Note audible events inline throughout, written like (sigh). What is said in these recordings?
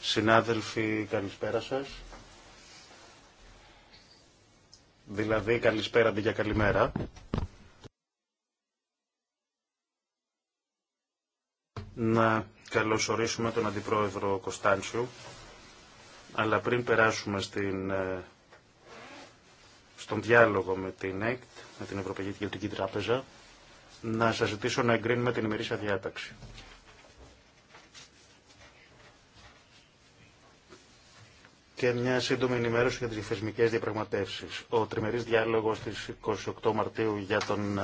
Συνάδελφοι, καλησπέρα σας. Δηλαδή, καλησπέρα αντί για καλημέρα. Να καλωσορίσουμε τον Αντιπρόεδρο Κωνστανσίου. αλλά πριν περάσουμε ε, στον διάλογο με την ΕΚΤ, με την Ευρωπαϊκή Κεντρική Τράπεζα, να σας ζητήσω να εγκρίνουμε την ημερήσια διάταξη. Και μια σύντομη ενημέρωση για τις θεσμικές διαπραγματεύσεις. Ο τριμερής διάλογος της 28 Μαρτίου για τον, ε,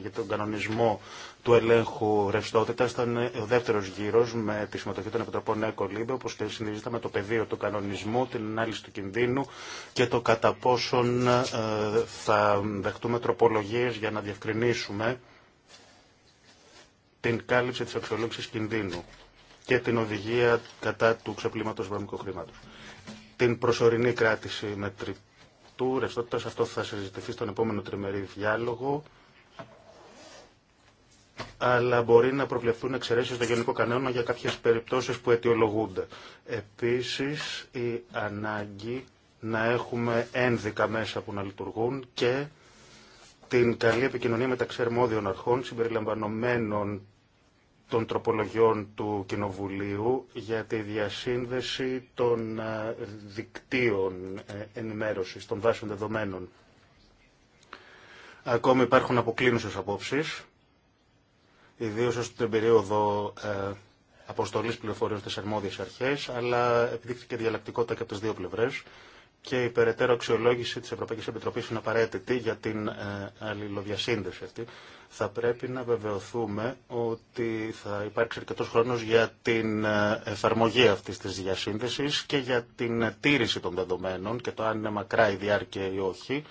για τον κανονισμό του ελέγχου ρευστότητα ήταν ο δεύτερος γύρος με τη συμμετοχή των Επιτροπών Νέα Κολύμπη όπως και συνειδητάμε το πεδίο του κανονισμού, την ανάλυση του κινδύνου και το κατά πόσον ε, θα δεχτούμε τροπολογίες για να διευκρινίσουμε την κάλυψη της αξιολόγησης κινδύνου και την οδηγία κατά του ξεπλήματος βρωμικού Την προσωρινή κράτηση μετρητού ρευστότητας, αυτό θα συζητηθεί στον επόμενο τριμερή διάλογο, αλλά μπορεί να προβλεφθούν εξαιρέσει στο γενικό κανόνα για κάποιες περιπτώσεις που αιτιολογούνται. Επίσης, η ανάγκη να έχουμε ένδικα μέσα που να λειτουργούν και την καλή επικοινωνία μεταξύ αρμόδιων αρχών συμπεριλαμβανομένων των τροπολογιών του Κοινοβουλίου για τη διασύνδεση των ε, δικτύων ε, ενημέρωσης, των βάσεων δεδομένων. Ακόμη υπάρχουν αποκλίνουσες απόψεις, ιδίως την περίοδο ε, αποστολής πληροφοριών στις αρμόδιες αρχές, αλλά επιδείχθηκε διαλλακτικότητα και από τις δύο πλευρές και η περαιτέρω αξιολόγηση της Ευρωπαϊκής Επιτροπής είναι απαραίτητη για την ε, αλληλοδιασύνδεση αυτή. Θα πρέπει να βεβαιωθούμε ότι θα υπάρξει αρκετό χρόνο για την ε, εφαρμογή αυτή τη διασύνδεση και για την τήρηση των δεδομένων και το αν είναι μακρά η διάρκεια ή όχι.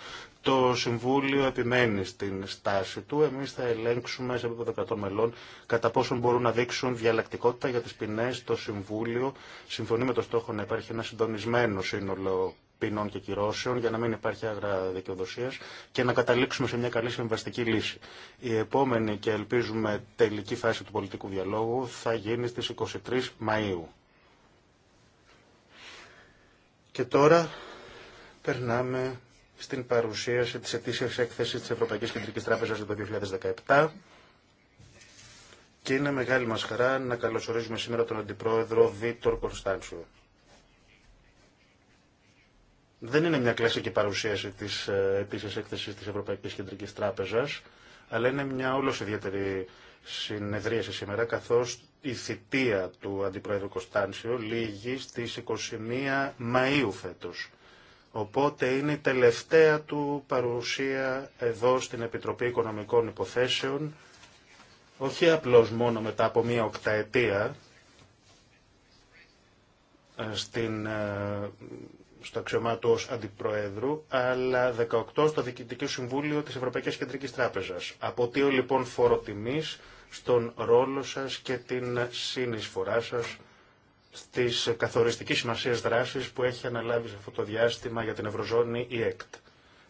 Το Συμβούλιο επιμένει στην στάση του. Εμείς θα ελέγξουμε σε επίπεδο κρατών μελών κατά πόσον μπορούν να δείξουν διαλλακτικότητα για τις ποινές. Το Συμβούλιο συμφωνεί με το στόχο να υπάρχει ένα συντονισμένο σύνολο ποινών και κυρώσεων για να μην υπάρχει άγρα δικαιοδοσία και να καταλήξουμε σε μια καλή συμβαστική λύση. Η επόμενη και ελπίζουμε τελική φάση του πολιτικού διαλόγου θα γίνει στις 23 Μαΐου. Και τώρα περνάμε στην παρουσίαση της ετήσιας έκθεσης της Ευρωπαϊκής Κεντρικής Τράπεζας το 2017. Και είναι μεγάλη μας χαρά να καλωσορίζουμε σήμερα τον Αντιπρόεδρο Βίτορ Κωνστάντσου δεν είναι μια κλασική παρουσίαση της ε, επίσης έκθεσης της Ευρωπαϊκής Κεντρικής Τράπεζας, αλλά είναι μια όλος ιδιαίτερη συνεδρίαση σήμερα, καθώς η θητεία του Αντιπρόεδρου Κωνστάνσιο λύγει στις 21 Μαΐου φέτος. Οπότε είναι η τελευταία του παρουσία εδώ στην Επιτροπή Οικονομικών Υποθέσεων, όχι απλώς μόνο μετά από μία οκταετία, ε, στην ε, στο αξιωμά ως Αντιπροέδρου, αλλά 18 στο Διοικητικό Συμβούλιο της Ευρωπαϊκής Κεντρικής Τράπεζας. Αποτείω λοιπόν φοροτιμής στον ρόλο σας και την συνεισφορά σας στις καθοριστικές σημασίες δράσεις που έχει αναλάβει σε αυτό το διάστημα για την Ευρωζώνη η ΕΚΤ,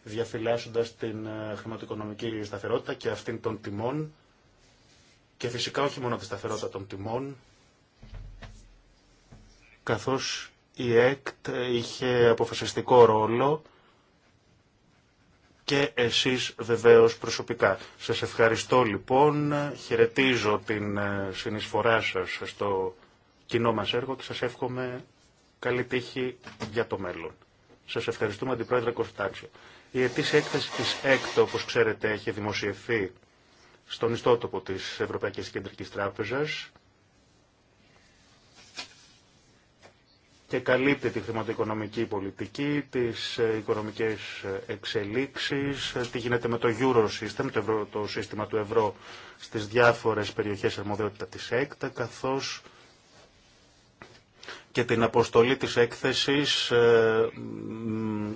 διαφυλάσσοντας την ε, χρηματοοικονομική σταθερότητα και αυτήν των τιμών και φυσικά όχι μόνο τη σταθερότητα των τιμών, καθώς η ΕΚΤ είχε αποφασιστικό ρόλο και εσείς βεβαίως προσωπικά. Σας ευχαριστώ λοιπόν, χαιρετίζω την ε, συνεισφορά σας στο κοινό μας έργο και σας εύχομαι καλή τύχη για το μέλλον. Σας ευχαριστούμε Αντιπρόεδρε Κωνστάξιο. Η ετήσια έκθεση της ΕΚΤ, όπως ξέρετε, έχει δημοσιευθεί στον ιστότοπο της Ευρωπαϊκής Κεντρικής Τράπεζας. και καλύπτει τη χρηματοοικονομική πολιτική, τις ε, οικονομικές εξελίξεις, ε, τι γίνεται με το Euro το, ευρώ, το σύστημα του ευρώ στις διάφορες περιοχές αρμοδιότητα της ΕΚΤΑ, καθώς και την αποστολή της έκθεσης ε,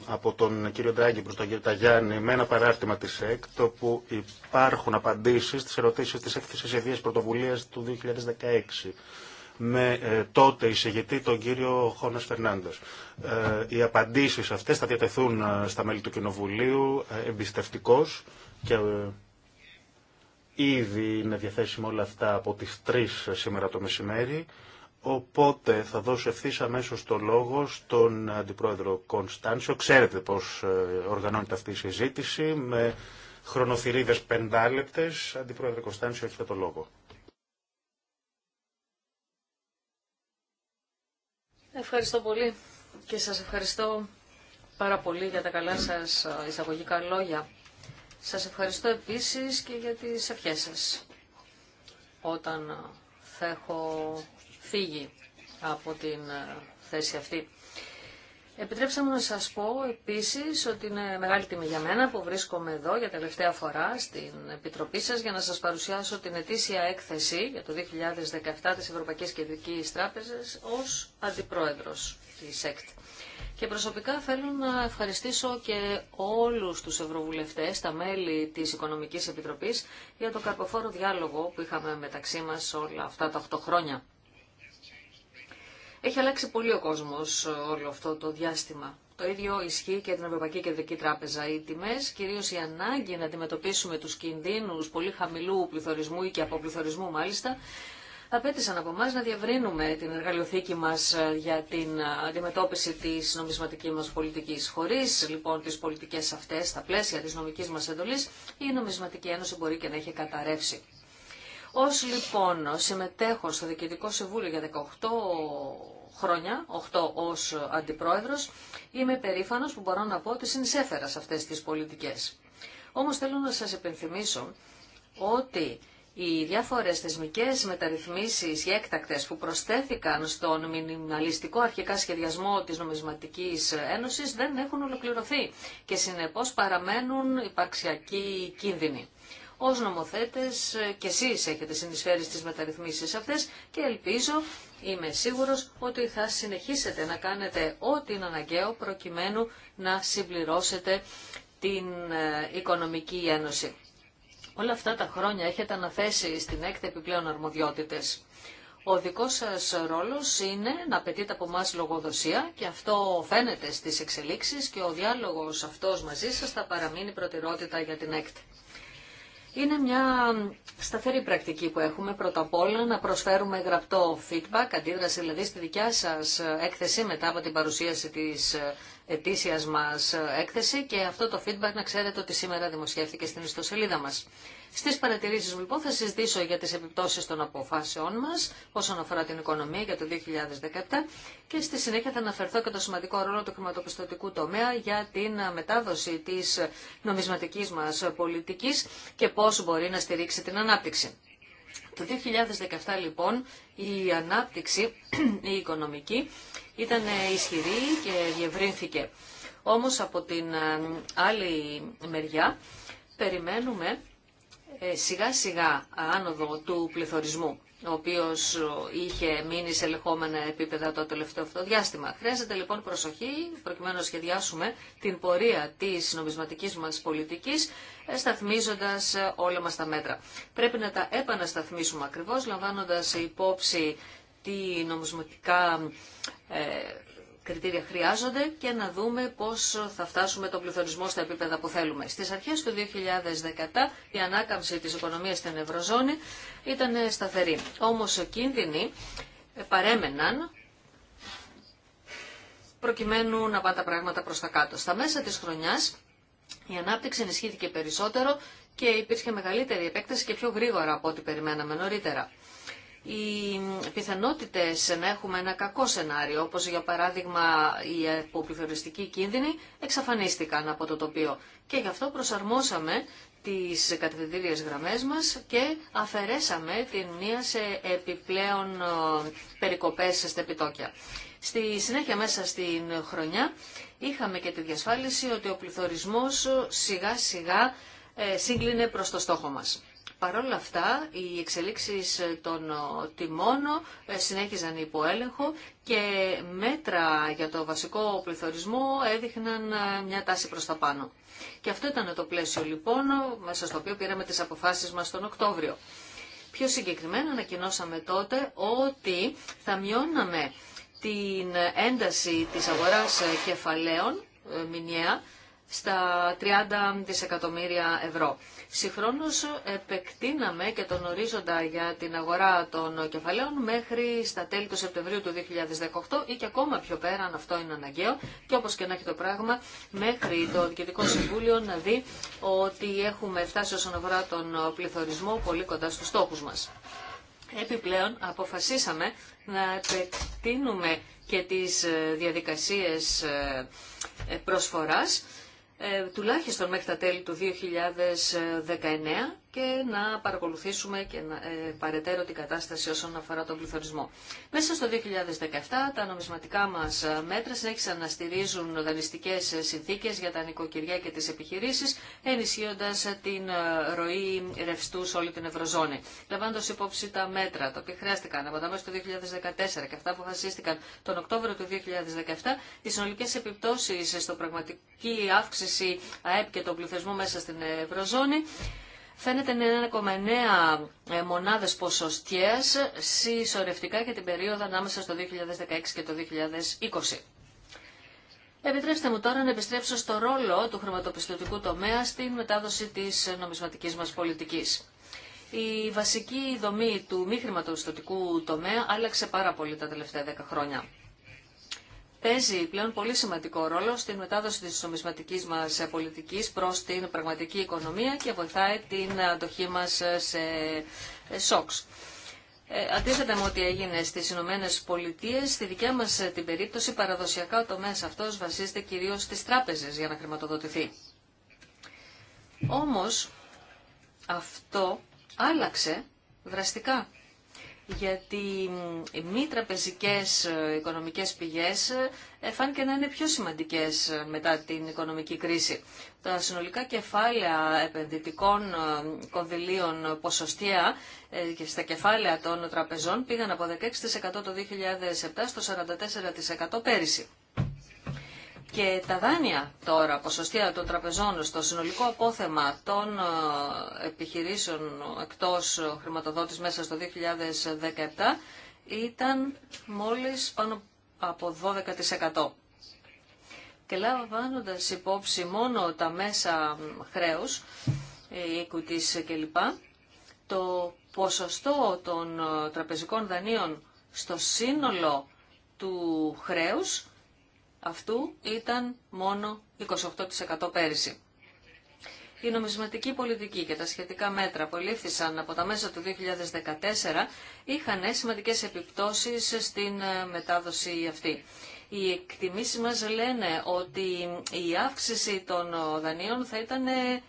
από τον κύριο Ντράγκη προς τον κύριο Ταγιάννη με ένα παράρτημα της ΕΚΤ όπου υπάρχουν απαντήσεις στις ερωτήσεις της έκθεσης ιδίας πρωτοβουλίας του 2016 με ε, τότε εισηγητή τον κύριο Χώνας Φερνάντες. Ε, οι απαντήσεις αυτές θα διατεθούν ε, στα μέλη του Κοινοβουλίου ε, και ε, ήδη είναι διαθέσιμα όλα αυτά από τις 3 ε, σήμερα το μεσημέρι. Οπότε θα δώσω ευθύ αμέσω το λόγο στον Αντιπρόεδρο Κωνστάνσιο. Ξέρετε πώς οργανώνεται αυτή η συζήτηση με χρονοθυρίδες πεντάλεπτες. Αντιπρόεδρο Κωνστάνσιο, έχετε το λόγο. Ευχαριστώ πολύ και σας ευχαριστώ πάρα πολύ για τα καλά σας ε, εισαγωγικά λόγια. Σας ευχαριστώ επίσης και για τις ευχές σας όταν ε, θα έχω φύγει από την ε, θέση αυτή. Επιτρέψτε μου να σας πω επίσης ότι είναι μεγάλη τιμή για μένα που βρίσκομαι εδώ για τελευταία φορά στην Επιτροπή σας για να σας παρουσιάσω την ετήσια έκθεση για το 2017 της Ευρωπαϊκής Κεντρικής Τράπεζας ως Αντιπρόεδρος της ΕΚΤ. Και προσωπικά θέλω να ευχαριστήσω και όλους τους ευρωβουλευτές, τα μέλη της Οικονομικής Επιτροπής για το καρποφόρο διάλογο που είχαμε μεταξύ μας όλα αυτά τα 8 χρόνια. Έχει αλλάξει πολύ ο κόσμο ε, όλο αυτό το διάστημα. Το ίδιο ισχύει και την Ευρωπαϊκή Κεντρική Τράπεζα. Οι τιμέ, κυρίω η ανάγκη να αντιμετωπίσουμε του κινδύνου πολύ χαμηλού πληθωρισμού ή και αποπληθωρισμού μάλιστα, απέτησαν από εμά να διαβρύνουμε την εργαλειοθήκη μα ε, για την ε, αντιμετώπιση τη νομισματική μα πολιτική. Χωρί λοιπόν τι πολιτικέ αυτέ, στα πλαίσια τη νομική μα εντολή, η νομισματική ένωση μπορεί και να έχει καταρρεύσει. Ω λοιπόν συμμετέχω στο Διοικητικό Συμβούλιο για 18 χρόνια, 8 ως αντιπρόεδρος, είμαι περήφανος που μπορώ να πω ότι συνεισέφερα σε αυτές τις πολιτικές. Όμως θέλω να σας υπενθυμίσω ότι οι διάφορες θεσμικές μεταρρυθμίσεις ή έκτακτες που προσθέθηκαν στον μινιμαλιστικό αρχικά σχεδιασμό της Νομισματικής Ένωσης δεν έχουν ολοκληρωθεί και συνεπώς παραμένουν υπαρξιακοί κίνδυνοι ως νομοθέτες ε, και εσείς έχετε συνεισφέρει στις μεταρρυθμίσεις αυτές και ελπίζω, είμαι σίγουρος, ότι θα συνεχίσετε να κάνετε ό,τι είναι αναγκαίο προκειμένου να συμπληρώσετε την ε, Οικονομική Ένωση. Όλα αυτά τα χρόνια έχετε αναθέσει στην έκτη επιπλέον αρμοδιότητες. Ο δικός σας ρόλος είναι να απαιτείται από εμά λογοδοσία και αυτό φαίνεται στις εξελίξεις και ο διάλογος αυτός μαζί σας θα παραμείνει προτεραιότητα για την ΕΚΤ. Είναι μια σταθερή πρακτική που έχουμε πρώτα απ' όλα να προσφέρουμε γραπτό feedback, αντίδραση δηλαδή στη δικιά σας έκθεση μετά από την παρουσίαση της ετήσιας μας έκθεση και αυτό το feedback να ξέρετε ότι σήμερα δημοσιεύθηκε στην ιστοσελίδα μας. Στις παρατηρήσεις μου λοιπόν θα συζητήσω για τις επιπτώσεις των αποφάσεών μας όσον αφορά την οικονομία για το 2017 και στη συνέχεια θα αναφερθώ και το σημαντικό ρόλο του χρηματοπιστωτικού τομέα για την μετάδοση της νομισματικής μας πολιτικής και πώς μπορεί να στηρίξει την ανάπτυξη. Το 2017 λοιπόν η ανάπτυξη, (clears throat) η οικονομική, ήταν ισχυρή και διευρύνθηκε. Όμως από την άλλη μεριά περιμένουμε ε, σιγά σιγά άνοδο του πληθωρισμού ο οποίος ε, είχε μείνει σε ελεγχόμενα επίπεδα το τελευταίο αυτό διάστημα. Χρειάζεται λοιπόν προσοχή, προκειμένου να σχεδιάσουμε την πορεία της νομισματικής μας πολιτικής, ε, σταθμίζοντας όλα μας τα μέτρα. Πρέπει να τα επανασταθμίσουμε ακριβώς, λαμβάνοντας υπόψη τι νομισματικά κριτήρια χρειάζονται και να δούμε πώς θα φτάσουμε τον πληθωρισμό στα επίπεδα που θέλουμε. Στις αρχές του 2017 η ανάκαμψη της οικονομίας στην Ευρωζώνη ήταν σταθερή. Όμως ο κίνδυνοι παρέμεναν προκειμένου να πάνε τα πράγματα προς τα κάτω. Στα μέσα της χρονιάς η ανάπτυξη ενισχύθηκε περισσότερο και υπήρχε μεγαλύτερη επέκταση και πιο γρήγορα από ό,τι περιμέναμε νωρίτερα οι πιθανότητες να έχουμε ένα κακό σενάριο, όπως για παράδειγμα οι αποπληθωριστικοί κίνδυνοι, εξαφανίστηκαν από το τοπίο. Και γι' αυτό προσαρμόσαμε τις κατευθυντήριες γραμμές μας και αφαιρέσαμε την μία σε επιπλέον ε, περικοπές στα επιτόκια. Στη συνέχεια μέσα στην χρονιά είχαμε και τη διασφάλιση ότι ο πληθωρισμός σιγά σιγά ε, σύγκλινε προς το στόχο μας. Παρ' αυτά, οι εξελίξεις των ε, τιμών ε, συνέχιζαν υπό έλεγχο και μέτρα για το βασικό πληθωρισμό έδειχναν ε, μια τάση προς τα πάνω. Και αυτό ήταν το πλαίσιο λοιπόν, μέσα στο οποίο πήραμε τις αποφάσεις μας τον Οκτώβριο. Πιο συγκεκριμένα ανακοινώσαμε τότε ότι θα μειώναμε την ένταση της αγοράς κεφαλαίων μηνιαία στα 30 δισεκατομμύρια ευρώ. Συγχρόνως επεκτείναμε και τον ορίζοντα για την αγορά των κεφαλαίων μέχρι στα τέλη του Σεπτεμβρίου του 2018 ή και ακόμα πιο πέρα αν αυτό είναι αναγκαίο και όπως και να έχει το πράγμα μέχρι το Διοικητικό Συμβούλιο να δει ότι έχουμε φτάσει όσον αφορά τον πληθωρισμό πολύ κοντά στους στόχους μας. Επιπλέον αποφασίσαμε να επεκτείνουμε και τις ε, διαδικασίες ε, ε, προσφοράς ε, τουλάχιστον μέχρι τα τέλη του 2019 και να παρακολουθήσουμε και να, ε, παρετέρω την κατάσταση όσον αφορά τον πληθωρισμό. Μέσα στο 2017 τα νομισματικά μας μέτρα συνέχισαν να στηρίζουν δανειστικές συνθήκες για τα νοικοκυριά και τις επιχειρήσεις, ενισχύοντας την ε, ροή ρευστού σε όλη την Ευρωζώνη. Λαμβάνοντας υπόψη τα μέτρα τα οποία χρειάστηκαν από τα μέσα του 2014 και αυτά που αποφασίστηκαν τον Οκτώβριο του 2017, οι συνολικές επιπτώσεις στο πραγματική αύξηση ΑΕΠ και τον πληθωρισμό μέσα στην ε, Ευρωζώνη φαίνεται να είναι 1,9 ε, μονάδες ποσοστιαίας συσσωρευτικά για την περίοδο ανάμεσα στο 2016 και το 2020. Επιτρέψτε μου τώρα να επιστρέψω στο ρόλο του χρηματοπιστωτικού τομέα στην μετάδοση της νομισματικής μας πολιτικής. Η βασική δομή του μη χρηματοπιστωτικού τομέα άλλαξε πάρα πολύ τα τελευταία 10 χρόνια παίζει πλέον πολύ σημαντικό ρόλο στην μετάδοση της νομισματικής μας πολιτικής προς την πραγματική οικονομία και βοηθάει την αντοχή μας σε σοκς. Ε, αντίθετα με ό,τι έγινε στις Ηνωμένε Πολιτείε, στη δικιά μας την περίπτωση παραδοσιακά το τομέας αυτός βασίζεται κυρίως στις τράπεζες για να χρηματοδοτηθεί. Όμως αυτό άλλαξε δραστικά γιατί οι μη τραπεζικές ε, οικονομικές πηγές ε, φάνηκε να είναι πιο σημαντικές ε, μετά την οικονομική κρίση. Τα συνολικά κεφάλαια επενδυτικών κονδυλίων ποσοστία και στα κεφάλαια των τραπεζών πήγαν από 16% το 2007 στο 44% πέρυσι. Και τα δάνεια τώρα, ποσοστία των τραπεζών στο συνολικό απόθεμα των ε, επιχειρήσεων εκτός χρηματοδότης μέσα στο 2017 ήταν μόλις πάνω από 12%. Και λαμβάνοντα υπόψη μόνο τα μέσα χρέους, equities κλπ, το ποσοστό των ε, τραπεζικών δανείων στο σύνολο του χρέους αυτού ήταν μόνο 28% πέρυσι. Η νομισματική πολιτική και τα σχετικά μέτρα που ελήφθησαν από τα μέσα του 2014 είχαν σημαντικές επιπτώσεις στην ε, μετάδοση αυτή. Οι εκτιμήσεις μας λένε ότι η αύξηση των ε, δανείων θα ήταν ε,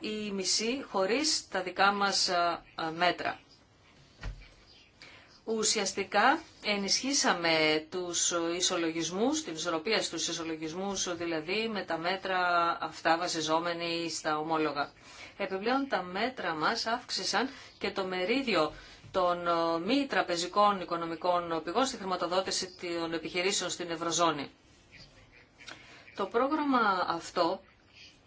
η μισή χωρίς τα δικά μας μέτρα. Ουσιαστικά ενισχύσαμε τους ισολογισμούς, την ισορροπία στους ισολογισμούς, δηλαδή με τα μέτρα αυτά βασιζόμενοι στα ομόλογα. Επιπλέον τα μέτρα μας αύξησαν και το μερίδιο των μη τραπεζικών οικονομικών πηγών στη χρηματοδότηση των επιχειρήσεων στην Ευρωζώνη. Το πρόγραμμα αυτό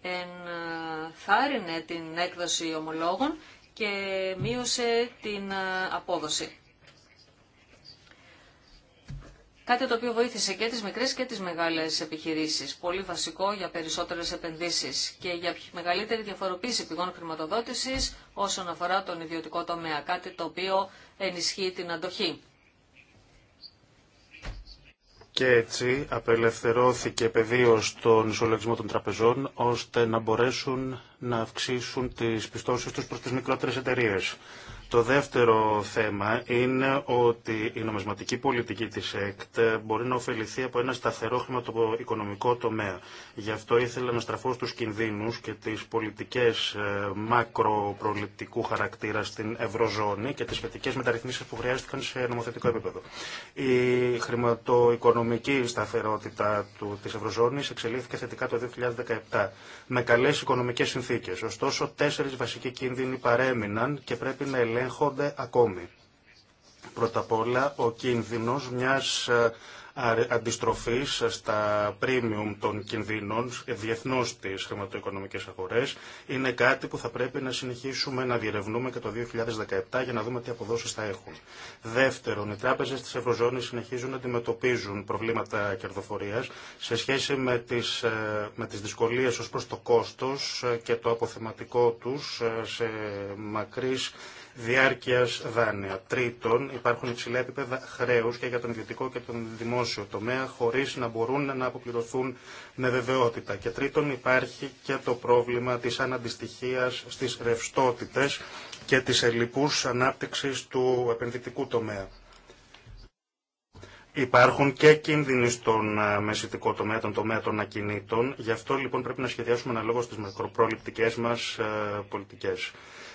ενθάρρυνε την έκδοση ομολόγων και μείωσε την απόδοση. Κάτι το οποίο βοήθησε και τις μικρές και τις μεγάλες επιχειρήσεις. Πολύ βασικό για περισσότερες επενδύσεις και για μεγαλύτερη διαφοροποίηση πηγών χρηματοδότησης όσον αφορά τον ιδιωτικό τομέα. Κάτι το οποίο ενισχύει την αντοχή. Και έτσι απελευθερώθηκε πεδίο στον ισολογισμό των τραπεζών ώστε να μπορέσουν να αυξήσουν τις πιστώσεις τους προς τις μικρότερες εταιρείες. Το δεύτερο θέμα είναι ότι η νομισματική πολιτική της ΕΚΤ μπορεί να ωφεληθεί από ένα σταθερό χρηματοοικονομικό τομέα. Γι' αυτό ήθελα να στραφώ στους κινδύνους και τις πολιτικές ε, μακροπροληπτικού χαρακτήρα στην Ευρωζώνη και τις σχετικές μεταρρυθμίσεις που χρειάστηκαν σε νομοθετικό επίπεδο. Η χρηματοοικονομική σταθερότητα του, της Ευρωζώνης εξελίχθηκε θετικά το 2017 με καλές οικονομικές συνθήκες. Ωστόσο, τέσσερις βασικοί κίνδυνοι παρέμειναν και πρέπει να ελέγχουν ελέγχονται ακόμη. Πρώτα απ' όλα, ο κίνδυνος μιας ε, αντιστροφής στα premium των κινδύνων διεθνώς στις χρηματοοικονομικές αγορές είναι κάτι που θα πρέπει να συνεχίσουμε να διερευνούμε και το 2017 για να δούμε τι αποδόσεις θα έχουν. Δεύτερον, οι τράπεζες της Ευρωζώνης συνεχίζουν να αντιμετωπίζουν προβλήματα κερδοφορίας σε σχέση με τις, ε, με τις δυσκολίες ως προς το κόστος ε, και το αποθεματικό τους σε μακρύς Διάρκεια δάνεια. Τρίτον, υπάρχουν υψηλά επίπεδα χρέου και για τον ιδιωτικό και τον δημόσιο τομέα, χωρί να μπορούν να αποπληρωθούν με βεβαιότητα. Και τρίτον, υπάρχει και το πρόβλημα τη αναντιστοιχία στι ρευστότητε και τη ελληπού ανάπτυξη του επενδυτικού τομέα. Υπάρχουν και κίνδυνοι στον ε, μεσητικό τομέα, τον τομέα των ακινήτων. Γι' αυτό λοιπόν πρέπει να σχεδιάσουμε αναλόγω τι μακροπρόληπτικέ μα ε, πολιτικέ.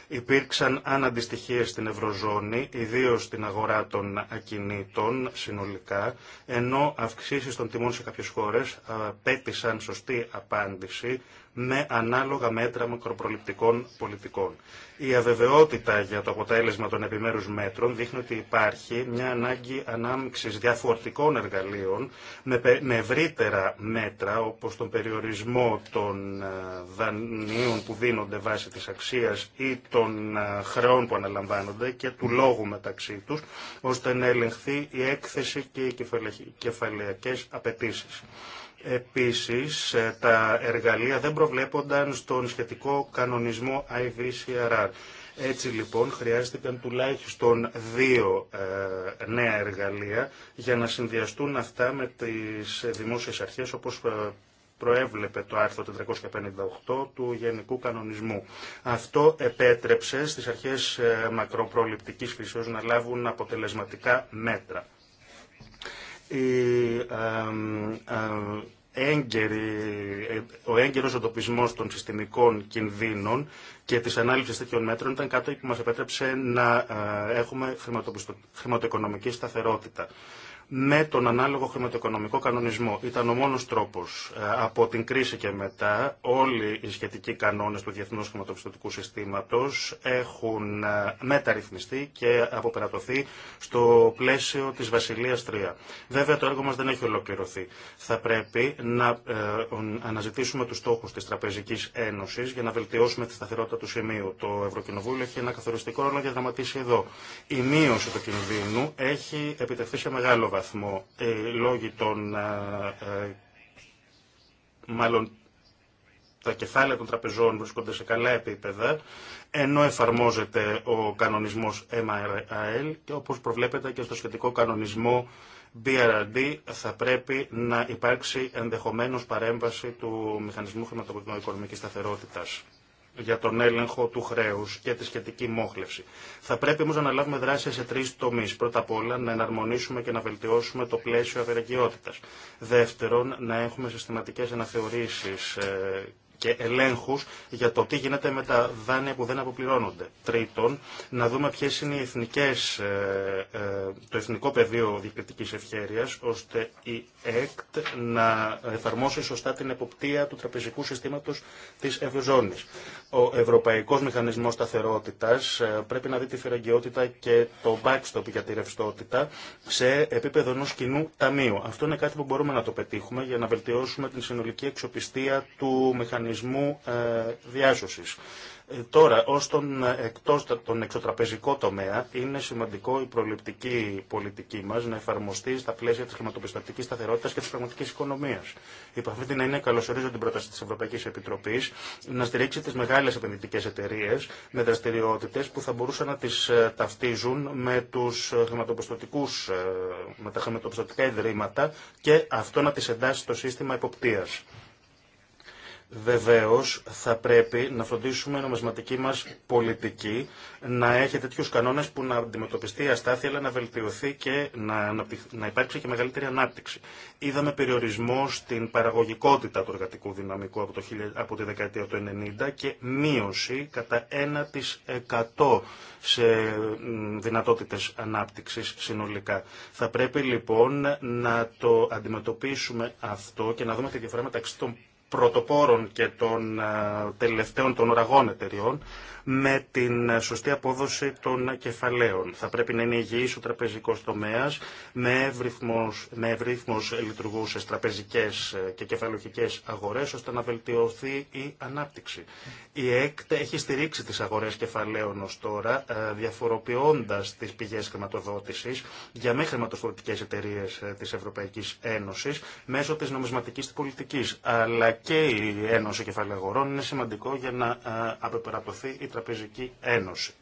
Υπήρξαν αναντιστοιχίες στην Ευρωζώνη, ιδίως στην αγορά των ακινήτων συνολικά, ενώ αυξήσεις των τιμών σε κάποιες χώρες ε, απέτησαν σωστή απάντηση με ανάλογα μέτρα μακροπροληπτικών πολιτικών. Η αβεβαιότητα για το αποτέλεσμα των επιμέρους μέτρων δείχνει ότι υπάρχει μια ανάγκη ανάμειξης διαφορετικών εργαλείων με ευρύτερα μέτρα όπως τον περιορισμό των ε, δανείων που δίνονται βάσει της αξίας ή των ε, χρεών που αναλαμβάνονται και του λόγου μεταξύ τους ώστε να ελεγχθεί η έκθεση και οι κεφαλαιακές απαιτήσει. Επίσης, ε, τα εργαλεία δεν προβλέπονταν στον σχετικό κανονισμό IVCRR. Έτσι λοιπόν χρειάστηκαν τουλάχιστον δύο ε, νέα εργαλεία για να συνδυαστούν αυτά με τις δημόσιες αρχές όπως ε, προέβλεπε το άρθρο 458 του Γενικού Κανονισμού. Αυτό επέτρεψε στις αρχές μακροπροληπτικής φυσίωση να λάβουν αποτελεσματικά μέτρα ο έγκαιρος εντοπισμός των συστημικών κινδύνων και της ανάληψης τέτοιων μέτρων ήταν κάτι που μας επέτρεψε να ε, έχουμε χρηματοοικονομική σταθερότητα με τον ανάλογο χρηματοοικονομικό κανονισμό. Ήταν ο μόνος τρόπος ε, από την κρίση και μετά. Όλοι οι σχετικοί κανόνες του Διεθνούς Χρηματοπιστωτικού Συστήματος έχουν ε, μεταρρυθμιστεί και αποπερατωθεί στο πλαίσιο της Βασιλείας 3. Βέβαια το έργο μας δεν έχει ολοκληρωθεί. Θα πρέπει να ε, αναζητήσουμε τους στόχους της Τραπεζικής Ένωσης για να βελτιώσουμε τη σταθερότητα του σημείου. Το Ευρωκοινοβούλιο έχει ένα καθοριστικό ρόλο για να δραματίσει εδώ. Η μείωση του κινδύνου έχει επιτευχθεί σε μεγάλο βαθμό ε, λόγοι των ε, ε, μάλλον τα κεφάλαια των τραπεζών βρίσκονται σε καλά επίπεδα, ενώ εφαρμόζεται ο κανονισμός MRAL και όπως προβλέπεται και στο σχετικό κανονισμό BRD θα πρέπει να υπάρξει ενδεχομένως παρέμβαση του Μηχανισμού Χρηματοοικονομικής Σταθερότητας για τον έλεγχο του χρέου και τη σχετική μόχλευση. Θα πρέπει όμω να αναλάβουμε δράσεις σε τρει τομεί. Πρώτα απ' όλα να εναρμονίσουμε και να βελτιώσουμε το πλαίσιο αφαιρεγγιότητα. Δεύτερον, να έχουμε συστηματικέ αναθεωρήσει ε, και ελέγχου για το τι γίνεται με τα δάνεια που δεν αποπληρώνονται. Τρίτον, να δούμε ποιε είναι οι εθνικές, ε, ε, το εθνικό πεδίο διακριτικής ευχέρεια, ώστε η ΕΚΤ να εφαρμόσει σωστά την εποπτεία του τραπεζικού συστήματο τη Ευρωζώνη. Ο Ευρωπαϊκός Μηχανισμός Σταθερότητας ε, πρέπει να δει τη φεραγγιότητα και το backstop για τη ρευστότητα σε επίπεδο ενό κοινού ταμείου. Αυτό είναι κάτι που μπορούμε να το πετύχουμε για να βελτιώσουμε την συνολική εξοπιστία του μηχανισμού μηχανισμού ε, διάσωσης. Ε, τώρα, ω τον, ε, εκτός τον εξωτραπεζικό τομέα, είναι σημαντικό η προληπτική πολιτική μα να εφαρμοστεί στα πλαίσια τη χρηματοπιστωτική σταθερότητα και τη πραγματική οικονομία. Η αυτή την έννοια, καλωσορίζω την πρόταση τη Ευρωπαϊκή Επιτροπή να στηρίξει τι μεγάλε επενδυτικέ εταιρείε με δραστηριότητε που θα μπορούσαν να τι ταυτίζουν με, τους χρηματοπιστωτικούς, με τα χρηματοπιστωτικά ιδρύματα και αυτό να τι εντάσσει στο σύστημα υποπτία. Βεβαίω, θα πρέπει να φροντίσουμε η νομισματική μας πολιτική να έχει τέτοιου κανόνες που να αντιμετωπιστεί η αστάθεια αλλά να βελτιωθεί και να, να υπάρξει και μεγαλύτερη ανάπτυξη. Είδαμε περιορισμό στην παραγωγικότητα του εργατικού δυναμικού από, το, από τη δεκαετία του 1990 και μείωση κατά 1% σε δυνατότητες ανάπτυξης συνολικά. Θα πρέπει λοιπόν να το αντιμετωπίσουμε αυτό και να δούμε τη διαφορά μεταξύ των πρωτοπόρων και των ε, τελευταίων των οραγών εταιριών με την σωστή απόδοση των κεφαλαίων. Θα πρέπει να είναι υγιής ο τραπεζικός τομέας με εύρυθμος, με σε λειτουργούσες τραπεζικές και κεφαλαιοχικές αγορές ώστε να βελτιωθεί η ανάπτυξη. Η ΕΚΤ έχει στηρίξει τις αγορές κεφαλαίων ως τώρα ε, διαφοροποιώντας τις πηγές χρηματοδότησης για μη χρηματοδοτικές εταιρείες ε, της Ευρωπαϊκής Ένωσης μέσω της νομισματικής πολιτικής. Αλλά και η Ένωση Κεφαλαίων Αγορών είναι σημαντικό για να ε, απεπερατωθεί η Τραπεζική Ένωση.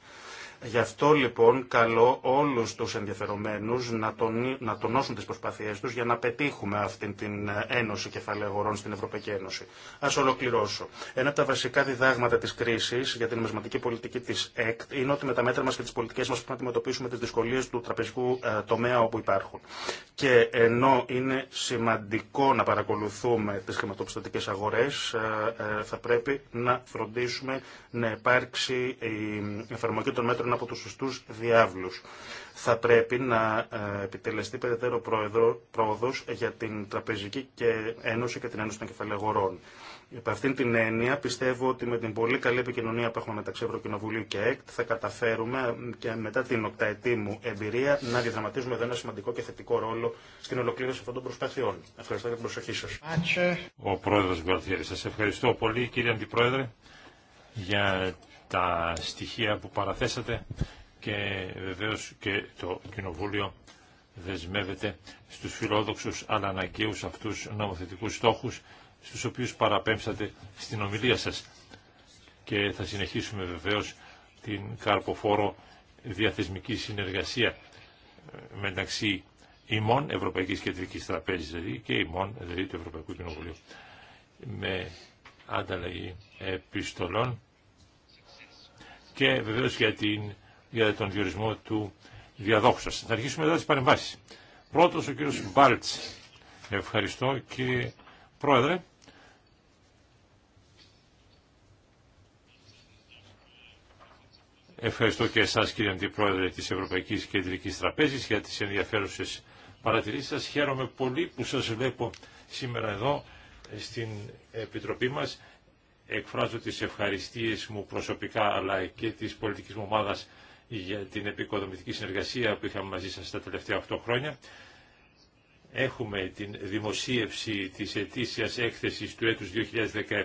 Γι' αυτό λοιπόν καλώ όλους τους ενδιαφερομένους να, τον, να τονώσουν τις προσπάθειές τους για να πετύχουμε αυτή την Ένωση Κεφαλαίου αγορών στην Ευρωπαϊκή Ένωση. Ας ολοκληρώσω. Ένα από τα βασικά διδάγματα της κρίσης για την νομισματική πολιτική της ΕΚΤ είναι ότι με τα μέτρα μας και τις πολιτικές μας πρέπει να αντιμετωπίσουμε τις δυσκολίες του τραπεζικού ε, τομέα όπου υπάρχουν. Και ενώ είναι σημαντικό να παρακολουθούμε τις χρηματοπιστωτικές αγορές, ε, ε, θα πρέπει να φροντίσουμε να υπάρξει η εφαρμογή των μέτρων από τους σωστούς διάβλους. Θα πρέπει να ε, επιτελεστεί περαιτέρω πρόοδος για την Τραπεζική και Ένωση και την Ένωση των Κεφαλαίων Υπ' αυτήν την έννοια πιστεύω ότι με την πολύ καλή επικοινωνία που έχουμε μεταξύ Ευρωκοινοβουλίου και ΕΚΤ θα καταφέρουμε και μετά την οκταετή μου εμπειρία να διαδραματίζουμε εδώ ένα σημαντικό και θετικό ρόλο στην ολοκλήρωση αυτών των προσπαθειών. Ευχαριστώ για την προσοχή σα. Ο πρόεδρο Γκαλθιέρη, σα ευχαριστώ πολύ κύριε Αντιπρόεδρε για τα στοιχεία που παραθέσατε και βεβαίως και το Κοινοβούλιο δεσμεύεται στους φιλόδοξους αλλά αναγκαίους αυτούς νομοθετικούς στόχους στους οποίους παραπέμψατε στην ομιλία σας. Και θα συνεχίσουμε βεβαίως την καρποφόρο διαθεσμική συνεργασία ε, μεταξύ ημών Ευρωπαϊκής Κεντρικής Τραπέζης δηλαδή και ημών δηλαδή του Ευρωπαϊκού Κοινοβουλίου με ανταλλαγή επιστολών και βεβαίως για, για τον διορισμό του διαδόχου σας. Θα αρχίσουμε εδώ τι παρεμβάσει. Πρώτος ο κύριος Μπάλτς. Ευχαριστώ κύριε Πρόεδρε. Ευχαριστώ και εσάς κύριε Αντιπρόεδρε της Ευρωπαϊκής Κεντρικής Τραπέζης για τις ενδιαφέρουσες παρατηρήσεις σας. Χαίρομαι πολύ που σας βλέπω σήμερα εδώ στην Επιτροπή μας εκφράζω τις ευχαριστίες μου προσωπικά αλλά και της πολιτικής μου ομάδας για την επικοδομητική συνεργασία που είχαμε μαζί σας τα τελευταία 8 χρόνια. Έχουμε την δημοσίευση της ετήσιας έκθεσης του έτους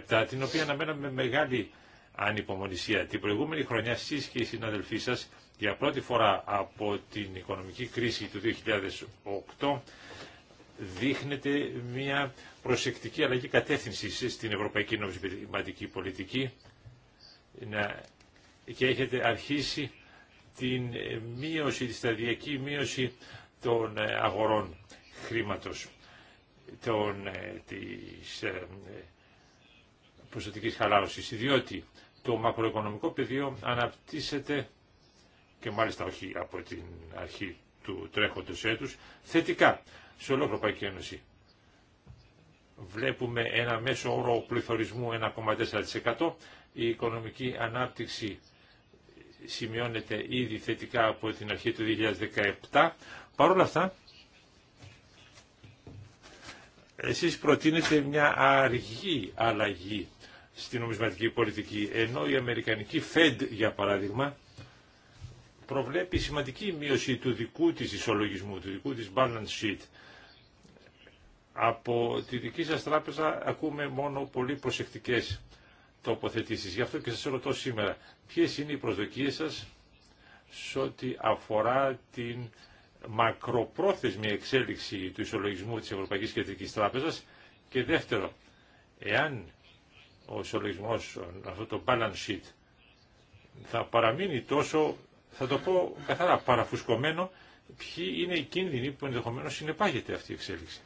2017, την οποία αναμέναμε με μεγάλη ανυπομονησία. Την προηγούμενη χρονιά εσείς και οι συναδελφοί σας, για πρώτη φορά από την οικονομική κρίση του 2008, δείχνεται μια προσεκτική αλλαγή κατεύθυνση στην ευρωπαϊκή νομισματική πολιτική να, και έχετε αρχίσει την μείωση, τη σταδιακή μείωση των ε, αγορών χρήματος, των, ε, της ε, ποσοτικής χαλάρωσης, διότι το μακροοικονομικό πεδίο αναπτύσσεται και μάλιστα όχι από την αρχή του τρέχοντος έτους, θετικά σε ολόκληρο Ευρωπαϊκή Ένωση βλέπουμε ένα μέσο όρο πληθωρισμού 1,4%. Η οικονομική ανάπτυξη σημειώνεται ήδη θετικά από την αρχή του 2017. Παρ' όλα αυτά, εσείς προτείνετε μια αργή αλλαγή στην νομισματική πολιτική, ενώ η Αμερικανική Fed, για παράδειγμα, προβλέπει σημαντική μείωση του δικού της ισολογισμού, του δικού της balance sheet, από τη δική σας τράπεζα ακούμε μόνο πολύ προσεκτικές τοποθετήσεις. Γι' αυτό και σας ρωτώ σήμερα, ποιες είναι οι προσδοκίες σας σε ό,τι αφορά την μακροπρόθεσμη εξέλιξη του ισολογισμού της Ευρωπαϊκής Κεντρικής Τράπεζας και δεύτερο, εάν ο ισολογισμός, αυτό το balance sheet, θα παραμείνει τόσο, θα το πω καθαρά παραφουσκωμένο, ποιοι είναι οι κίνδυνοι που ενδεχομένως συνεπάγεται αυτή η εξέλιξη.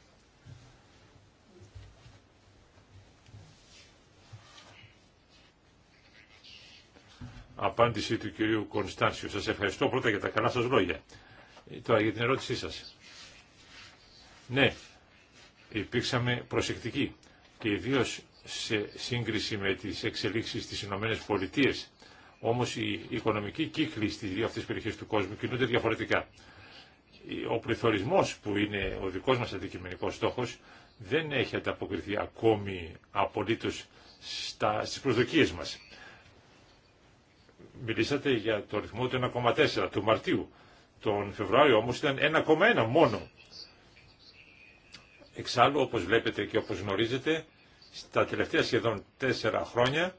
απάντηση του κυρίου Κωνστάνσιου. Σας ευχαριστώ πρώτα για τα καλά σας λόγια. Ε, τώρα για την ερώτησή σας. Ναι, υπήρξαμε προσεκτικοί και ιδίω σε σύγκριση με τις εξελίξεις στις Ηνωμένε Πολιτείε. Όμως οι οικονομικοί κύκλοι στις δύο αυτές περιοχές του κόσμου κινούνται διαφορετικά. Ο πληθωρισμός που είναι ο δικός μας αντικειμενικός στόχος δεν έχει ανταποκριθεί ακόμη απολύτως στα, στις προσδοκίες μας μιλήσατε για το ρυθμό του 1,4 του Μαρτίου. Τον Φεβρουάριο όμως ήταν 1,1 μόνο. Εξάλλου, όπως βλέπετε και όπως γνωρίζετε, στα τελευταία σχεδόν τέσσερα χρόνια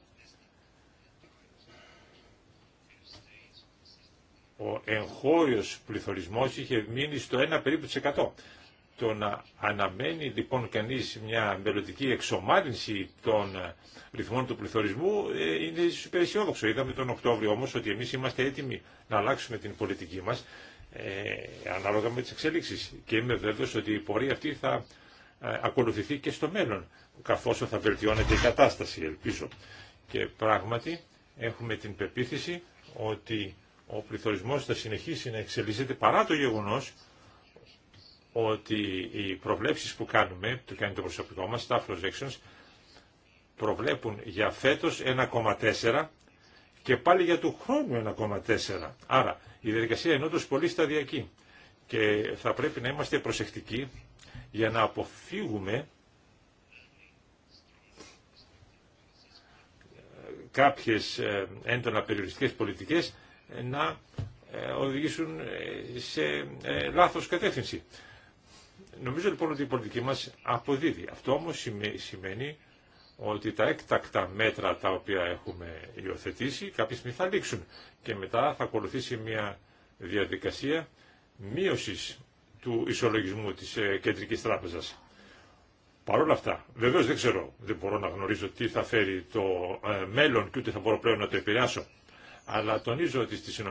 ο εγχώριος πληθωρισμός είχε μείνει στο 1 περίπου της 100. Το να αναμένει λοιπόν κανείς μια μελλοντική εξομάλυνση των ε, ρυθμών του πληθωρισμού ε, είναι υπεραισιόδοξο. Είδαμε τον Οκτώβριο όμως ότι εμείς είμαστε έτοιμοι να αλλάξουμε την πολιτική μας ε, ανάλογα με τις εξελίξεις. Και είμαι βέβαιος ότι η πορεία αυτή θα ε, ακολουθηθεί και στο μέλλον, καθώς θα βελτιώνεται η κατάσταση, ελπίζω. Και πράγματι έχουμε την πεποίθηση ότι ο πληθωρισμός θα συνεχίσει να εξελίσσεται παρά το γεγονός ότι οι προβλέψεις που κάνουμε, το κάνει το προσωπικό μας, τα projections, προβλέπουν για φέτος 1,4 και πάλι για του χρόνου 1,4. Άρα η διαδικασία είναι όντως πολύ σταδιακή και θα πρέπει να είμαστε προσεκτικοί για να αποφύγουμε κάποιες ε, έντονα περιοριστικές πολιτικές να ε, οδηγήσουν ε, σε λάθος κατεύθυνση. Νομίζω λοιπόν ότι η πολιτική μας αποδίδει. Αυτό όμως σημαίνει ότι τα έκτακτα μέτρα τα οποία έχουμε υιοθετήσει κάποια στιγμή θα λήξουν και μετά θα ακολουθήσει μια διαδικασία μείωσης του ισολογισμού της ε, Κεντρικής Τράπεζας. Παρ' όλα αυτά, βεβαίως δεν ξέρω, δεν μπορώ να γνωρίζω τι θα φέρει το ε, μέλλον και ούτε θα μπορώ πλέον να το επηρεάσω. Αλλά τονίζω ότι στις ΗΠΑ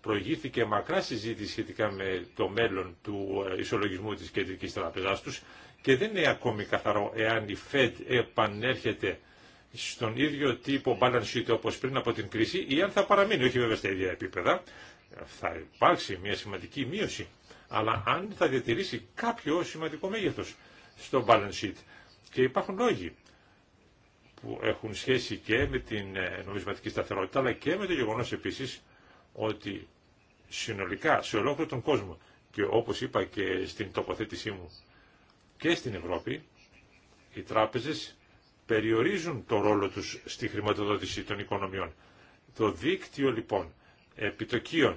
προηγήθηκε μακρά συζήτηση σχετικά με το μέλλον του ε, ισολογισμού της Κεντρικής Τραπεζάς τους και δεν είναι ακόμη καθαρό εάν η Fed επανέρχεται στον ίδιο τύπο balance sheet όπως πριν από την κρίση ή αν θα παραμείνει, όχι βέβαια στα ίδια επίπεδα, θα υπάρξει μια σημαντική μείωση, αλλά αν θα διατηρήσει κάποιο σημαντικό μέγεθος στο balance sheet. Και υπάρχουν λόγοι που έχουν σχέση και με την ε, νομισματική σταθερότητα, αλλά και με το γεγονός επίσης ότι συνολικά σε ολόκληρο τον κόσμο και όπως είπα και στην τοποθέτησή μου και στην Ευρώπη, οι τράπεζες περιορίζουν το ρόλο τους στη χρηματοδότηση των οικονομιών. Το δίκτυο λοιπόν επιτοκίων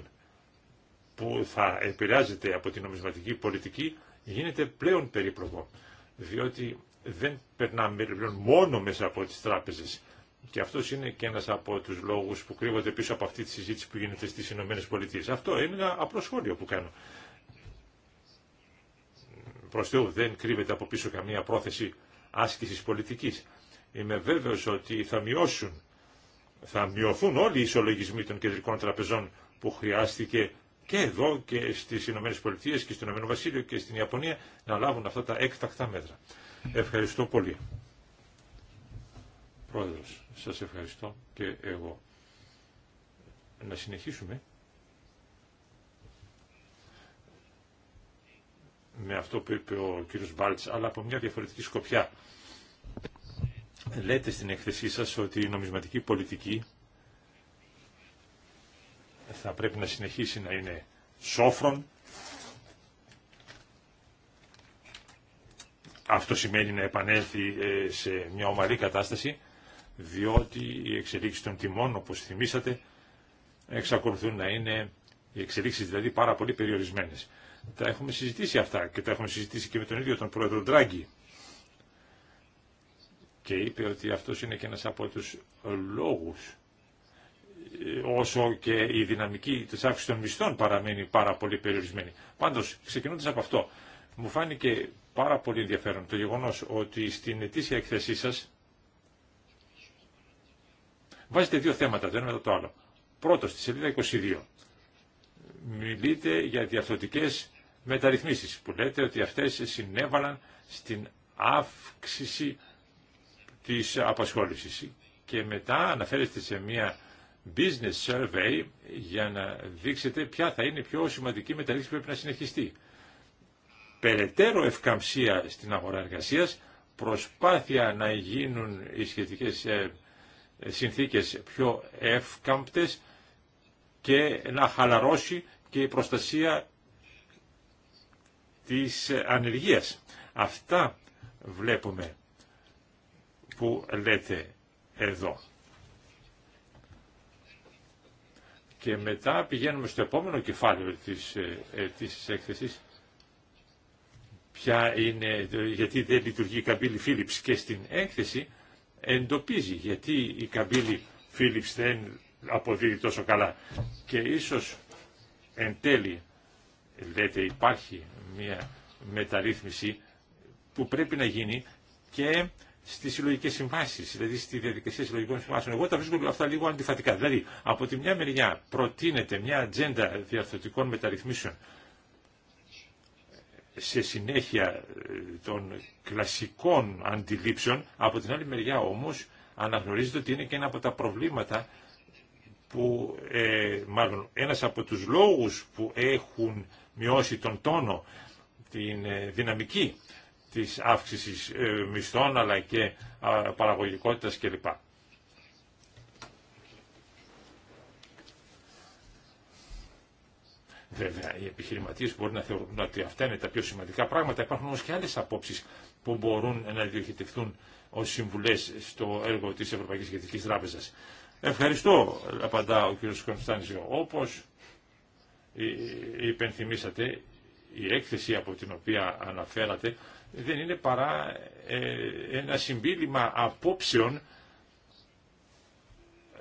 που θα επηρεάζεται από την νομισματική πολιτική γίνεται πλέον περίπλοκο, διότι δεν περνάμε μόνο μέσα από τις τράπεζες. Και αυτό είναι και ένα από του λόγου που κρύβονται πίσω από αυτή τη συζήτηση που γίνεται στι Ηνωμένες Πολιτείες. Αυτό είναι ένα απλό σχόλιο που κάνω. Προ Θεού δεν κρύβεται από πίσω καμία πρόθεση άσκηση πολιτική. Είμαι βέβαιο ότι θα μειώσουν, θα μειωθούν όλοι οι ισολογισμοί των κεντρικών τραπεζών που χρειάστηκε και εδώ και στι Ηνωμένες Πολιτείες και στον Ηνωμένο Βασίλειο και στην Ιαπωνία να λάβουν αυτά τα έκτακτα μέτρα. Ευχαριστώ πολύ. Πρόεδρος, σας ευχαριστώ και εγώ. Να συνεχίσουμε με αυτό που είπε ο κύριος Μπάλτς, αλλά από μια διαφορετική σκοπιά. Λέτε στην έκθεσή σας ότι η νομισματική πολιτική θα πρέπει να συνεχίσει να είναι σόφρον. Αυτό σημαίνει να επανέλθει ε, σε μια ομαλή κατάσταση διότι οι εξελίξεις των τιμών, όπως θυμήσατε, εξακολουθούν να είναι οι εξελίξεις δηλαδή πάρα πολύ περιορισμένες. Τα έχουμε συζητήσει αυτά και τα έχουμε συζητήσει και με τον ίδιο τον πρόεδρο Ντράγκη. Και είπε ότι αυτός είναι και ένας από τους λόγους ε, όσο και η δυναμική της αύξησης των μισθών παραμένει πάρα πολύ περιορισμένη. Πάντως, ξεκινώντας από αυτό, μου φάνηκε πάρα πολύ ενδιαφέρον το γεγονός ότι στην ετήσια εκθεσή σας Βάζετε δύο θέματα, το ένα μετά το άλλο. Πρώτο, στη σελίδα 22. Μιλείτε για διαρθρωτικέ μεταρρυθμίσεις που λέτε ότι αυτές συνέβαλαν στην αύξηση της απασχόλησης. Και μετά αναφέρεστε σε μια business survey για να δείξετε ποια θα είναι η πιο σημαντική μεταρρύθμιση που πρέπει να συνεχιστεί. Περαιτέρω ευκαμψία στην αγορά εργασία προσπάθεια να γίνουν οι σχετικέ. Ε, συνθήκες πιο εύκαμπτες και να χαλαρώσει και η προστασία της ανεργίας. Αυτά βλέπουμε που λέτε εδώ. Και μετά πηγαίνουμε στο επόμενο κεφάλαιο της, ε, ε, της έκθεσης. Ποια είναι, γιατί δεν λειτουργεί η καμπύλη Φίλιπς και στην έκθεση εντοπίζει γιατί η καμπύλη Φίλιπς δεν αποδίδει τόσο καλά. Και ίσως εν τέλει, λέτε, υπάρχει μια μεταρρύθμιση που πρέπει να γίνει και στι συλλογικέ συμβάσει, δηλαδή στη διαδικασία συλλογικών συμβάσεων. Εγώ τα βρίσκω αυτά λίγο αντιφατικά. Δηλαδή, από τη μια μεριά προτείνεται μια ατζέντα διαρθρωτικών μεταρρυθμίσεων σε συνέχεια ε, των κλασικών αντιλήψεων. Από την άλλη μεριά όμως αναγνωρίζεται ότι είναι και ένα από τα προβλήματα που ε, μάλλον ένας από τους λόγους που έχουν μειώσει τον τόνο, την ε, δυναμική της αύξησης ε, μισθών αλλά και παραγωγικότητας κλπ. Βέβαια, οι επιχειρηματίε μπορεί να θεωρούν ότι αυτά είναι τα πιο σημαντικά πράγματα. Υπάρχουν όμω και άλλε απόψει που μπορούν να διοχετευτούν ω συμβουλέ στο έργο τη Ευρωπαϊκή Κεντρική Τράπεζα. Ευχαριστώ, απαντά ο κ. Κωνσταντζιο. Όπω ε, υπενθυμίσατε, η έκθεση από την οποία αναφέρατε δεν είναι παρά ε, ένα συμπίλημα απόψεων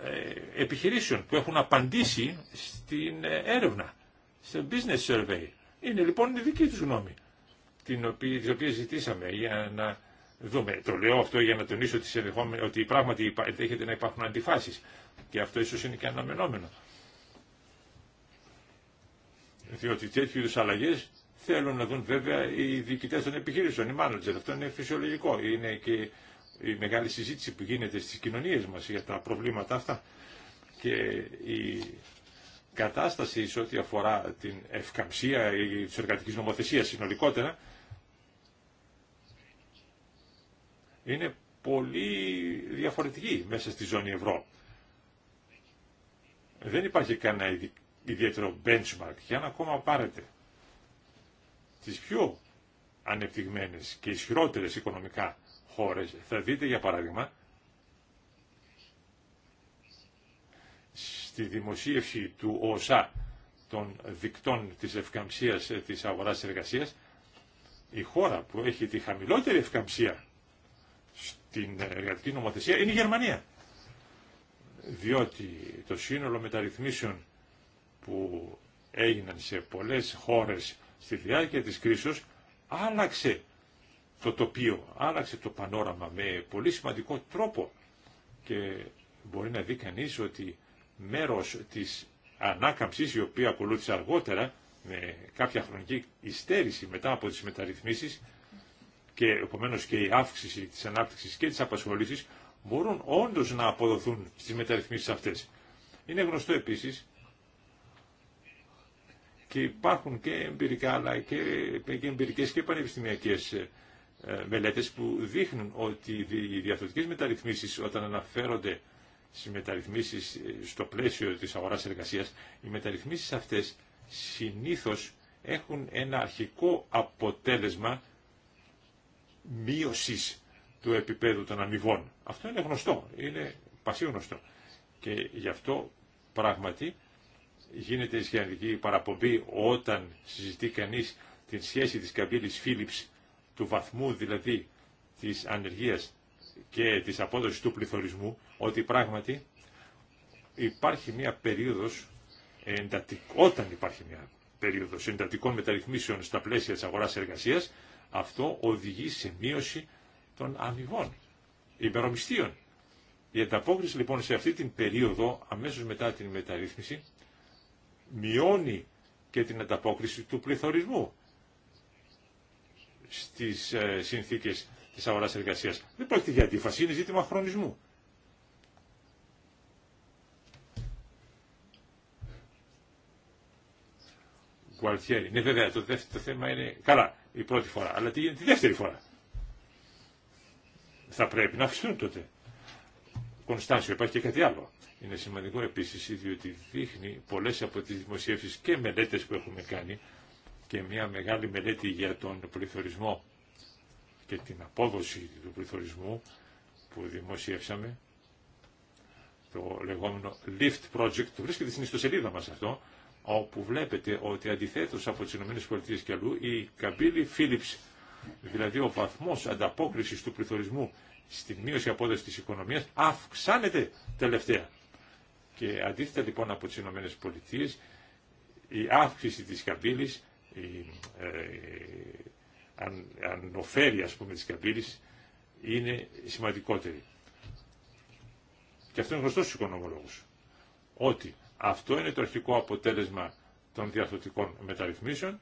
ε, επιχειρήσεων που έχουν απαντήσει στην έρευνα σε business survey. Είναι λοιπόν η δική του γνώμη, την οποία, την ζητήσαμε για να δούμε. Το λέω αυτό για να τονίσω ότι πράγματι δέχεται να υπάρχουν αντιφάσεις και αυτό ίσως είναι και αναμενόμενο. Διότι τέτοιου είδου αλλαγέ θέλουν να δουν βέβαια οι διοικητέ των επιχειρήσεων, οι μάνατζερ. Αυτό είναι φυσιολογικό. Είναι και η μεγάλη συζήτηση που γίνεται στι κοινωνίε μα για τα προβλήματα αυτά. Και η κατάσταση σε ό,τι αφορά την ευκαμψία τη εργατική νομοθεσία συνολικότερα είναι πολύ διαφορετική μέσα στη ζώνη ευρώ. Δεν υπάρχει κανένα ιδιαίτερο benchmark. Και αν ακόμα πάρετε τις πιο ανεπτυγμένες και ισχυρότερες οικονομικά χώρες, θα δείτε για παράδειγμα στη δημοσίευση του ΟΣΑ των δικτών της ευκαμψίας ε, της αγοράς εργασίας, η χώρα που έχει τη χαμηλότερη ευκαμψία στην εργατική νομοθεσία είναι η Γερμανία. Διότι το σύνολο μεταρρυθμίσεων που έγιναν σε πολλές χώρες στη διάρκεια της κρίσης άλλαξε το τοπίο, άλλαξε το πανόραμα με πολύ σημαντικό τρόπο και μπορεί να δει κανείς ότι μέρος της ανάκαμψης η οποία ακολούθησε αργότερα με κάποια χρονική υστέρηση μετά από τις μεταρρυθμίσεις και επομένω και η αύξηση της ανάπτυξης και της απασχόλησης μπορούν όντως να αποδοθούν στις μεταρρυθμίσεις αυτές. Είναι γνωστό επίσης και υπάρχουν και εμπειρικά αλλά και, και εμπειρικές και πανεπιστημιακές ε, ε, μελέτες που δείχνουν ότι οι διαφορετικές μεταρρυθμίσεις όταν αναφέρονται Στι μεταρρυθμίσει ε, στο πλαίσιο της αγοράς εργασία, οι μεταρρυθμίσει αυτές συνήθως έχουν ένα αρχικό αποτέλεσμα μείωση του επίπεδου των αμοιβών. Αυτό είναι γνωστό, είναι πασίγνωστο. Και γι' αυτό πράγματι γίνεται η παραπομπή όταν συζητεί κανείς την σχέση της καμπύλης Φίλιπς, του βαθμού δηλαδή της ανεργίας και της απόδοσης του πληθωρισμού ότι πράγματι υπάρχει μια περίοδος εντατικ... όταν υπάρχει μια περίοδος εντατικών μεταρρυθμίσεων στα πλαίσια της αγοράς εργασίας αυτό οδηγεί σε μείωση των αμοιβών, υπερομισθείων Η ανταπόκριση λοιπόν σε αυτή την περίοδο αμέσως μετά την μεταρρύθμιση μειώνει και την ανταπόκριση του πληθωρισμού στις ε, συνθήκες τη αγορά εργασία. Δεν πρόκειται για αντίφαση, είναι ζήτημα χρονισμού. Γουαλτιέρι. Ναι, βέβαια, το, δεύτερο, θέμα είναι καλά η πρώτη φορά, αλλά τι γίνεται τη δεύτερη φορά. Θα πρέπει να αφιστούν τότε. Κωνστάνσιο, υπάρχει και κάτι άλλο. Είναι σημαντικό επίση, διότι δείχνει πολλέ από τι δημοσιεύσει και μελέτε που έχουμε κάνει και μια μεγάλη μελέτη για τον πληθωρισμό και την απόδοση του πληθωρισμού που δημοσιεύσαμε, το λεγόμενο Lift Project, το βρίσκεται στην ιστοσελίδα μας αυτό, όπου βλέπετε ότι αντιθέτως από τις ΗΠΑ και αλλού, η καμπύλη Phillips, δηλαδή ο βαθμός ανταπόκρισης του πληθωρισμού στη μείωση απόδοσης της οικονομίας, αυξάνεται τελευταία. Και αντίθετα λοιπόν από τις ΗΠΑ, η αύξηση της καμπύλης, η, ε, αν, αν α ας πούμε της καπήλης είναι σημαντικότερη. Και αυτό είναι γνωστό στους οικονομολόγους. Ότι αυτό είναι το αρχικό αποτέλεσμα των διαρθωτικών μεταρρυθμίσεων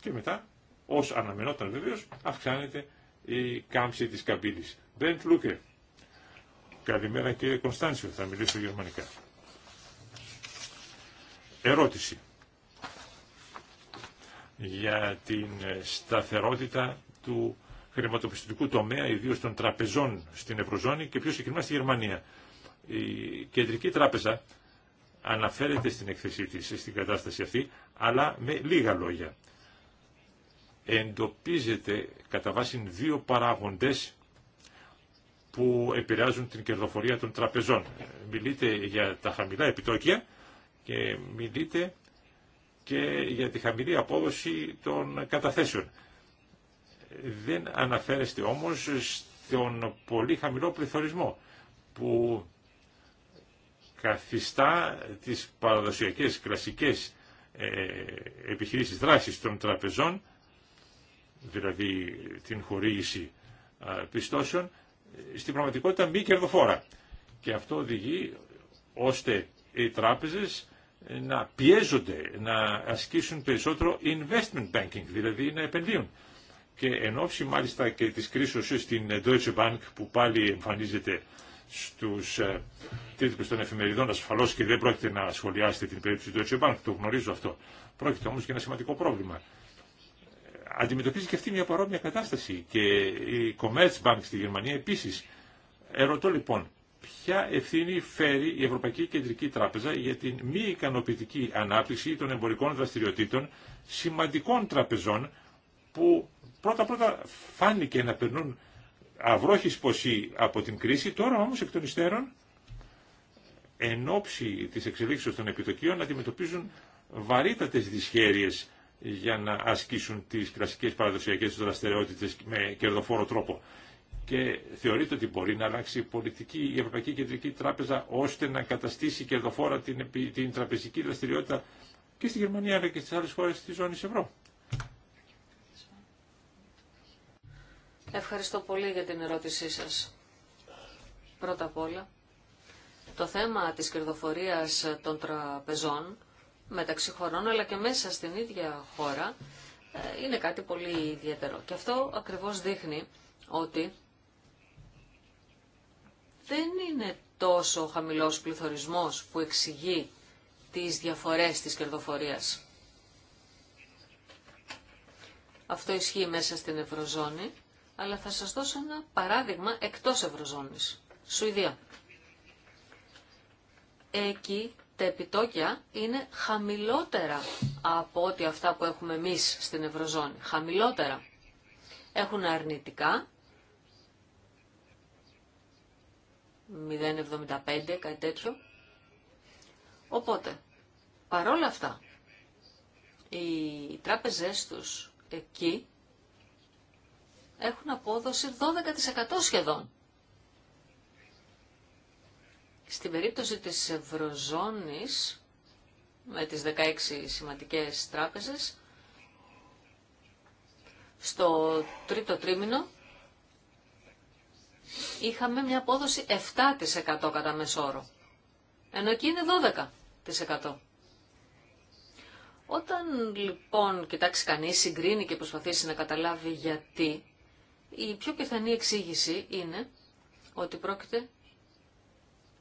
και μετά, ως αναμενόταν βεβαίως, αυξάνεται η κάμψη της καμπύλης. Μπέντ Λούκε. Καλημέρα κύριε Κωνστάνσιο, θα μιλήσω γερμανικά. Ερώτηση για την ε, σταθερότητα του χρηματοπιστωτικού τομέα, ιδίω των τραπεζών στην Ευρωζώνη και πιο συγκεκριμένα στη Γερμανία. Η Κεντρική Τράπεζα αναφέρεται στην εκθεσή της στην κατάσταση αυτή, αλλά με λίγα λόγια. Εντοπίζεται κατά βάση δύο παράγοντες που επηρεάζουν την κερδοφορία των τραπεζών. Μιλείτε για τα χαμηλά επιτόκια και μιλείτε και για τη χαμηλή απόδοση των καταθέσεων. Δεν αναφέρεστε όμως στον πολύ χαμηλό πληθωρισμό που καθιστά τις παραδοσιακές κλασικές ε, επιχειρήσεις δράσης των τραπεζών, δηλαδή την χορήγηση πιστώσεων, στην πραγματικότητα μη κερδοφόρα. Και αυτό οδηγεί ώστε οι τράπεζες να πιέζονται να ασκήσουν περισσότερο investment banking, δηλαδή να επενδύουν. Και εν ώψη μάλιστα και της κρίσης στην Deutsche Bank που πάλι εμφανίζεται στους ε, τίτλους των εφημεριδών ασφαλώς και δεν πρόκειται να σχολιάσετε την περίπτωση του Deutsche Bank, το γνωρίζω αυτό. Πρόκειται όμως για ένα σημαντικό πρόβλημα. Αντιμετωπίζει και αυτή μια παρόμοια κατάσταση και η Commerzbank στη Γερμανία επίσης. Ερωτώ λοιπόν, ποια ευθύνη φέρει η Ευρωπαϊκή Κεντρική Τράπεζα για την μη ικανοποιητική ανάπτυξη των εμπορικών δραστηριοτήτων σημαντικών τραπεζών που πρώτα-πρώτα φάνηκε να περνούν αυρόχης ποσή από την κρίση, τώρα όμως εκ των υστέρων εν ώψη της εξελίξεως των επιτοκίων αντιμετωπίζουν βαρύτατες δυσχέρειες για να ασκήσουν τις κλασικές παραδοσιακές δραστηριότητες με κερδοφόρο τρόπο και θεωρείται ότι μπορεί να αλλάξει πολιτική η Ευρωπαϊκή Κεντρική Τράπεζα ώστε να καταστήσει κερδοφόρα την, την τραπεζική δραστηριότητα και στη Γερμανία αλλά και στις άλλες χώρες της ζώνης ευρώ. Ευχαριστώ πολύ για την ερώτησή σας. Πρώτα απ' όλα, το θέμα της κερδοφορίας των τραπεζών μεταξύ χωρών αλλά και μέσα στην ίδια χώρα ε, είναι κάτι πολύ ιδιαίτερο. Και αυτό ακριβώς δείχνει ότι δεν είναι τόσο ο χαμηλός πληθωρισμός που εξηγεί τις διαφορές της κερδοφορίας. Αυτό ισχύει μέσα στην Ευρωζώνη, αλλά θα σας δώσω ένα παράδειγμα εκτός Ευρωζώνης. Σουηδία. Εκεί τα επιτόκια είναι χαμηλότερα από ό,τι αυτά που έχουμε εμείς στην Ευρωζώνη. Χαμηλότερα. Έχουν αρνητικά 0,75, κάτι τέτοιο. Οπότε, παρόλα αυτά, οι τράπεζές τους εκεί έχουν απόδοση 12% σχεδόν. Στην περίπτωση της Ευρωζώνης, με τις 16 σημαντικές τράπεζες, στο τρίτο τρίμηνο είχαμε μια απόδοση 7% κατά μεσόρο. Ενώ εκεί είναι 12%. Όταν λοιπόν κοιτάξει κανείς, συγκρίνει και προσπαθήσει να καταλάβει γιατί, η πιο πιθανή εξήγηση είναι ότι πρόκειται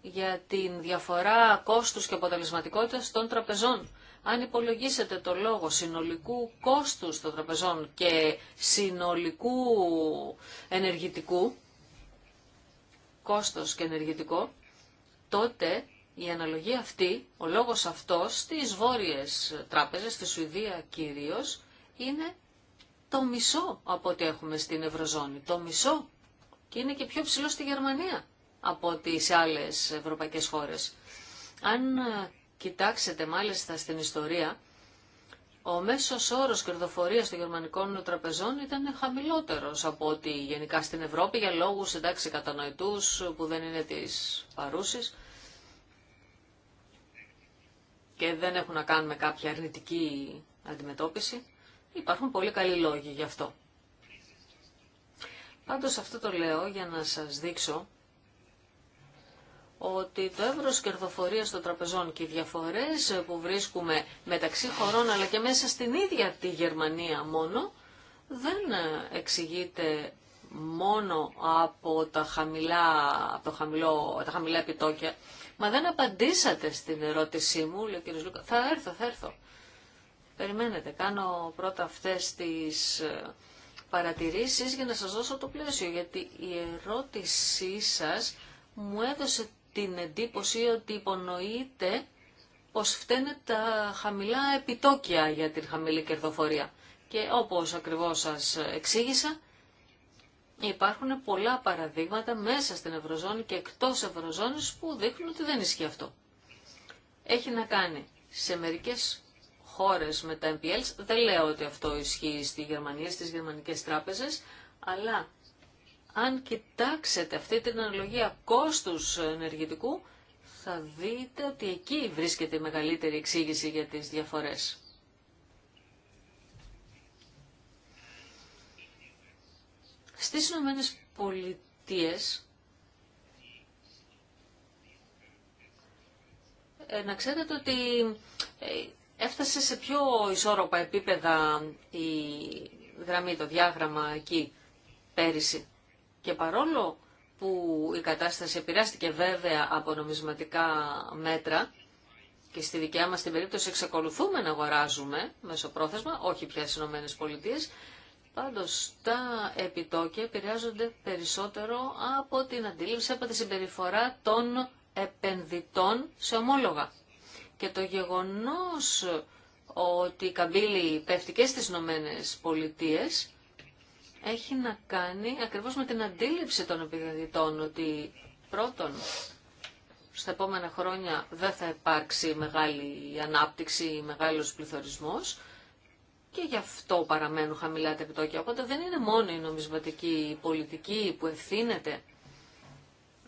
για την διαφορά κόστους και αποτελεσματικότητας των τραπεζών. Αν υπολογίσετε το λόγο συνολικού κόστους των τραπεζών και συνολικού ενεργητικού, κόστος και ενεργητικό, τότε η αναλογία αυτή, ο λόγος αυτός στις βόρειες τράπεζες, στη Σουηδία κυρίως, είναι το μισό από ό,τι έχουμε στην Ευρωζώνη. Το μισό. Και είναι και πιο ψηλό στη Γερμανία από ό,τι σε άλλες ευρωπαϊκές χώρες. Αν ε, κοιτάξετε μάλιστα στην ιστορία, ο μέσος όρος κερδοφορίας των γερμανικών τραπεζών ήταν χαμηλότερος από ότι γενικά στην Ευρώπη για λόγους εντάξει κατανοητούς που δεν είναι της παρούσης και δεν έχουν να κάνουν με κάποια αρνητική αντιμετώπιση. Υπάρχουν πολύ καλοί λόγοι γι' αυτό. Πάντως αυτό το λέω για να σας δείξω ότι το εύρος κερδοφορίας των τραπεζών και οι διαφορές που βρίσκουμε μεταξύ χωρών αλλά και μέσα στην ίδια τη Γερμανία μόνο δεν εξηγείται μόνο από τα χαμηλά, το χαμηλό, τα χαμηλά επιτόκια. Μα δεν απαντήσατε στην ερώτησή μου, λέει ο κ. Λούκα. Θα έρθω, θα έρθω. Περιμένετε, κάνω πρώτα αυτές τις ε, παρατηρήσεις για να σας δώσω το πλαίσιο, γιατί η ερώτησή σας μου έδωσε την εντύπωση ότι υπονοείται πως φταίνε τα χαμηλά επιτόκια για την χαμηλή κερδοφορία. Και όπως ακριβώς σας εξήγησα, υπάρχουν πολλά παραδείγματα μέσα στην Ευρωζώνη και εκτός Ευρωζώνης που δείχνουν ότι δεν ισχύει αυτό. Έχει να κάνει σε μερικές χώρες με τα MPLs, δεν λέω ότι αυτό ισχύει στη Γερμανία, στις γερμανικές τράπεζες, αλλά αν κοιτάξετε αυτή την αναλογία κόστους ενεργητικού, θα δείτε ότι εκεί βρίσκεται η μεγαλύτερη εξήγηση για τις διαφορές. Στις Ηνωμένε Πολιτείες, ε, να ξέρετε ότι ε, έφτασε σε πιο ισόρροπα επίπεδα η γραμμή, το διάγραμμα εκεί πέρυσι. Και παρόλο που η κατάσταση επηρεάστηκε βέβαια από νομισματικά μέτρα και στη δικιά μας την περίπτωση εξακολουθούμε να αγοράζουμε μέσω πρόθεσμα, όχι πια στις Ηνωμένες Πολιτείες, πάντως τα επιτόκια επηρεάζονται περισσότερο από την αντίληψη, από τη συμπεριφορά των επενδυτών σε ομόλογα. Και το γεγονός ότι η καμπύλη πέφτει και στις Ηνωμένες Πολιτείες, έχει να κάνει ακριβώς με την αντίληψη των επιδητών ότι πρώτον στα επόμενα χρόνια δεν θα υπάρξει μεγάλη ανάπτυξη, μεγάλος πληθωρισμός και γι' αυτό παραμένουν χαμηλά τα επιτόκια. Οπότε δεν είναι μόνο η νομισματική πολιτική που ευθύνεται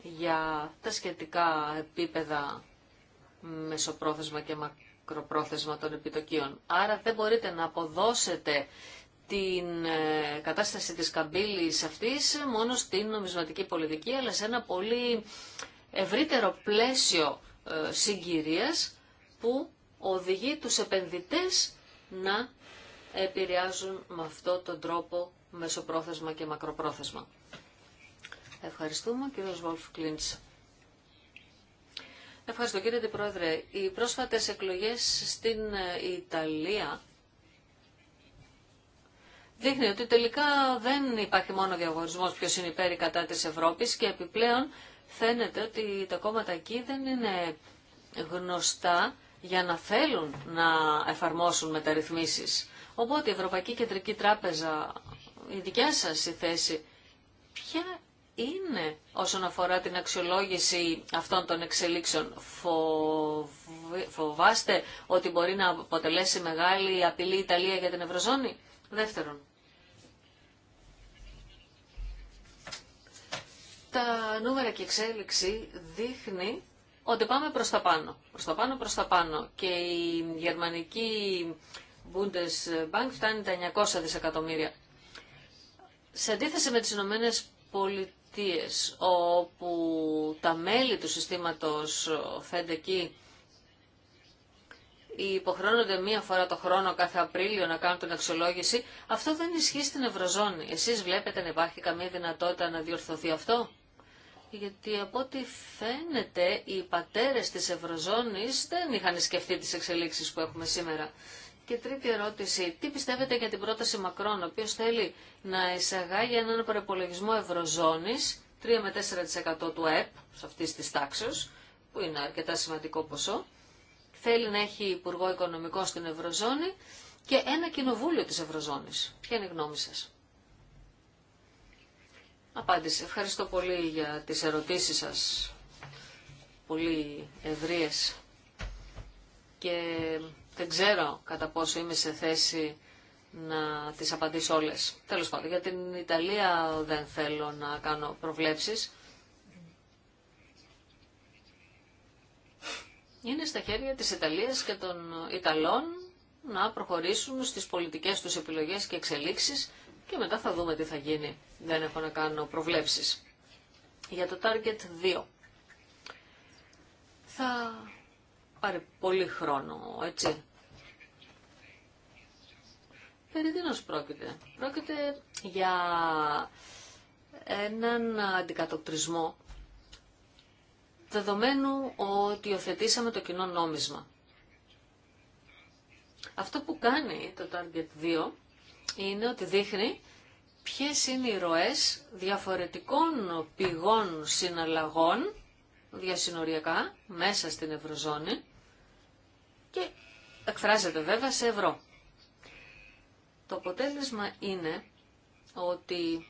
για τα σχετικά επίπεδα μεσοπρόθεσμα και μακροπρόθεσμα των επιτοκίων. Άρα δεν μπορείτε να αποδώσετε την ε, κατάσταση της καμπύλης αυτής μόνο στην νομισματική πολιτική, αλλά σε ένα πολύ ευρύτερο πλαίσιο ε, συγκυρίας που οδηγεί τους επενδυτές να επηρεάζουν με αυτό τον τρόπο μεσοπρόθεσμα και μακροπρόθεσμα. Ευχαριστούμε, κύριο Βόλφ Κλίντς. Ευχαριστώ κύριε Πρόεδρε. Οι πρόσφατες εκλογές στην ε, Ιταλία δείχνει ότι τελικά δεν υπάρχει μόνο διαγωνισμό ποιο είναι υπέρ ή κατά της Ευρώπης και επιπλέον φαίνεται ότι τα κόμματα εκεί δεν είναι γνωστά για να θέλουν να εφαρμόσουν μεταρρυθμίσεις. Οπότε η Ευρωπαϊκή Κεντρική Τράπεζα, η δικιά σας η θέση, ποια είναι όσον αφορά την αξιολόγηση αυτών των εξελίξεων. Φοβάστε ότι μπορεί να αποτελέσει μεγάλη απειλή η Ιταλία για την Ευρωζώνη. Δεύτερον, τα νούμερα και εξέλιξη δείχνει ότι πάμε προς τα πάνω, προς τα πάνω, προς τα πάνω και η γερμανική Bundesbank φτάνει τα 900 δισεκατομμύρια. Σε αντίθεση με τις Ηνωμένε Πολιτείες, όπου τα μέλη του συστήματος Fed εκεί υποχρεώνονται μία φορά το χρόνο κάθε Απρίλιο να κάνουν την αξιολόγηση, αυτό δεν ισχύει στην Ευρωζώνη. Εσείς βλέπετε να υπάρχει καμία δυνατότητα να διορθωθεί αυτό. Γιατί από ό,τι φαίνεται οι πατέρες της Ευρωζώνης δεν είχαν σκεφτεί τις εξελίξεις που έχουμε σήμερα. Και τρίτη ερώτηση, τι πιστεύετε για την πρόταση Μακρόν, ο οποίος θέλει να εισαγάγει έναν προπολογισμό Ευρωζώνης, 3 με 4% του ΕΠ, σε αυτή τη τάξη, που είναι αρκετά σημαντικό ποσό, θέλει να έχει Υπουργό Οικονομικό στην Ευρωζώνη και ένα Κοινοβούλιο της Ευρωζώνης. Ποια είναι η γνώμη σας. Απάντηση. Ευχαριστώ πολύ για τις ερωτήσεις σας. Πολύ ευρίες. Και δεν ξέρω κατά πόσο είμαι σε θέση να τις απαντήσω όλες. Τέλος πάντων, για την Ιταλία δεν θέλω να κάνω προβλέψεις. είναι στα χέρια της Ιταλίας και των Ιταλών να προχωρήσουν στις πολιτικές τους επιλογές και εξελίξεις και μετά θα δούμε τι θα γίνει. Δεν έχω να κάνω προβλέψεις. Για το Target 2. Θα πάρει πολύ χρόνο, έτσι. Περί τίνος πρόκειται. Πρόκειται για έναν αντικατοπτρισμό δεδομένου ότι οθετήσαμε το κοινό νόμισμα. Αυτό που κάνει το Target 2 είναι ότι δείχνει ποιες είναι οι ροές διαφορετικών πηγών συναλλαγών διασυνοριακά μέσα στην Ευρωζώνη και εκφράζεται βέβαια σε ευρώ. Το αποτέλεσμα είναι ότι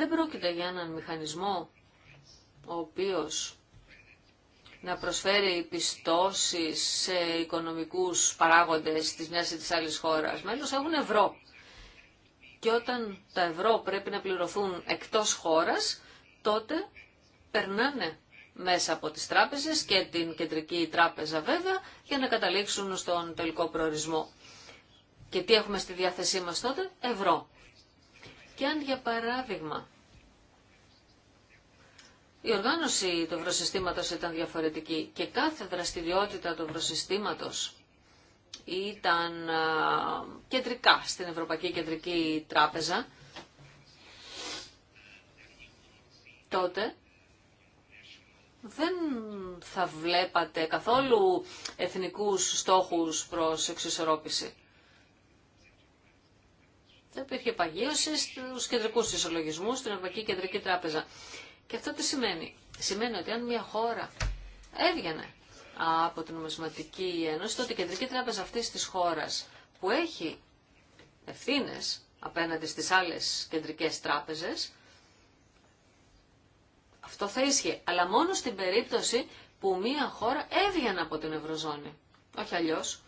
Δεν πρόκειται για έναν μηχανισμό ο οποίος να προσφέρει πιστώσεις σε οικονομικούς παράγοντες της μιας ή της άλλης χώρας. Μέλος έχουν ευρώ. Και όταν τα ευρώ πρέπει να πληρωθούν εκτός χώρας, τότε περνάνε μέσα από τις τράπεζες και την κεντρική τράπεζα βέβαια για να καταλήξουν στον τελικό προορισμό. Και τι έχουμε στη διάθεσή μας τότε, ευρώ. Και αν για παράδειγμα η οργάνωση του ευρωσυστήματος ήταν διαφορετική και κάθε δραστηριότητα του ευρωσυστήματος ήταν κεντρικά στην Ευρωπαϊκή Κεντρική Τράπεζα, τότε δεν θα βλέπατε καθόλου εθνικούς στόχους προς εξισορρόπηση υπήρχε παγίωση στους κεντρικούς ισολογισμούς στην Ευρωπαϊκή Κεντρική Τράπεζα. Και αυτό τι σημαίνει. Σημαίνει ότι αν μια χώρα έβγαινε από την Νομισματική Ένωση, τότε η Κεντρική Τράπεζα αυτής της χώρας που έχει ευθύνε απέναντι στις άλλες κεντρικές τράπεζες, αυτό θα ίσχυε, αλλά μόνο στην περίπτωση που μια χώρα έβγαινε από την Ευρωζώνη. Όχι αλλιώς.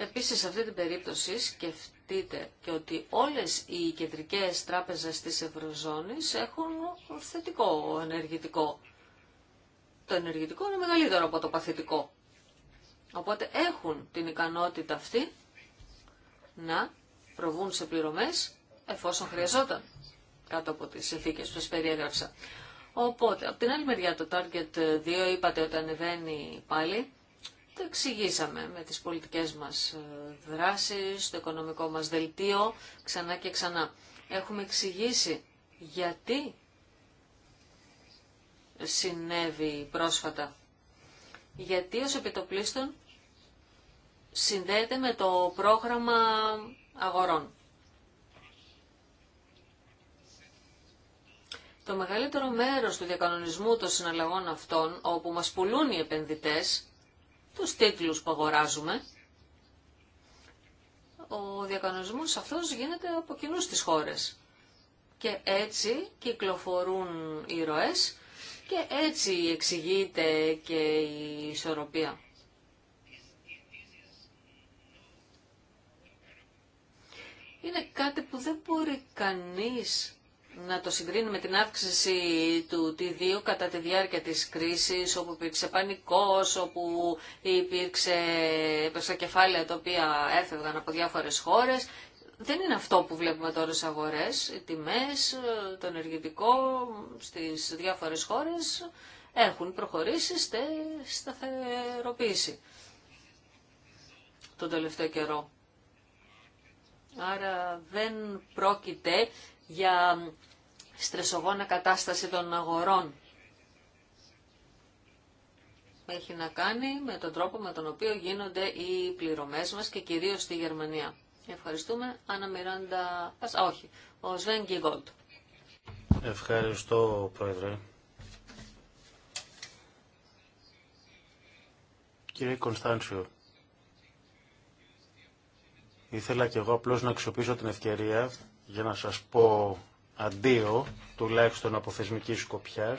Επίσης, σε αυτή την περίπτωση σκεφτείτε και ότι όλες οι κεντρικές τράπεζες της Ευρωζώνης έχουν θετικό ενεργητικό. Το ενεργητικό είναι μεγαλύτερο από το παθητικό. Οπότε έχουν την ικανότητα αυτή να προβούν σε πληρωμές εφόσον χρειαζόταν κάτω από τις συνθήκε που σας περιέγραψα. Οπότε, από την άλλη μεριά το Target 2 είπατε ότι ανεβαίνει πάλι το εξηγήσαμε με τις πολιτικές μας ε, δράσεις, το οικονομικό μας δελτίο, ξανά και ξανά. Έχουμε εξηγήσει γιατί συνέβη πρόσφατα. Γιατί ως επιτοπλίστων συνδέεται με το πρόγραμμα αγορών. Το μεγαλύτερο μέρος του διακανονισμού των συναλλαγών αυτών, όπου μας πουλούν οι επενδυτές, τους τίτλους που αγοράζουμε. Ο διακανονισμός αυτός γίνεται από κοινού τις χώρες. Και έτσι κυκλοφορούν οι ροές και έτσι εξηγείται και η ισορροπία. Είναι κάτι που δεν μπορεί κανείς να το συγκρίνουμε με την αύξηση του T2 κατά τη διάρκεια της κρίσης, όπου υπήρξε πανικός, όπου υπήρξε κεφάλαια τα οποία έφευγαν από διάφορες χώρες. Δεν είναι αυτό που βλέπουμε τώρα στις αγορές. Οι τιμές, το ενεργητικό στις διάφορες χώρες έχουν προχωρήσει στη σταθεροποίηση τον τελευταίο καιρό. Άρα δεν πρόκειται για στρεσογόνα κατάσταση των αγορών. Έχει να κάνει με τον τρόπο με τον οποίο γίνονται οι πληρωμές μας και κυρίως στη Γερμανία. Ευχαριστούμε. Άννα Μιράντα... όχι. Ο Σβέν Ευχαριστώ, Πρόεδρε. Κύριε Κωνσταντσιο, ήθελα κι εγώ απλώς να αξιοποιήσω την ευκαιρία για να σας πω αντίο, τουλάχιστον από θεσμική σκοπιά,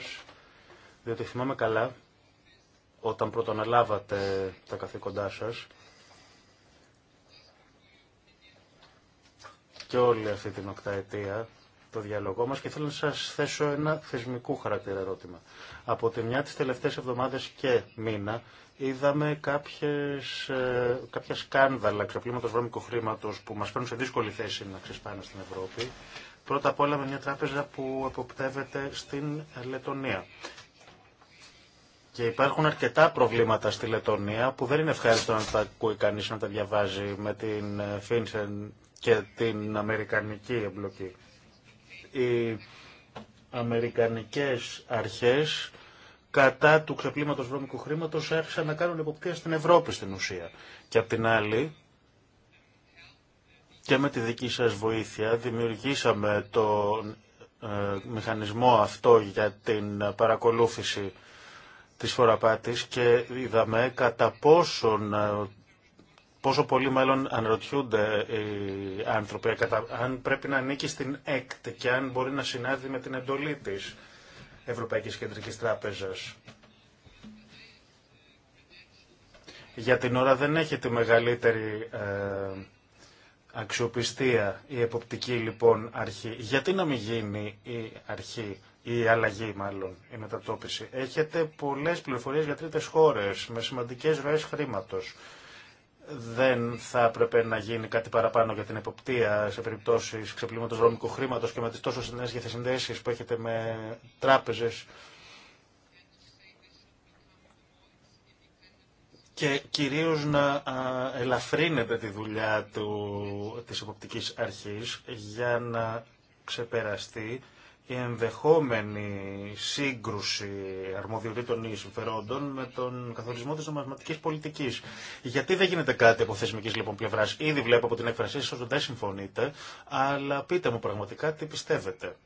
διότι θυμάμαι καλά, όταν πρώτον αλάβατε τα καθήκοντά σας και όλη αυτή την οκταετία, το διάλογό μας και θέλω να σας θέσω ένα θεσμικού χαρακτήρα ερώτημα. Από τη μια τις τελευταίες εβδομάδες και μήνα είδαμε κάποιες, ε, κάποια σκάνδαλα ξεπλήματος βρώμικου χρήματο που μας φέρνουν σε δύσκολη θέση να ξεσπάνε στην Ευρώπη. Πρώτα απ' όλα με μια τράπεζα που εποπτεύεται στην Λετωνία. Και υπάρχουν αρκετά προβλήματα στη Λετωνία που δεν είναι ευχάριστο να τα ακούει κανεί να τα διαβάζει με την Φίνσεν και την Αμερικανική εμπλοκή. Οι Αμερικανικές αρχές κατά του ξεπλήματος βρώμικου χρήματος άρχισαν να κάνουν εποπτεία στην Ευρώπη στην ουσία. Και απ' την άλλη, και με τη δική σας βοήθεια, δημιουργήσαμε τον ε, μηχανισμό αυτό για την παρακολούθηση της φοραπάτης και είδαμε κατά πόσον ε, πόσο πολύ μάλλον αναρωτιούνται οι άνθρωποι αν πρέπει να ανήκει στην ΕΚΤ και αν μπορεί να συνάδει με την εντολή της Ευρωπαϊκής Κεντρικής Τράπεζας. Για την ώρα δεν έχει τη μεγαλύτερη ε, αξιοπιστία η εποπτική λοιπόν αρχή. Γιατί να μην γίνει η αρχή, η αλλαγή μάλλον, η μετατόπιση. Έχετε πολλές πληροφορίες για τρίτες χώρες με σημαντικές ροές χρήματος δεν θα έπρεπε να γίνει κάτι παραπάνω για την εποπτεία σε περιπτώσει ξεπλημματο δρομικού χρήματο και με τι τόσο συνδέσεις που έχετε με τράπεζες και κυρίως να ελαφρύνεται τη δουλειά του, της εποπτικής αρχής για να ξεπεραστεί η ενδεχόμενη σύγκρουση αρμοδιοτήτων ή συμφερόντων με τον καθορισμό τη νομισματική πολιτική. Γιατί δεν γίνεται κάτι από θεσμική λοιπόν πλευρά. Ήδη βλέπω από την έκφρασή σα ότι δεν συμφωνείτε, αλλά πείτε μου πραγματικά τι πιστεύετε.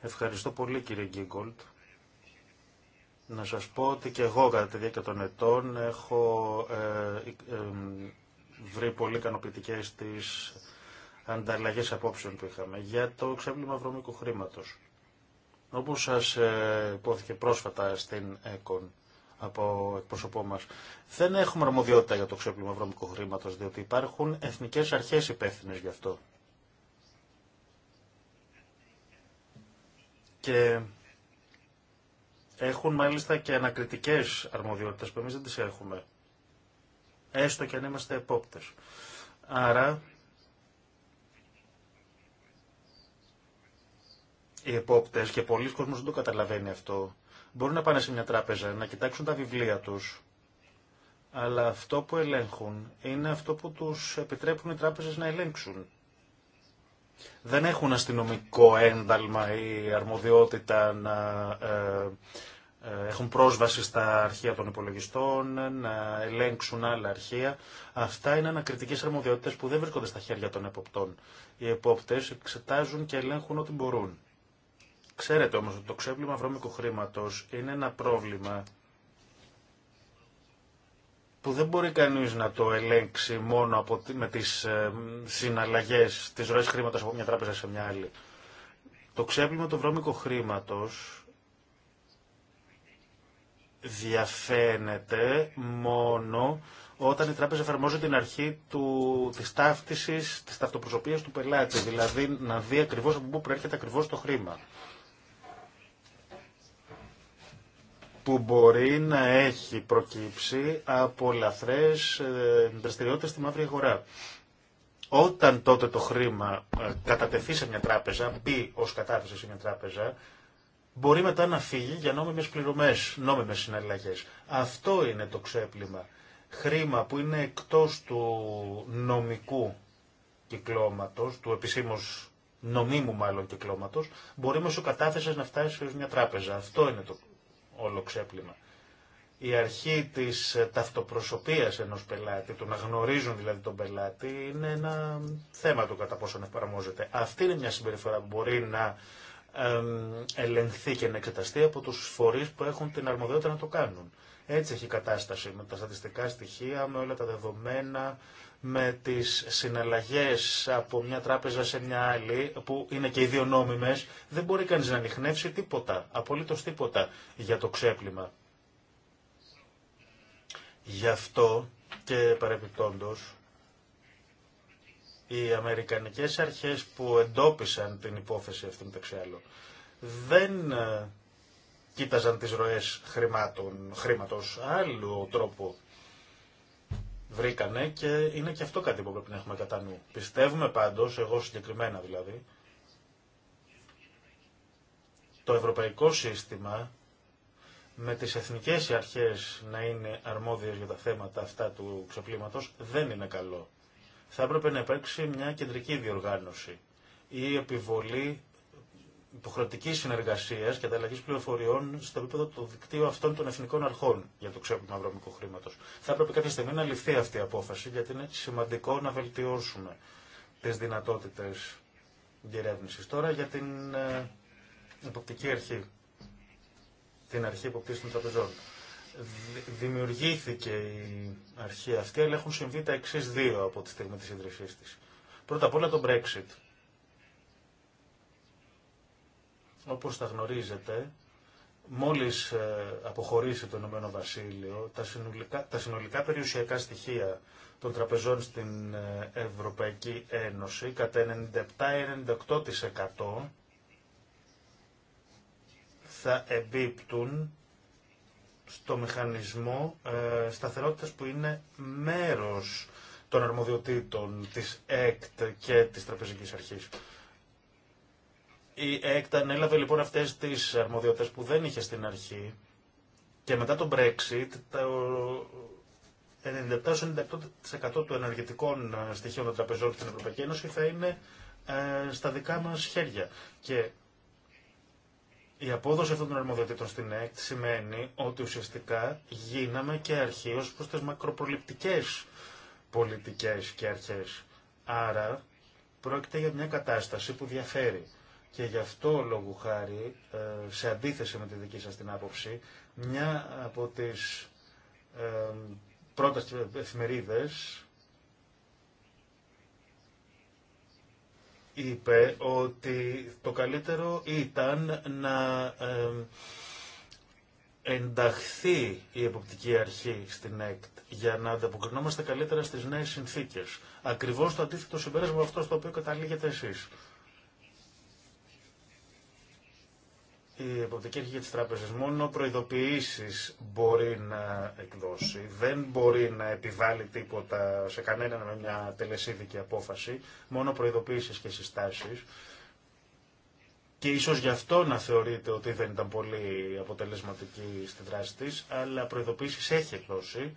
Ευχαριστώ πολύ κύριε Γκίγκολτ. Να σας πω ότι και εγώ κατά τη διάρκεια των ετών έχω ε, ε, ε, βρει πολύ ικανοποιητικές τις ανταλλαγές απόψεων που είχαμε για το ξέπλυμα βρωμικού χρήματος. Όπως σας ε, υπόθηκε πρόσφατα στην ΕΚΟΝ από εκπροσωπό μας, δεν έχουμε αρμοδιότητα για το ξέπλυμα βρωμικού χρήματος, διότι υπάρχουν εθνικές αρχές υπεύθυνε γι' αυτό. Και έχουν μάλιστα και ανακριτικές αρμοδιότητες που εμείς δεν τις έχουμε. Έστω και αν είμαστε επόπτες. Άρα οι επόπτε και πολλοί κόσμοι δεν το καταλαβαίνει αυτό. Μπορούν να πάνε σε μια τράπεζα, να κοιτάξουν τα βιβλία του, αλλά αυτό που ελέγχουν είναι αυτό που του επιτρέπουν οι τράπεζε να ελέγξουν. Δεν έχουν αστυνομικό ένταλμα ή αρμοδιότητα να ε, ε, έχουν πρόσβαση στα αρχεία των υπολογιστών, να ελέγξουν άλλα αρχεία. Αυτά είναι ανακριτικέ αρμοδιότητε που δεν βρίσκονται στα χέρια των εποπτών. Οι επόπτε εξετάζουν και ελέγχουν ό,τι μπορούν. Ξέρετε όμως ότι το ξέπλυμα βρώμικου χρήματος είναι ένα πρόβλημα που δεν μπορεί κανείς να το ελέγξει μόνο από, με τις ε, συναλλαγές, της ροές χρήματος από μια τράπεζα σε μια άλλη. Το ξέπλυμα του βρώμικου χρήματος διαφαίνεται μόνο όταν η τράπεζα εφαρμόζει την αρχή του, της ταύτισης, της ταυτοπροσωπίας του πελάτη, δηλαδή να δει ακριβώς από πού προέρχεται ακριβώς το χρήμα. που μπορεί να έχει προκύψει από λαθρές ε, δραστηριότητε στη μαύρη αγορά. Όταν τότε το χρήμα ε, κατατεθεί σε μια τράπεζα, μπει ω κατάθεση σε μια τράπεζα, μπορεί μετά να φύγει για νόμιμες πληρωμές, νόμιμες συναλλαγές. Αυτό είναι το ξέπλυμα. Χρήμα που είναι εκτός του νομικού κυκλώματος, του επισήμως νομίμου μάλλον κυκλώματος, μπορεί μέσω κατάθεσης να φτάσει σε μια τράπεζα. Αυτό είναι το όλο Η αρχή της ε, ταυτοπροσωπείας ενός πελάτη, του να γνωρίζουν δηλαδή τον πελάτη, είναι ένα θέμα του κατά πόσο εφαρμόζεται. Αυτή είναι μια συμπεριφορά που μπορεί να ελεγχθεί και να εξεταστεί από τους φορείς που έχουν την αρμοδιότητα να το κάνουν. Έτσι έχει κατάσταση με τα στατιστικά στοιχεία, με όλα τα δεδομένα με τις συναλλαγές από μια τράπεζα σε μια άλλη, που είναι και οι δύο δεν μπορεί κανείς να ανοιχνεύσει τίποτα, απολύτως τίποτα για το ξέπλυμα. Γι' αυτό και παρεμπιπτόντως, οι Αμερικανικές αρχές που εντόπισαν την υπόθεση αυτήν το άλλων, δεν ε, κοίταζαν τις ροές χρημάτων, χρήματος, άλλου τρόπο βρήκανε και είναι και αυτό κάτι που πρέπει να έχουμε κατά νου. Πιστεύουμε πάντως, εγώ συγκεκριμένα δηλαδή, το ευρωπαϊκό σύστημα με τις εθνικές αρχές να είναι αρμόδιες για τα θέματα αυτά του ξεπλήματος δεν είναι καλό. Θα έπρεπε να υπάρξει μια κεντρική διοργάνωση ή επιβολή υποχρεωτική συνεργασία και ανταλλαγή πληροφοριών στο επίπεδο του δικτύου αυτών των εθνικών αρχών για το ξέπλυμα βρώμικου χρήματο. Θα έπρεπε κάποια στιγμή να ληφθεί αυτή η απόφαση, γιατί είναι σημαντικό να βελτιώσουμε τι δυνατότητε διερεύνηση. Τώρα για την ε, υποπτική αρχή, την αρχή υποπτήση των τραπεζών. Δημιουργήθηκε η αρχή αυτή, αλλά έχουν συμβεί τα εξή δύο από τη στιγμή τη ίδρυσή τη. Πρώτα απ' όλα το Brexit Όπως τα γνωρίζετε, μόλις ε, αποχωρήσει το Ηνωμένο Βασίλειο, τα συνολικά, τα συνολικά περιουσιακά στοιχεία των τραπεζών στην ε, Ευρωπαϊκή Ένωση κατά 97-98% θα εμπίπτουν στο μηχανισμό ε, σταθερότητας που είναι μέρος των αρμοδιοτήτων της ΕΚΤ και της Τραπεζικής Αρχής. Η ΕΚΤ ανέλαβε λοιπόν αυτέ τις αρμοδιότητες που δεν είχε στην αρχή και μετά το Brexit το 97-97% των ενεργητικών ε, στοιχείων των τραπεζών στην Ευρωπαϊκή Ένωση θα είναι ε, στα δικά μα χέρια. Και η απόδοση αυτών των αρμοδιοτήτων στην ΕΚΤ σημαίνει ότι ουσιαστικά γίναμε και αρχή προς τις μακροπροληπτικές πολιτικές και αρχές. Άρα πρόκειται για μια κατάσταση που διαφέρει. Και γι' αυτό, λόγου χάρη, ε, σε αντίθεση με τη δική σας την άποψη, μια από τις ε, πρώτες εφημερίδες είπε ότι το καλύτερο ήταν να ε, ενταχθεί η εποπτική αρχή στην ΕΚΤ για να ανταποκρινόμαστε καλύτερα στις νέες συνθήκες. Ακριβώς το αντίθετο συμπέρασμα αυτό στο οποίο καταλήγετε εσείς. Η Εποπτική Αρχή για τις Τράπεζες μόνο προειδοποιήσεις μπορεί να εκδώσει. Δεν μπορεί να επιβάλλει τίποτα σε κανέναν με μια τελεσίδικη απόφαση. Μόνο προειδοποιήσεις και συστάσεις. Και ίσως γι' αυτό να θεωρείτε ότι δεν ήταν πολύ αποτελεσματική στη δράση της, αλλά προειδοποίησεις έχει εκδώσει.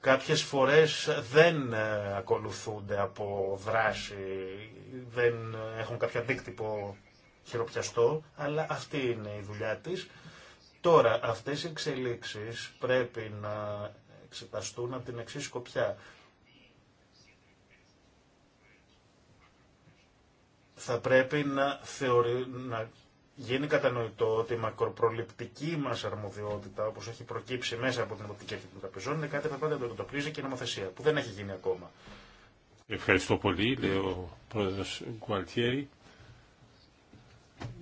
Κάποιες φορές δεν ε, ακολουθούνται από δράση, δεν έχουν κάποιο αντίκτυπο χειροπιαστό, αλλά αυτή είναι η δουλειά της. Τώρα, αυτές οι εξελίξεις πρέπει να εξεταστούν από την εξή σκοπιά. Θα πρέπει να, να γίνει κατανοητό ότι η μακροπροληπτική μα αρμοδιότητα, όπως έχει προκύψει μέσα από την οπτική αρχή των είναι κάτι που πάντα το και η νομοθεσία, που δεν έχει γίνει ακόμα. Ευχαριστώ πολύ, λέει ο πρόεδρο Γκουαλτιέρη.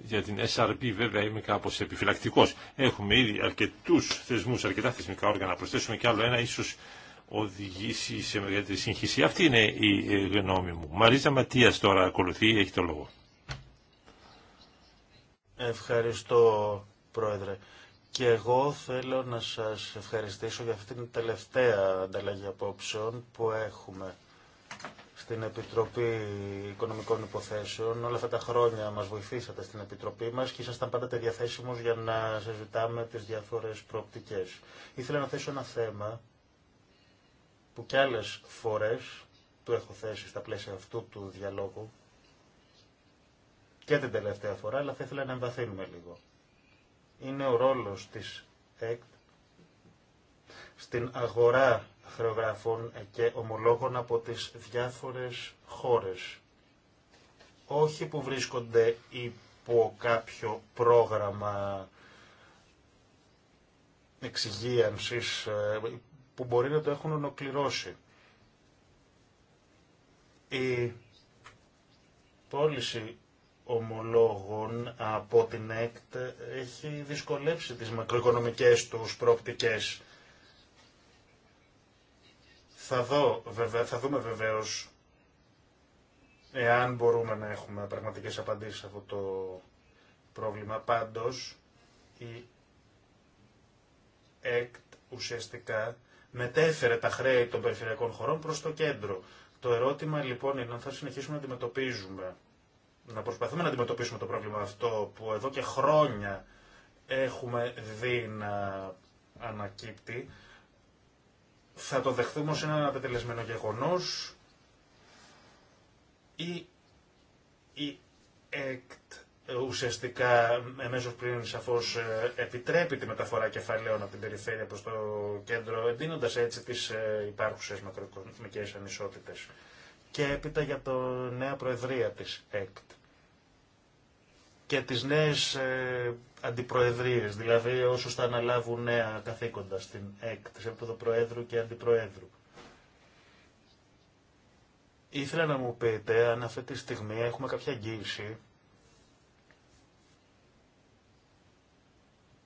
Για την SRP βέβαια είμαι κάπως επιφυλακτικός. Έχουμε ήδη αρκετούς θεσμούς, αρκετά θεσμικά όργανα. Προσθέσουμε κι άλλο ένα ίσως οδηγήσει σε μεγαλύτερη σύγχυση. Αυτή είναι η ε, γνώμη μου. Μαρίζα Ματίας τώρα ακολουθεί, έχει το λόγο. Ευχαριστώ Πρόεδρε. Και εγώ θέλω να σας ευχαριστήσω για αυτήν την τελευταία ανταλλαγή απόψεων που έχουμε στην Επιτροπή Οικονομικών Υποθέσεων. Όλα αυτά τα χρόνια μας βοηθήσατε στην Επιτροπή μας και ήσασταν πάντα διαθέσιμος για να συζητάμε τις διάφορες προοπτικές. Ήθελα να θέσω ένα θέμα που κι άλλες φορές το έχω θέσει στα πλαίσια αυτού του διαλόγου και την τελευταία φορά, αλλά θα ήθελα να εμβαθύνουμε λίγο. Είναι ο ρόλος της ΕΚΤ στην αγορά και ομολόγων από τις διάφορες χώρες. Όχι που βρίσκονται υπό κάποιο πρόγραμμα εξυγίανσης ε, που μπορεί να το έχουν ολοκληρώσει. Η πώληση ομολόγων από την ΕΚΤ έχει δυσκολέψει τις μακροοικονομικές τους προοπτικές θα, δω, θα δούμε βεβαίω εάν μπορούμε να έχουμε πραγματικέ απαντήσει σε αυτό το πρόβλημα. πάντω, η ΕΚΤ ουσιαστικά μετέφερε τα χρέη των περιφερειακών χωρών προς το κέντρο. Το ερώτημα λοιπόν είναι αν θα συνεχίσουμε να αντιμετωπίζουμε, να προσπαθούμε να αντιμετωπίσουμε το πρόβλημα αυτό που εδώ και χρόνια έχουμε δει να ανακύπτει, θα το δεχθούμε ως ένα απετελεσμένο γεγονός ή η ΕΚΤ ουσιαστικά εμέσως πριν σαφώς ε, επιτρέπει τη μεταφορά κεφαλαίων από την περιφέρεια προς το κέντρο εντείνοντας έτσι τις ε, υπάρχουσες μακροοικονομικές ανισότητες και έπειτα για το νέα προεδρία της ΕΚΤ και τις νέες ε, αντιπροεδρίες, δηλαδή όσους θα αναλάβουν νέα καθήκοντα στην ΕΚ, της επίπεδο Προέδρου και Αντιπροέδρου. Ήθελα να μου πείτε αν αυτή τη στιγμή έχουμε κάποια αγγίηση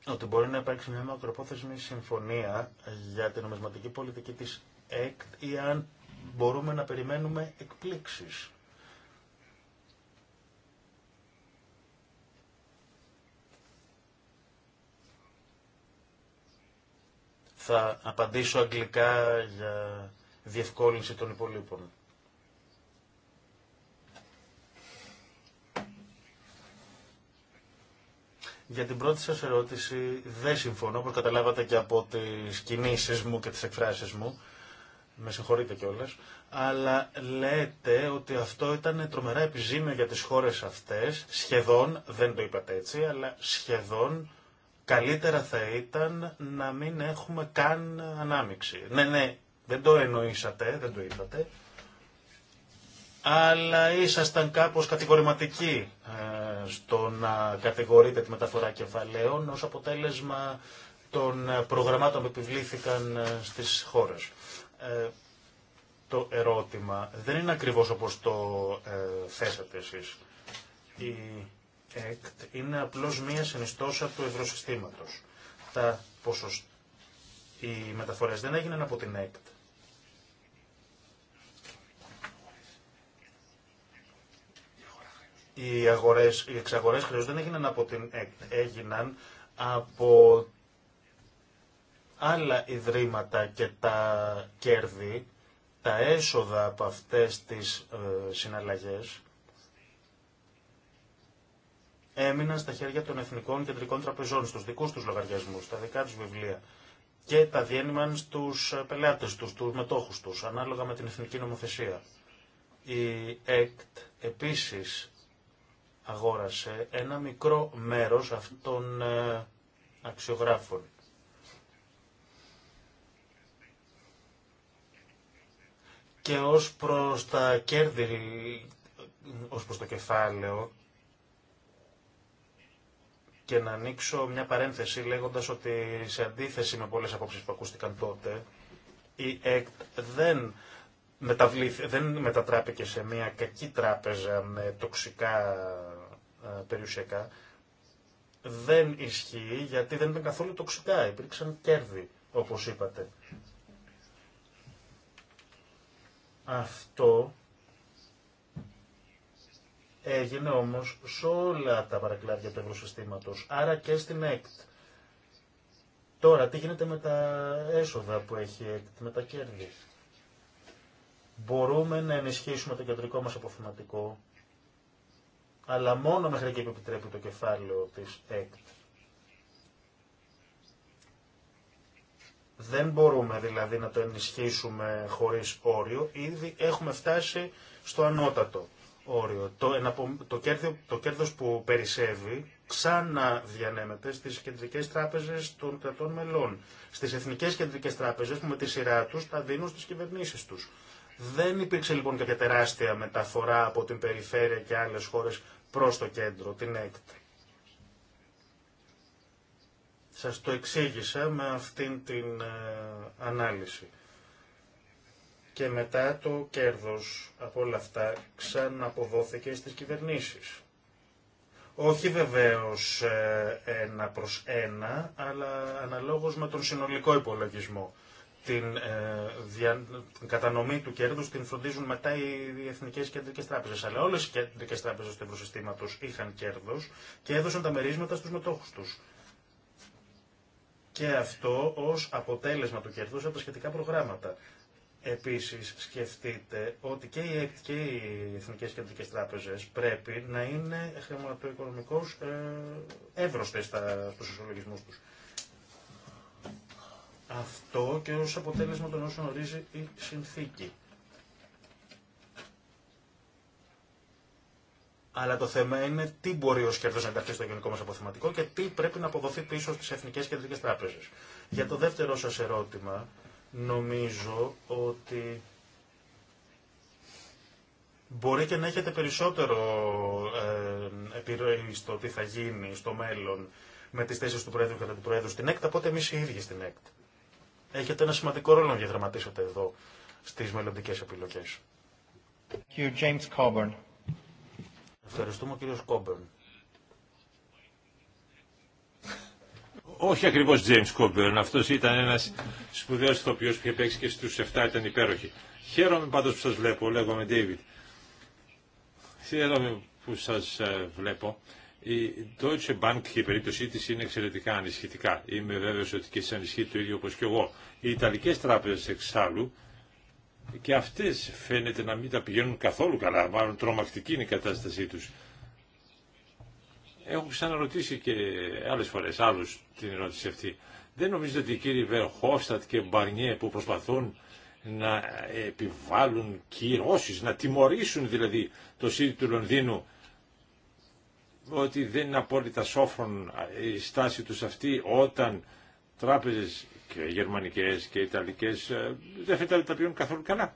ότι μπορεί να υπάρξει μια μακροπόθεσμη συμφωνία για την νομισματική πολιτική της ΕΚΤ ή αν μπορούμε να περιμένουμε εκπλήξεις Θα απαντήσω αγγλικά για διευκόλυνση των υπολείπων. Για την πρώτη σας ερώτηση δεν συμφωνώ, όπως καταλάβατε και από τις κινήσεις μου και τις εκφράσεις μου. Με συγχωρείτε κιόλα. Αλλά λέτε ότι αυτό ήταν τρομερά επιζήμιο για τις χώρες αυτές. Σχεδόν, δεν το είπατε έτσι, αλλά σχεδόν Καλύτερα θα ήταν να μην έχουμε καν ανάμειξη. Ναι, ναι, δεν το εννοήσατε, δεν το είπατε, αλλά ήσασταν κάπως κατηγορηματικοί ε, στο να κατηγορείτε τη μεταφορά κεφαλαίων ως αποτέλεσμα των προγραμμάτων που επιβλήθηκαν ε, στις χώρες. Ε, το ερώτημα δεν είναι ακριβώς όπως το θέσατε εσείς. Η ΕΚΤ είναι απλώς μία συνιστόσα του ευρωσυστήματος. Τα ποσοστά Οι μεταφορές δεν έγιναν από την ΕΚΤ. Οι, αγορές, οι εξαγορές χρέους δεν έγιναν από την ΕΚΤ, έγιναν από άλλα ιδρύματα και τα κέρδη, τα έσοδα από αυτές τις ε, συναλλαγές έμειναν στα χέρια των εθνικών κεντρικών τραπεζών, στους δικούς τους λογαριασμούς, στα δικά τους βιβλία και τα διένυμαν στους ε, πελάτες τους, τους μετόχους τους, ανάλογα με την εθνική νομοθεσία. Η ΕΚΤ επίσης αγόρασε ένα μικρό μέρος αυτών ε, αξιογράφων. Και ως προς τα κέρδη, ως προς το κεφάλαιο και να ανοίξω μια παρένθεση λέγοντας ότι σε αντίθεση με πολλές απόψεις που ακούστηκαν τότε, η ΕΚΤ δεν, δεν μετατράπηκε σε μια κακή τράπεζα με τοξικά ε, περιουσιακά. Δεν ισχύει γιατί δεν ήταν καθόλου τοξικά, υπήρξαν κέρδη όπως είπατε. Αυτό Έγινε όμως σε όλα τα παρακλάδια του ευρωσυστήματος, άρα και στην ΕΚΤ. Τώρα, τι γίνεται με τα έσοδα που έχει η ΕΚΤ, με τα κέρδη. Μπορούμε να ενισχύσουμε το κεντρικό μας αποθεματικό, αλλά μόνο μέχρι εκεί που επιτρέπει το κεφάλαιο της ΕΚΤ. Δεν μπορούμε δηλαδή να το ενισχύσουμε χωρίς όριο, ήδη έχουμε φτάσει στο ανώτατο. Το, το, κέρδο, το κέρδος που περισσεύει ξαναδιανέμεται στις κεντρικές τράπεζες των κρατών μελών, στις εθνικές κεντρικές τράπεζες που με τη σειρά τους τα δίνουν στις κυβερνήσεις τους. Δεν υπήρξε λοιπόν κάποια τεράστια μεταφορά από την περιφέρεια και άλλες χώρες προς το κέντρο, την ΕΚΤ. Σας το εξήγησα με αυτήν την ε, ανάλυση και μετά το κέρδος από όλα αυτά ξαναποδόθηκε στις κυβερνήσεις. Όχι βεβαίως ε, ένα προς ένα, αλλά αναλόγως με τον συνολικό υπολογισμό. Την, ε, την κατανομή του κέρδους την φροντίζουν μετά οι εθνικές κεντρικές τράπεζες. Αλλά όλες οι κεντρικές τράπεζες του ευρωσυστήματος είχαν κέρδος και έδωσαν τα μερίσματα στους μετόχους τους. Και αυτό ως αποτέλεσμα του κέρδους από τα σχετικά προγράμματα. Επίσης σκεφτείτε ότι και οι και οι Εθνικές Κεντρικές Τράπεζες πρέπει να είναι χρηματοοικονομικώς ε, εύρωστες στους ισολογισμούς τους. Αυτό και ως αποτέλεσμα των όσων ορίζει η συνθήκη. Αλλά το θέμα είναι τι μπορεί ο κέρδο να ενταχθεί στο γενικό μα αποθεματικό και τι πρέπει να αποδοθεί πίσω στις εθνικέ κεντρικέ τράπεζε. Για το δεύτερο σα ερώτημα, Νομίζω ότι μπορεί και να έχετε περισσότερο ε, επιρροή στο τι θα γίνει στο μέλλον με τις θέσεις του Πρόεδρου και του Πρόεδρου στην ΕΚΤ, από εμείς οι ίδιοι στην ΕΚΤ. Έχετε ένα σημαντικό ρόλο να διαδραματίσετε εδώ στις μελλοντικέ επιλογές. Thank you, James Ευχαριστούμε, κύριο Κόμπερν. όχι ακριβώ James Coburn, αυτό ήταν ένα σπουδαίο ηθοποιό που είχε παίξει και στου 7, ήταν υπέροχη. Χαίρομαι πάντω που σα βλέπω, λέγομαι David. Χαίρομαι που σας ε, βλέπω. Η Deutsche Bank και η περίπτωσή τη είναι εξαιρετικά ανισχυτικά. Είμαι βέβαιο ότι και εσείς ανισχύετε το ίδιο όπω και εγώ. Οι Ιταλικέ τράπεζε εξάλλου και αυτέ φαίνεται να μην τα πηγαίνουν καθόλου καλά, μάλλον τρομακτική είναι η κατάστασή του. Έχω ξαναρωτήσει και άλλες φορές άλλους την ερώτηση αυτή. Δεν νομίζετε ότι οι κύριοι Βερχόφστατ και Μπαρνιέ που προσπαθούν να επιβάλλουν κυρώσεις, να τιμωρήσουν δηλαδή το ΣΥΡΙ του Λονδίνου ότι δεν είναι απόλυτα σόφρον η στάση τους αυτή όταν τράπεζες και γερμανικές και ιταλικές ε, δεν φαίνεται τα πιούν καθόλου καλά.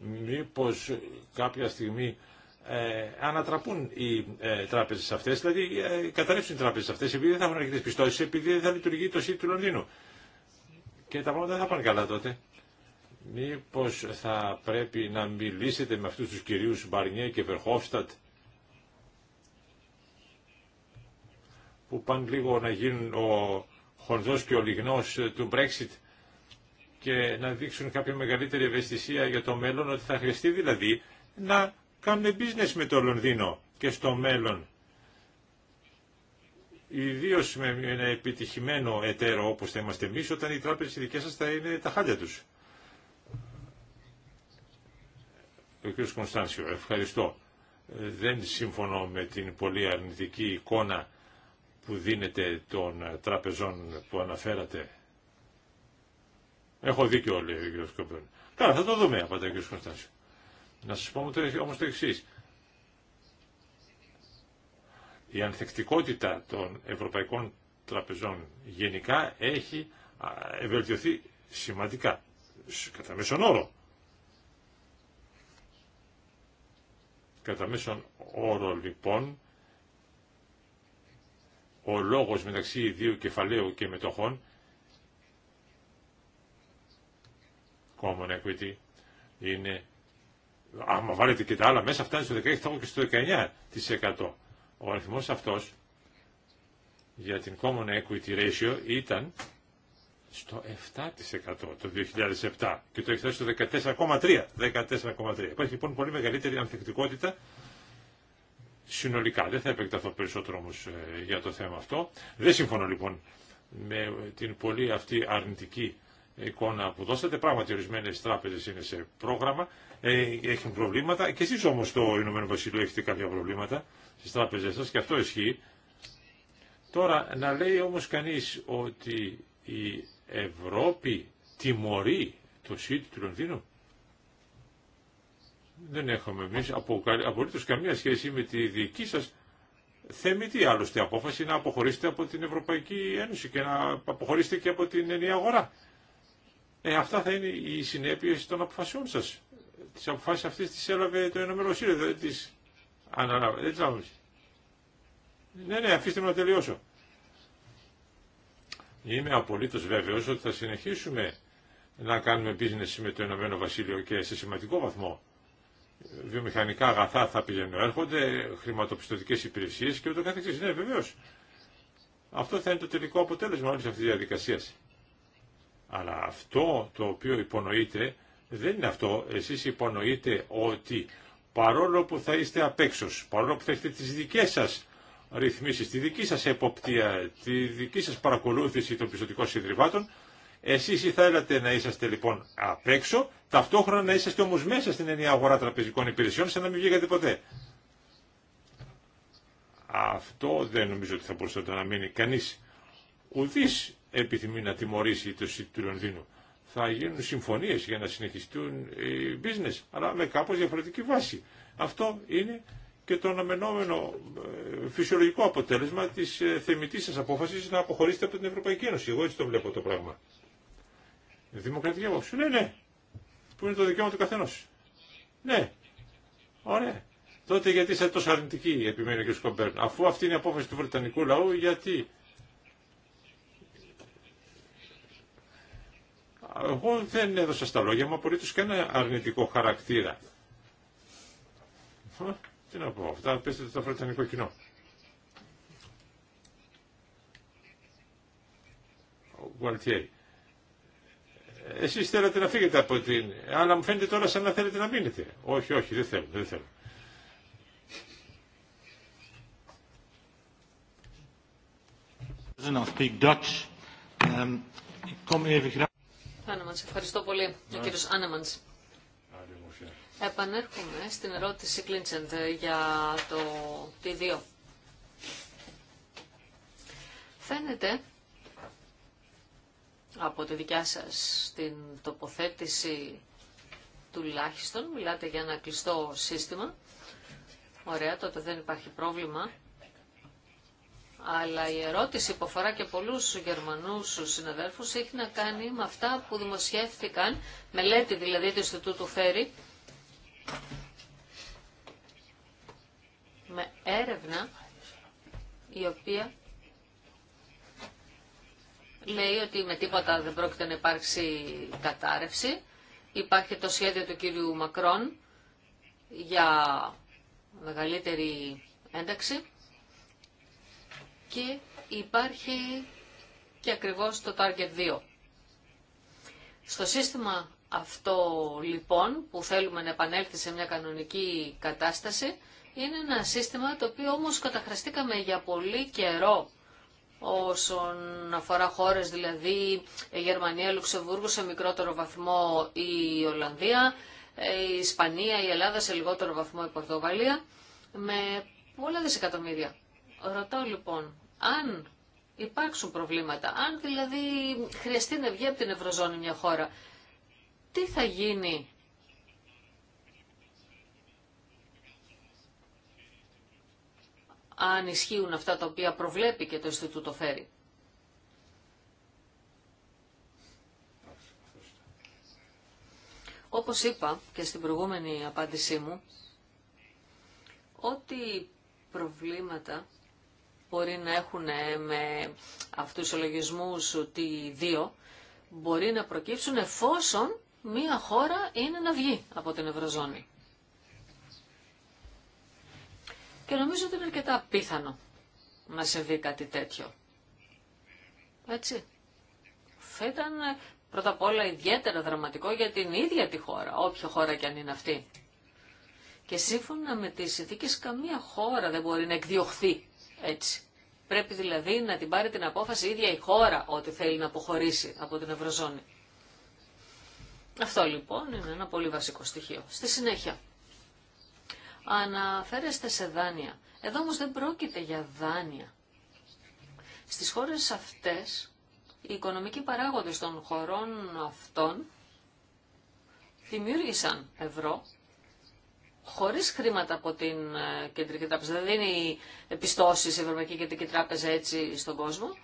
μήπως κάποια στιγμή ε, ανατραπούν οι ε, τράπεζες αυτές, δηλαδή ε, καταρρεύσουν οι τράπεζες αυτές επειδή δεν θα έχουν αρκετές πιστώσεις, επειδή δεν θα λειτουργεί το ΣΥΤ του Λονδίνου. Και τα πράγματα δεν θα πάνε καλά τότε. Μήπως θα πρέπει να μιλήσετε με αυτούς τους κυρίους Μπαρνιέ και Βερχόφστατ που πάνε λίγο να γίνουν ο χονδός και ο λιγνός του Brexit και να δείξουν κάποια μεγαλύτερη ευαισθησία για το μέλλον, ότι θα χρειαστεί δηλαδή να κάνουν business με το Λονδίνο και στο μέλλον. Ιδίω με ένα επιτυχημένο εταίρο όπως θα είμαστε εμείς, όταν οι τράπεζες οι δικές σας θα είναι τα χάλια τους. Ο κ. Κωνστάνσιο, ευχαριστώ. Δεν συμφωνώ με την πολύ αρνητική εικόνα που δίνεται των τραπεζών που αναφέρατε Έχω δίκιο, λέει ο κ. Κομπέλη. Καλά, θα το δούμε, απαντάει ο κ. Κωνστάσιο. Να σα πω όμω το εξή. Η ανθεκτικότητα των ευρωπαϊκών τραπεζών γενικά έχει βελτιωθεί σημαντικά, κατά μέσον όρο. Κατά μέσον όρο λοιπόν, ο λόγος μεταξύ δύο κεφαλαίου και μετοχών Common Equity είναι, άμα βάλετε και τα άλλα μέσα, φτάνει στο 18% και στο 19%. Ο αριθμός αυτός για την Common Equity Ratio ήταν στο 7% το 2007 και το έχει φτάσει στο 14,3%. 14,3. Υπάρχει λοιπόν πολύ μεγαλύτερη ανθεκτικότητα συνολικά. Δεν θα επεκταθώ περισσότερο όμως ε, για το θέμα αυτό. Δεν συμφωνώ λοιπόν με την πολύ αυτή αρνητική εικόνα που δώσατε. Πράγματι, ορισμένε τράπεζε είναι σε πρόγραμμα, ε, έχουν προβλήματα. Και εσεί όμω στο Ηνωμένο Βασίλειο έχετε κάποια προβλήματα στι τράπεζε σα και αυτό ισχύει. Τώρα, να λέει όμω κανεί ότι η Ευρώπη τιμωρεί το ΣΥΤ του Λονδίνου. Δεν έχουμε εμεί απολύτω καμία σχέση με τη δική σα θεμητή άλλωστε απόφαση να αποχωρήσετε από την Ευρωπαϊκή Ένωση και να αποχωρήσετε και από την ενιαία αγορά. Ε, αυτά θα είναι οι συνέπειε των αποφασιών σα. Τι αποφάσει αυτέ τι έλαβε το Ηνωμένο Σύριο, δεν τι αναλάβε, δεν τι Ναι, ναι, αφήστε με να τελειώσω. Είμαι απολύτω βέβαιο ότι θα συνεχίσουμε να κάνουμε business με το Ηνωμένο Βασίλειο και σε σημαντικό βαθμό. Βιομηχανικά αγαθά θα πηγαίνουν έρχονται, χρηματοπιστωτικέ υπηρεσίε και ούτω καθεξή. Ναι, βεβαίω. Αυτό θα είναι το τελικό αποτέλεσμα όλη αυτή τη διαδικασία. Αλλά αυτό το οποίο υπονοείτε δεν είναι αυτό. Εσείς υπονοείτε ότι παρόλο που θα είστε απέξως, παρόλο που θα έχετε τις δικές σας ρυθμίσεις, τη δική σας εποπτεία, τη δική σας παρακολούθηση των πιστοτικών συντριβάτων, εσείς ή θα να είσαστε λοιπόν απ' έξω, ταυτόχρονα να είσαστε όμως μέσα στην ενιαία αγορά τραπεζικών υπηρεσιών, σαν να μην βγήκατε ποτέ. Αυτό δεν νομίζω ότι θα μπορούσατε να μείνει κανείς. Ουδής επιθυμεί να τιμωρήσει το ΣΥΤ του Λονδίνου. Θα γίνουν συμφωνίες για να συνεχιστούν οι business, αλλά με κάπως διαφορετική βάση. Αυτό είναι και το αναμενόμενο ε, φυσιολογικό αποτέλεσμα της ε, θεμητής σας απόφασης να αποχωρήσετε από την Ευρωπαϊκή Ένωση. Εγώ έτσι το βλέπω το πράγμα. Δημοκρατική απόψη. Ναι, ναι. Που είναι το δικαίωμα του καθενός. Ναι. Ωραία. Τότε γιατί είστε τόσο αρνητικοί, επιμένει ο κ. Κομπέρν. Αφού αυτή είναι η απόφαση του Βρετανικού λαού, γιατί Εγώ δεν έδωσα στα λόγια μου απολύτως κανένα αρνητικό χαρακτήρα. Τι να πω, αυτά πέστε το βρετανικό κοινό. Γουαλτιέρη. Εσείς θέλατε να φύγετε από την... Αλλά μου φαίνεται τώρα σαν να θέλετε να μείνετε. Όχι, όχι, δεν θέλω, δεν θέλω. Speak Dutch. Um, ευχαριστώ πολύ. Ο κύριος Άνεμαντς. Επανέρχομαι στην ερώτηση Κλίντσεντ για το T2. Φαίνεται από τη δικιά σας την τοποθέτηση τουλάχιστον, μιλάτε για ένα κλειστό σύστημα. Ωραία, τότε δεν υπάρχει πρόβλημα αλλά η ερώτηση που αφορά και πολλούς Γερμανούς συναδέλφους έχει να κάνει με αυτά που δημοσιεύθηκαν. μελέτη δηλαδή του Ινστιτούτου Φέρι, με έρευνα η οποία λέει ότι με τίποτα δεν πρόκειται να υπάρξει κατάρρευση. Υπάρχει το σχέδιο του κύριου Μακρόν για μεγαλύτερη ένταξη και υπάρχει και ακριβώς το Target 2. Στο σύστημα αυτό λοιπόν που θέλουμε να επανέλθει σε μια κανονική κατάσταση είναι ένα σύστημα το οποίο όμως καταχραστήκαμε για πολύ καιρό όσον αφορά χώρες δηλαδή η Γερμανία, Λουξεμβούργο σε μικρότερο βαθμό η Ολλανδία, ε, η Ισπανία, η Ελλάδα σε λιγότερο βαθμό η Πορτογαλία με πολλά δισεκατομμύρια. Ρωτώ λοιπόν, αν υπάρξουν προβλήματα, αν δηλαδή χρειαστεί να βγει από την Ευρωζώνη μια χώρα, τι θα γίνει αν ισχύουν αυτά τα οποία προβλέπει και το Ινστιτούτο φέρει. Όπως είπα και στην προηγούμενη απάντησή μου, ό,τι προβλήματα μπορεί να έχουν ε, με αυτούς τους λογισμους ότι δύο, μπορεί να προκύψουν εφόσον μία χώρα είναι να βγει από την Ευρωζώνη. Και νομίζω ότι είναι αρκετά πίθανο να συμβεί κάτι τέτοιο. Έτσι. Θα ήταν ε, πρώτα απ' όλα ιδιαίτερα δραματικό για την ίδια τη χώρα, όποια χώρα και αν είναι αυτή. Και σύμφωνα με τις ηθίκες, καμία χώρα δεν μπορεί να εκδιωχθεί έτσι. Πρέπει δηλαδή να την πάρει την απόφαση η ίδια η χώρα ότι θέλει να αποχωρήσει από την Ευρωζώνη. Αυτό λοιπόν είναι ένα πολύ βασικό στοιχείο. Στη συνέχεια, αναφέρεστε σε δάνεια. Εδώ όμως δεν πρόκειται για δάνεια. Στις χώρες αυτές, οι οικονομικοί παράγοντες των χωρών αυτών δημιούργησαν ευρώ χωρίς χρήματα από την ε, Κεντρική Τράπεζα. Δεν δίνει επιστώσει η Ευρωπαϊκή Κεντρική Τράπεζα έτσι στον κόσμο.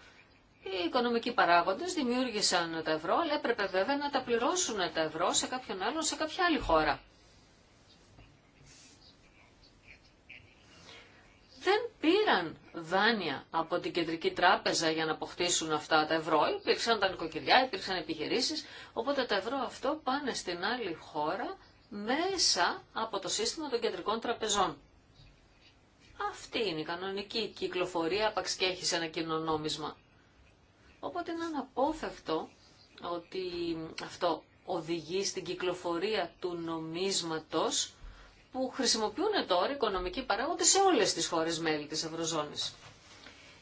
Οι οικονομικοί παράγοντες δημιούργησαν τα ευρώ, αλλά έπρεπε βέβαια να τα πληρώσουν τα ευρώ σε κάποιον άλλον, σε κάποια άλλη χώρα. δεν πήραν δάνεια από την Κεντρική Τράπεζα για να αποκτήσουν αυτά τα ευρώ. Υπήρξαν τα νοικοκυριά, υπήρξαν επιχειρήσεις, οπότε τα ευρώ αυτό πάνε στην άλλη χώρα μέσα από το σύστημα των κεντρικών τραπεζών. Αυτή είναι η κανονική κυκλοφορία, άπαξ και έχεις ένα κοινό νόμισμα. Οπότε είναι αναπόφευκτο ότι αυτό οδηγεί στην κυκλοφορία του νομίσματος που χρησιμοποιούν τώρα οικονομικοί παράγοντες σε όλες τις χώρες μέλη της Ευρωζώνης.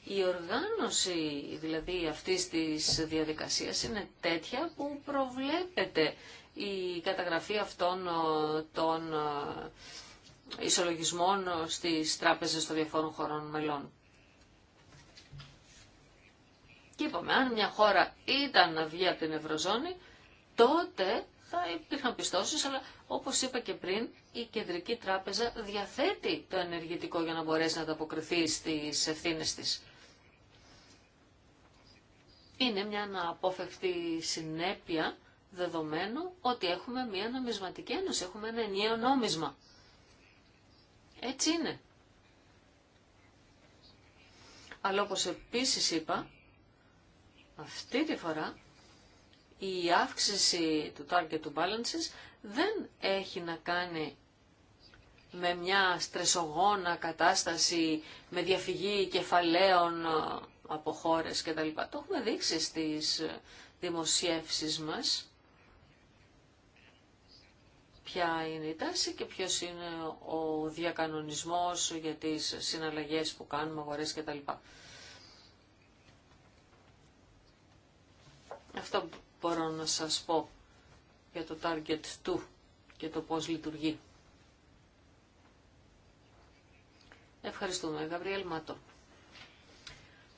Η οργάνωση δηλαδή αυτής της διαδικασίας είναι τέτοια που προβλέπεται η καταγραφή αυτών ε, των ε, ισολογισμών ε, στις τράπεζες των διαφόρων χωρών μελών. Και είπαμε, αν μια χώρα ήταν να βγει από την Ευρωζώνη, τότε θα υπήρχαν πιστώσεις, αλλά όπως είπα και πριν, η Κεντρική Τράπεζα διαθέτει το ενεργητικό για να μπορέσει να ανταποκριθεί στις ευθύνε της. Είναι μια αναπόφευκτη συνέπεια δεδομένου ότι έχουμε μια νομισματική ένωση, έχουμε ένα ενιαίο νόμισμα. Έτσι είναι. Αλλά όπως επίσης είπα, αυτή τη φορά η αύξηση του target του balances δεν έχει να κάνει με μια στρεσογόνα κατάσταση, με διαφυγή κεφαλαίων ε, από χώρες κτλ. Το έχουμε δείξει στις ε, δημοσιεύσεις μας ποια είναι η τάση και ποιος είναι ο διακανονισμός για τις συναλλαγές που κάνουμε, αγορές κτλ. Αυτό μπορώ να σας πω για το target του και το πώς λειτουργεί. Ευχαριστούμε. Γαβριέλ Μάτο.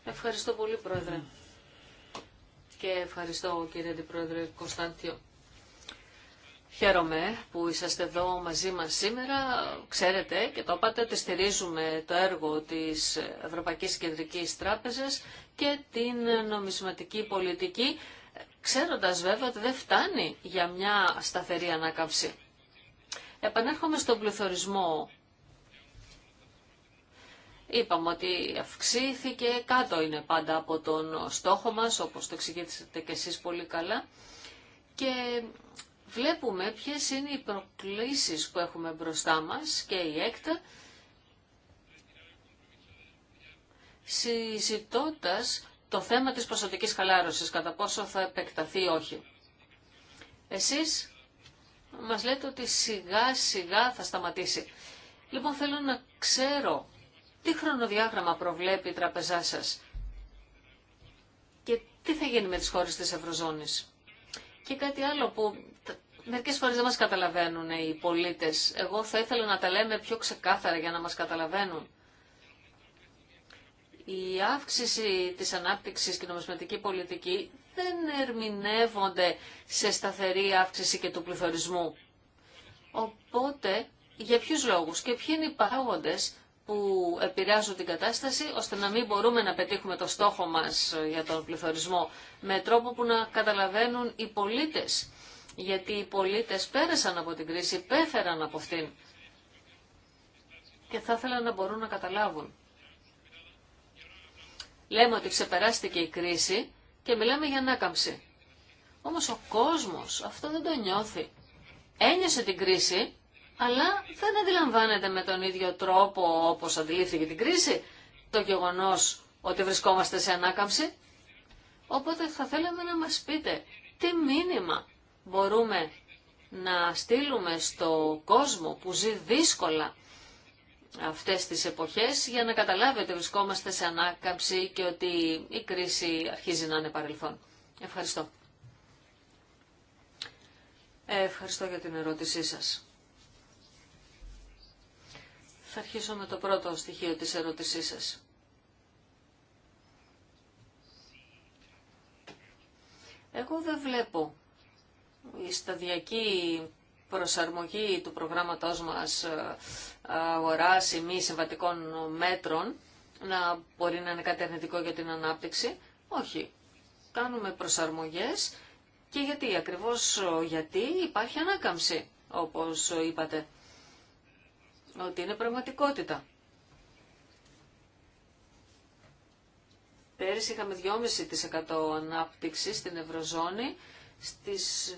Ευχαριστώ πολύ, Πρόεδρε. Και ευχαριστώ, κύριε Αντιπρόεδρε Κωνσταντιο Χαίρομαι που είσαστε εδώ μαζί μας σήμερα. Ξέρετε και το είπατε ότι στηρίζουμε το έργο της Ευρωπαϊκής Κεντρικής Τράπεζας και την νομισματική πολιτική, ξέροντας βέβαια ότι δεν φτάνει για μια σταθερή ανάκαμψη. Επανέρχομαι στον πληθωρισμό. Είπαμε ότι αυξήθηκε, κάτω είναι πάντα από τον στόχο μας, όπως το εξηγήσατε και εσείς πολύ καλά. Και βλέπουμε ποιες είναι οι προκλήσεις που έχουμε μπροστά μας και η ΕΚΤΑ συζητώντας το θέμα της προσωπικής χαλάρωσης, κατά πόσο θα επεκταθεί ή όχι. Εσείς μας λέτε ότι σιγά σιγά θα σταματήσει. Λοιπόν, θέλω να ξέρω τι χρονοδιάγραμμα προβλέπει η τραπεζά σας και τι θα γίνει με τις χώρες της Ευρωζώνης. Και κάτι άλλο που μερικές φορές δεν μας καταλαβαίνουν οι πολίτες. Εγώ θα ήθελα να τα λέμε πιο ξεκάθαρα για να μας καταλαβαίνουν. Η αύξηση της ανάπτυξης και η νομισματική πολιτική δεν ερμηνεύονται σε σταθερή αύξηση και του πληθωρισμού. Οπότε, για ποιους λόγους και ποιοι είναι οι παράγοντες που επηρεάζουν την κατάσταση, ώστε να μην μπορούμε να πετύχουμε το στόχο μας για τον πληθωρισμό με τρόπο που να καταλαβαίνουν οι πολίτες. Γιατί οι πολίτες πέρασαν από την κρίση, πέφεραν από αυτήν και θα ήθελαν να μπορούν να καταλάβουν. Λέμε ότι ξεπεράστηκε η κρίση και μιλάμε για ανάκαμψη. Όμως ο κόσμος αυτό δεν το νιώθει. Ένιωσε την κρίση, αλλά δεν αντιλαμβάνεται με τον ίδιο τρόπο όπως αντιλήφθηκε την κρίση το γεγονός ότι βρισκόμαστε σε ανάκαμψη. Οπότε θα θέλαμε να μας πείτε τι μήνυμα μπορούμε να στείλουμε στο κόσμο που ζει δύσκολα αυτές τις εποχές για να καταλάβετε ότι βρισκόμαστε σε ανάκαμψη και ότι η κρίση αρχίζει να είναι παρελθόν. Ευχαριστώ. Ε, ευχαριστώ για την ερώτησή σας. Θα αρχίσω με το πρώτο στοιχείο της ερώτησής σας. Εγώ δεν βλέπω η σταδιακή προσαρμογή του προγράμματός μας ε, αγοράς μη συμβατικών μέτρων να μπορεί να είναι κάτι αρνητικό για την ανάπτυξη. Όχι. Κάνουμε προσαρμογές και γιατί, ακριβώς γιατί υπάρχει ανάκαμψη, όπως είπατε ότι είναι πραγματικότητα. Πέρυσι είχαμε 2,5% ανάπτυξη στην Ευρωζώνη. Στις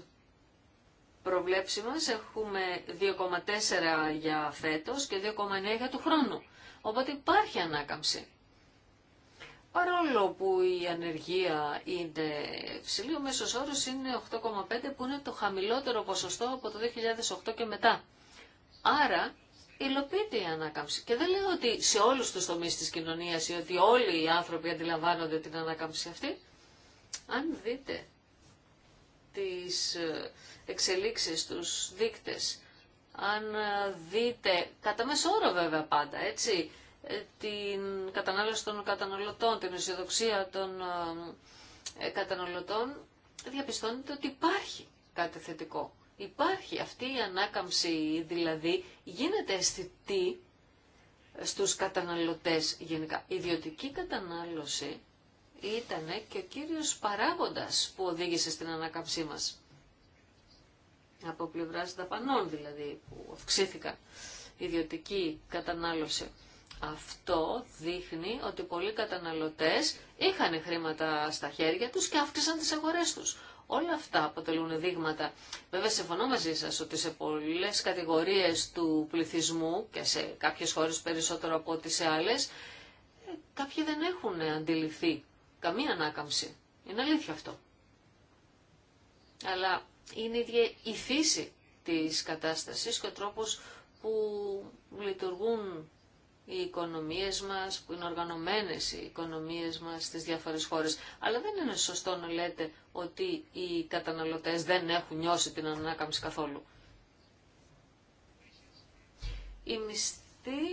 προβλέψεις μας έχουμε 2,4% για φέτος και 2,9% για του χρόνου. Οπότε υπάρχει ανάκαμψη. Παρόλο που η ανεργία είναι ψηλή, ο μέσος όρος είναι 8,5 που είναι το χαμηλότερο ποσοστό από το 2008 και μετά. Άρα υλοποιείται η ανάκαμψη. Και δεν λέω ότι σε όλους τους τομείς της κοινωνίας ή ότι όλοι οι άνθρωποι αντιλαμβάνονται την ανάκαμψη αυτή. Αν δείτε τις ε, εξελίξεις, τους δείκτες, αν ε, δείτε, κατά μέσο όρο βέβαια πάντα, έτσι, ε, την κατανάλωση των καταναλωτών, την αισιοδοξία των καταναλωτών, διαπιστώνετε ότι υπάρχει κάτι θετικό. Υπάρχει αυτή η ανάκαμψη, δηλαδή γίνεται αισθητή στους καταναλωτές γενικά. Η ιδιωτική κατανάλωση ήταν και ο κύριος παράγοντας που οδήγησε στην ανάκαμψή μας. Από πλευράς δαπανών δηλαδή που αυξήθηκαν η ιδιωτική κατανάλωση. Αυτό δείχνει ότι πολλοί καταναλωτές είχαν χρήματα στα χέρια τους και αύξησαν τις αγορές τους. Όλα αυτά αποτελούν δείγματα. Βέβαια, συμφωνώ μαζί σα ότι σε πολλέ κατηγορίε του πληθυσμού και σε κάποιε χώρε περισσότερο από ό,τι σε άλλε, ε, κάποιοι δεν έχουν αντιληφθεί καμία ανάκαμψη. Είναι αλήθεια αυτό. Αλλά είναι η ίδια η φύση της κατάστασης και ο τρόπος που λειτουργούν οι οικονομίες μας, που είναι οργανωμένες οι οικονομίες μας στις διάφορες χώρες. Αλλά δεν είναι σωστό να λέτε ότι οι καταναλωτές δεν έχουν νιώσει την ανάκαμψη καθόλου. Οι μισθοί,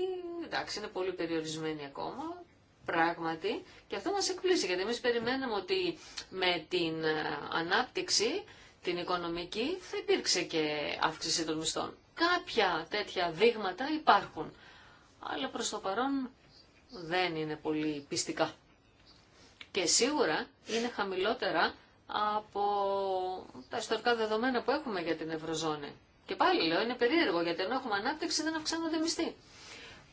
εντάξει, είναι πολύ περιορισμένοι ακόμα, πράγματι, και αυτό μας εκπλήσει, γιατί εμείς περιμέναμε ότι με την ε, ανάπτυξη, την οικονομική, θα υπήρξε και αύξηση των μισθών. Κάποια τέτοια δείγματα υπάρχουν αλλά προς το παρόν δεν είναι πολύ πιστικά. Και σίγουρα είναι χαμηλότερα από τα ιστορικά δεδομένα που έχουμε για την Ευρωζώνη. Και πάλι λέω, είναι περίεργο, γιατί ενώ έχουμε ανάπτυξη δεν αυξάνονται μισθοί.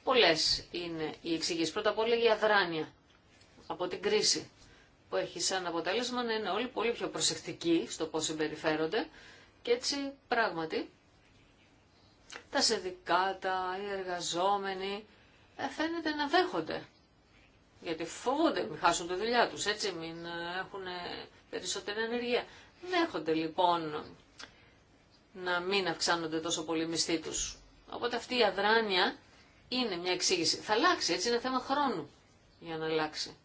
Πολλέ είναι οι εξηγήσει. Πρώτα απ' όλα η αδράνεια από την κρίση, που έχει σαν αποτέλεσμα να είναι όλοι πολύ πιο προσεκτικοί στο πώ συμπεριφέρονται και έτσι πράγματι τα σεδικάτα, οι εργαζόμενοι ε, φαίνεται να δέχονται. Γιατί φοβούνται μην χάσουν τη δουλειά τους, έτσι μην ε, έχουν ε, περισσότερη ενέργεια, Δέχονται λοιπόν να μην αυξάνονται τόσο πολύ οι μισθοί τους. Οπότε αυτή η αδράνεια είναι μια εξήγηση. Θα αλλάξει, έτσι είναι θέμα χρόνου για να αλλάξει.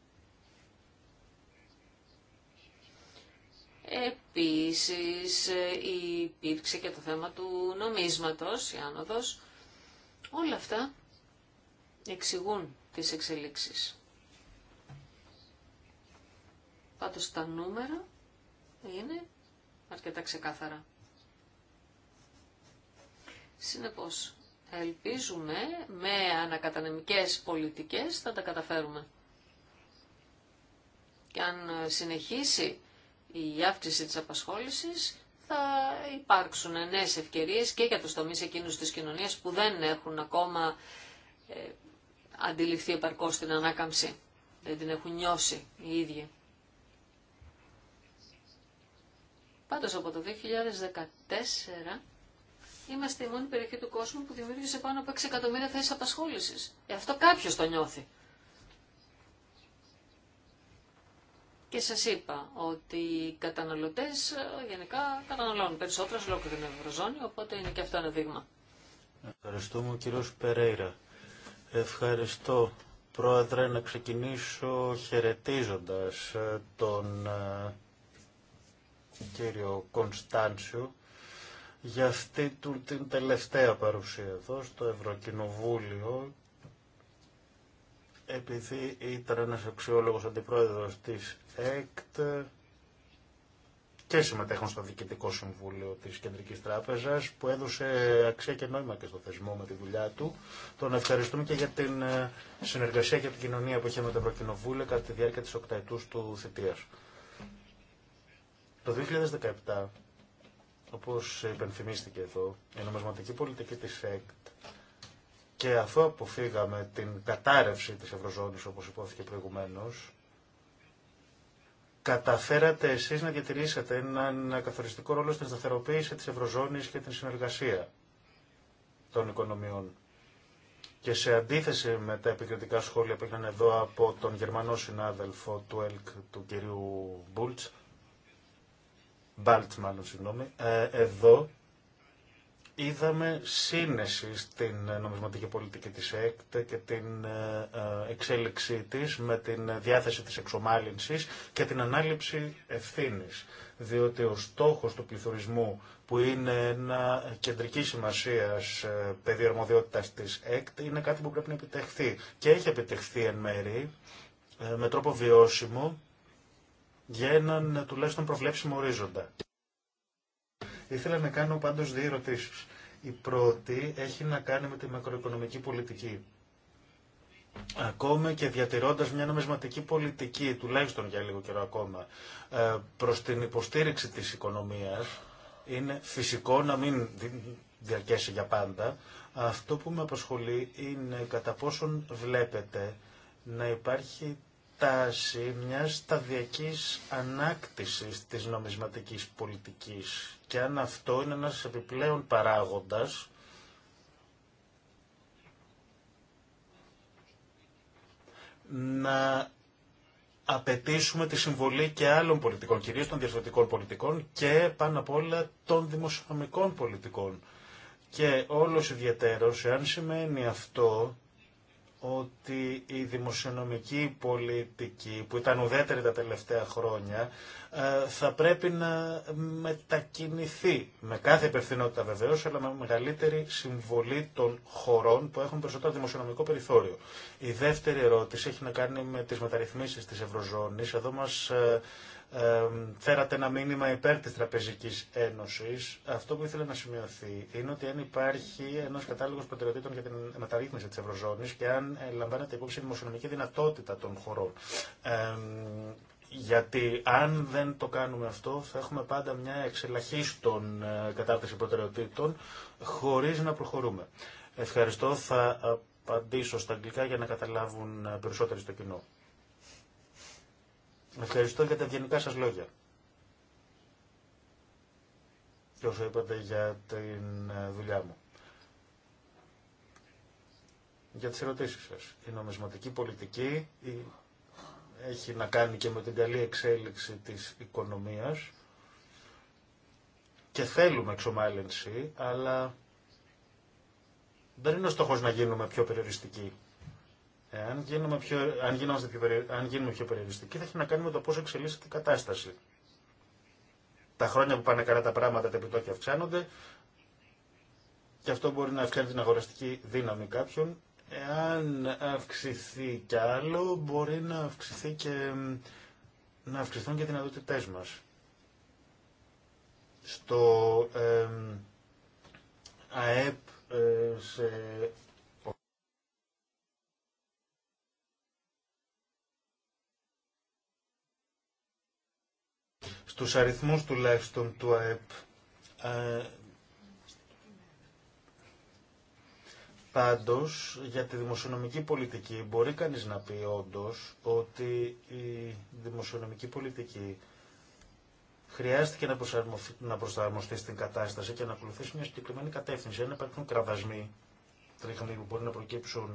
Επίσης υπήρξε και το θέμα του νομίσματος, η άνοδος. Όλα αυτά εξηγούν τις εξελίξεις. Πάντως τα νούμερα είναι αρκετά ξεκάθαρα. Συνεπώς, ελπίζουμε με ανακατανεμικές πολιτικές θα τα καταφέρουμε. Και αν συνεχίσει η αύξηση της απασχόλησης, θα υπάρξουν νέες ευκαιρίες και για τους τομείς εκείνους της κοινωνίας που δεν έχουν ακόμα ε, αντιληφθεί επαρκώς την ανάκαμψη. Δεν την έχουν νιώσει οι ίδιοι. Πάντως από το 2014 είμαστε η μόνη περιοχή του κόσμου που δημιούργησε πάνω από 6 εκατομμύρια θέσεις απασχόλησης. Ε, αυτό κάποιος το νιώθει. Και σας είπα ότι οι καταναλωτές ε, γενικά καταναλώνουν περισσότερα σε ολόκληρη την Ευρωζώνη, οπότε είναι και αυτό ένα δείγμα. Ευχαριστούμε κύριος Περέιρα. Ευχαριστώ. Πρόεδρε, να ξεκινήσω χαιρετίζοντα ε, τον ε, κύριο Κωνστάντσιο για αυτή την τελευταία παρουσία εδώ στο Ευρωκοινοβούλιο επειδή ήταν ένας αξιόλογος αντιπρόεδρος της ΕΚΤ και συμμετέχουν στο Διοικητικό Συμβούλιο της Κεντρικής Τράπεζας που έδωσε αξία και νόημα και στο θεσμό με τη δουλειά του. Τον ευχαριστούμε και για την ε, συνεργασία και την κοινωνία που είχε με το Ευρωκοινοβούλιο κατά τη διάρκεια της οκταετούς του θητεία Το 2017, όπως υπενθυμίστηκε εδώ, η νομισματική πολιτική της ΕΚΤ και αφού αποφύγαμε την κατάρρευση της Ευρωζώνης, όπως υπόθηκε προηγουμένως, καταφέρατε εσείς να διατηρήσετε έναν καθοριστικό ρόλο στην σταθεροποίηση της Ευρωζώνης και την συνεργασία των οικονομιών. Και σε αντίθεση με τα επικριτικά σχόλια που έγιναν εδώ από τον γερμανό συνάδελφο του ΕΛΚ, του κυρίου Μπούλτς, Μπάλτς μάλλον, συγγνώμη, ε, εδώ είδαμε σύνεση στην νομισματική πολιτική της ΕΚΤ και την ε, ε, εξέλιξή της με την διάθεση της εξομάλυνσης και την ανάληψη ευθύνης. Διότι ο στόχος του πληθωρισμού που είναι ένα κεντρική σημασία πεδίο της ΕΚΤ είναι κάτι που πρέπει να επιτευχθεί και έχει επιτευχθεί εν μέρη ε, με τρόπο βιώσιμο για έναν τουλάχιστον προβλέψιμο ορίζοντα. Ήθελα να κάνω πάντως δύο ερωτήσεις. Η πρώτη έχει να κάνει με τη μακροοικονομική πολιτική. Ακόμα και διατηρώντας μια νομισματική πολιτική, τουλάχιστον για λίγο καιρό ακόμα, ε, προς την υποστήριξη της οικονομίας, είναι φυσικό να μην διαρκέσει για πάντα. Αυτό που με απασχολεί είναι κατά πόσον βλέπετε να υπάρχει τάση μιας σταδιακής ανάκτησης της νομισματικής πολιτικής και αν αυτό είναι ένας επιπλέον παράγοντας να απαιτήσουμε τη συμβολή και άλλων πολιτικών, κυρίως των διαστατικών πολιτικών και πάνω απ' όλα των δημοσιονομικών πολιτικών. Και όλος ιδιαίτερος, εάν σημαίνει αυτό ότι η δημοσιονομική πολιτική που ήταν ουδέτερη τα τελευταία χρόνια ε, θα πρέπει να μετακινηθεί με κάθε υπευθυνότητα βεβαίως αλλά με μεγαλύτερη συμβολή των χωρών που έχουν περισσότερο δημοσιονομικό περιθώριο. Η δεύτερη ερώτηση έχει να κάνει με τις μεταρρυθμίσεις της Ευρωζώνης. Εδώ μας ε, φέρατε ένα μήνυμα υπέρ της Τραπεζικής Ένωσης. Αυτό που ήθελα να σημειωθεί είναι ότι αν υπάρχει ένας κατάλογος προτεραιοτήτων για την μεταρρύθμιση της Ευρωζώνης και αν ε, λαμβάνεται υπόψη η δημοσιονομική δυνατότητα των χωρών. γιατί αν δεν το κάνουμε αυτό θα έχουμε πάντα μια εξελαχίστων ε, κατάρτιση προτεραιοτήτων χωρίς να προχωρούμε. Ευχαριστώ. Θα απαντήσω στα αγγλικά για να καταλάβουν ε, περισσότεροι στο κοινό. Ευχαριστώ για τα ευγενικά σας λόγια. Και όσο είπατε για την ε, δουλειά μου. Για τις ερωτήσεις σας. Η νομισματική πολιτική έχει να κάνει και με την καλή εξέλιξη της οικονομίας και θέλουμε εξομάλυνση, αλλά δεν είναι ο στόχος να γίνουμε πιο περιοριστικοί αν γίνουμε αν, γίνουμε πιο αν γίνουμε πιο περιοριστικοί, θα έχει να κάνει με το πώ εξελίσσεται η κατάσταση. Τα χρόνια που πάνε καλά τα πράγματα, τα επιτόκια αυξάνονται και αυτό μπορεί να αυξάνει την αγοραστική δύναμη κάποιων. Εάν αυξηθεί κι άλλο, μπορεί να, αυξηθεί και, να αυξηθούν και οι δυνατότητέ μα. Στο ε, ΑΕΠ, σε στους αριθμούς τουλάχιστον του ΑΕΠ, ε, Πάντως, για τη δημοσιονομική πολιτική μπορεί κανείς να πει όντως ότι η δημοσιονομική πολιτική χρειάστηκε να προσαρμοστεί στην κατάσταση και να ακολουθήσει μια συγκεκριμένη κατεύθυνση. δεν υπάρχουν κραδασμοί τρίχνοι που μπορεί να προκύψουν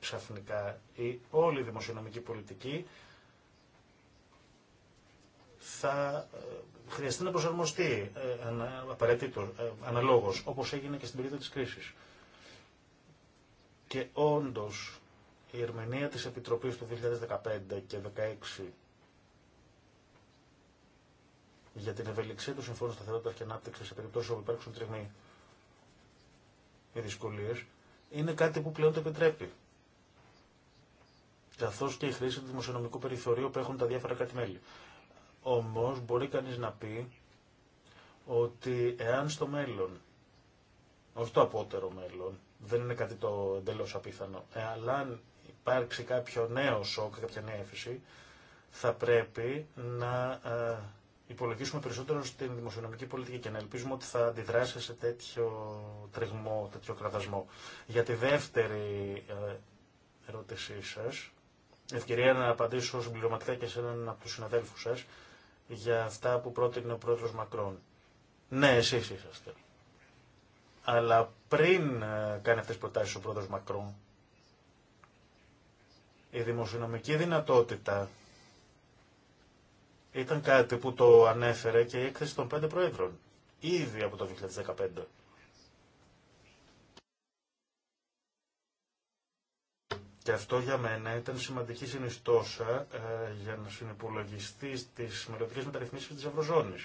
ξαφνικά, η όλη η δημοσιονομική πολιτική θα ε, χρειαστεί να προσαρμοστεί ε, απαραίτητο, ε, αναλόγως, όπως έγινε και στην περίοδο της κρίσης. Και όντως η ερμηνεία της Επιτροπής του 2015 και 2016 για την ευελιξία του Συμφώνου Σταθερότητα και Ανάπτυξη σε περιπτώσει όπου υπάρξουν τριγμοί ή δυσκολίε, είναι κάτι που πλέον το επιτρέπει. Καθώ και η χρήση του δημοσιονομικού περιθωρίου που έχουν τα διάφορα κράτη-μέλη. Όμως μπορεί κανείς να πει ότι εάν στο μέλλον, όχι το απότερο μέλλον, δεν είναι κάτι το εντελώς απίθανο, ε, αλλά αν υπάρξει κάποιο νέο σοκ, κάποια νέα έφυση, θα πρέπει να ε, υπολογίσουμε περισσότερο στην δημοσιονομική πολιτική και να ελπίζουμε ότι θα αντιδράσει σε τέτοιο τριγμό, τέτοιο κραδασμό. Για τη δεύτερη ε, ερώτησή σας, ευκαιρία να απαντήσω συμπληρωματικά και σε έναν από τους συναδέλφους σας, για αυτά που πρότεινε ο πρόεδρος Μακρόν. Ναι, εσείς είσαστε. Αλλά πριν ε, κάνει αυτές τις προτάσεις ο πρόεδρος Μακρόν, η δημοσιονομική δυνατότητα ήταν κάτι που το ανέφερε και η έκθεση των πέντε πρόεδρων. Ήδη από το 2015. Και αυτό για μένα ήταν σημαντική συνιστόσα ε, για να συνυπολογιστεί στι μελλοντικέ μεταρρυθμίσει τη Ευρωζώνη.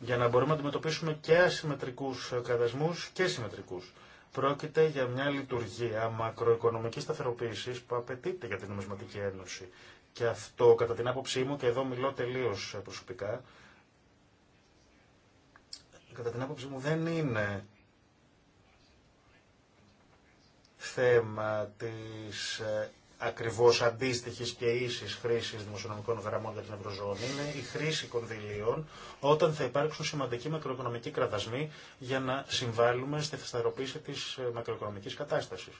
Για να μπορούμε να αντιμετωπίσουμε και ασυμμετρικού κατασμού και συμμετρικού. Πρόκειται για μια λειτουργία μακροοικονομική σταθεροποίηση που απαιτείται για την Νομισματική Ένωση. Και αυτό, κατά την άποψή μου, και εδώ μιλώ τελείω προσωπικά, κατά την άποψή μου δεν είναι θέμα της ε, ακριβώς αντίστοιχης και ίσης χρήσης δημοσιονομικών γραμμών για την Ευρωζώνη είναι η χρήση κονδυλίων όταν θα υπάρξουν σημαντικοί μακροοικονομικοί κραδασμοί για να συμβάλλουμε στη θεσταροποίηση της ε, μακροοικονομικής κατάστασης.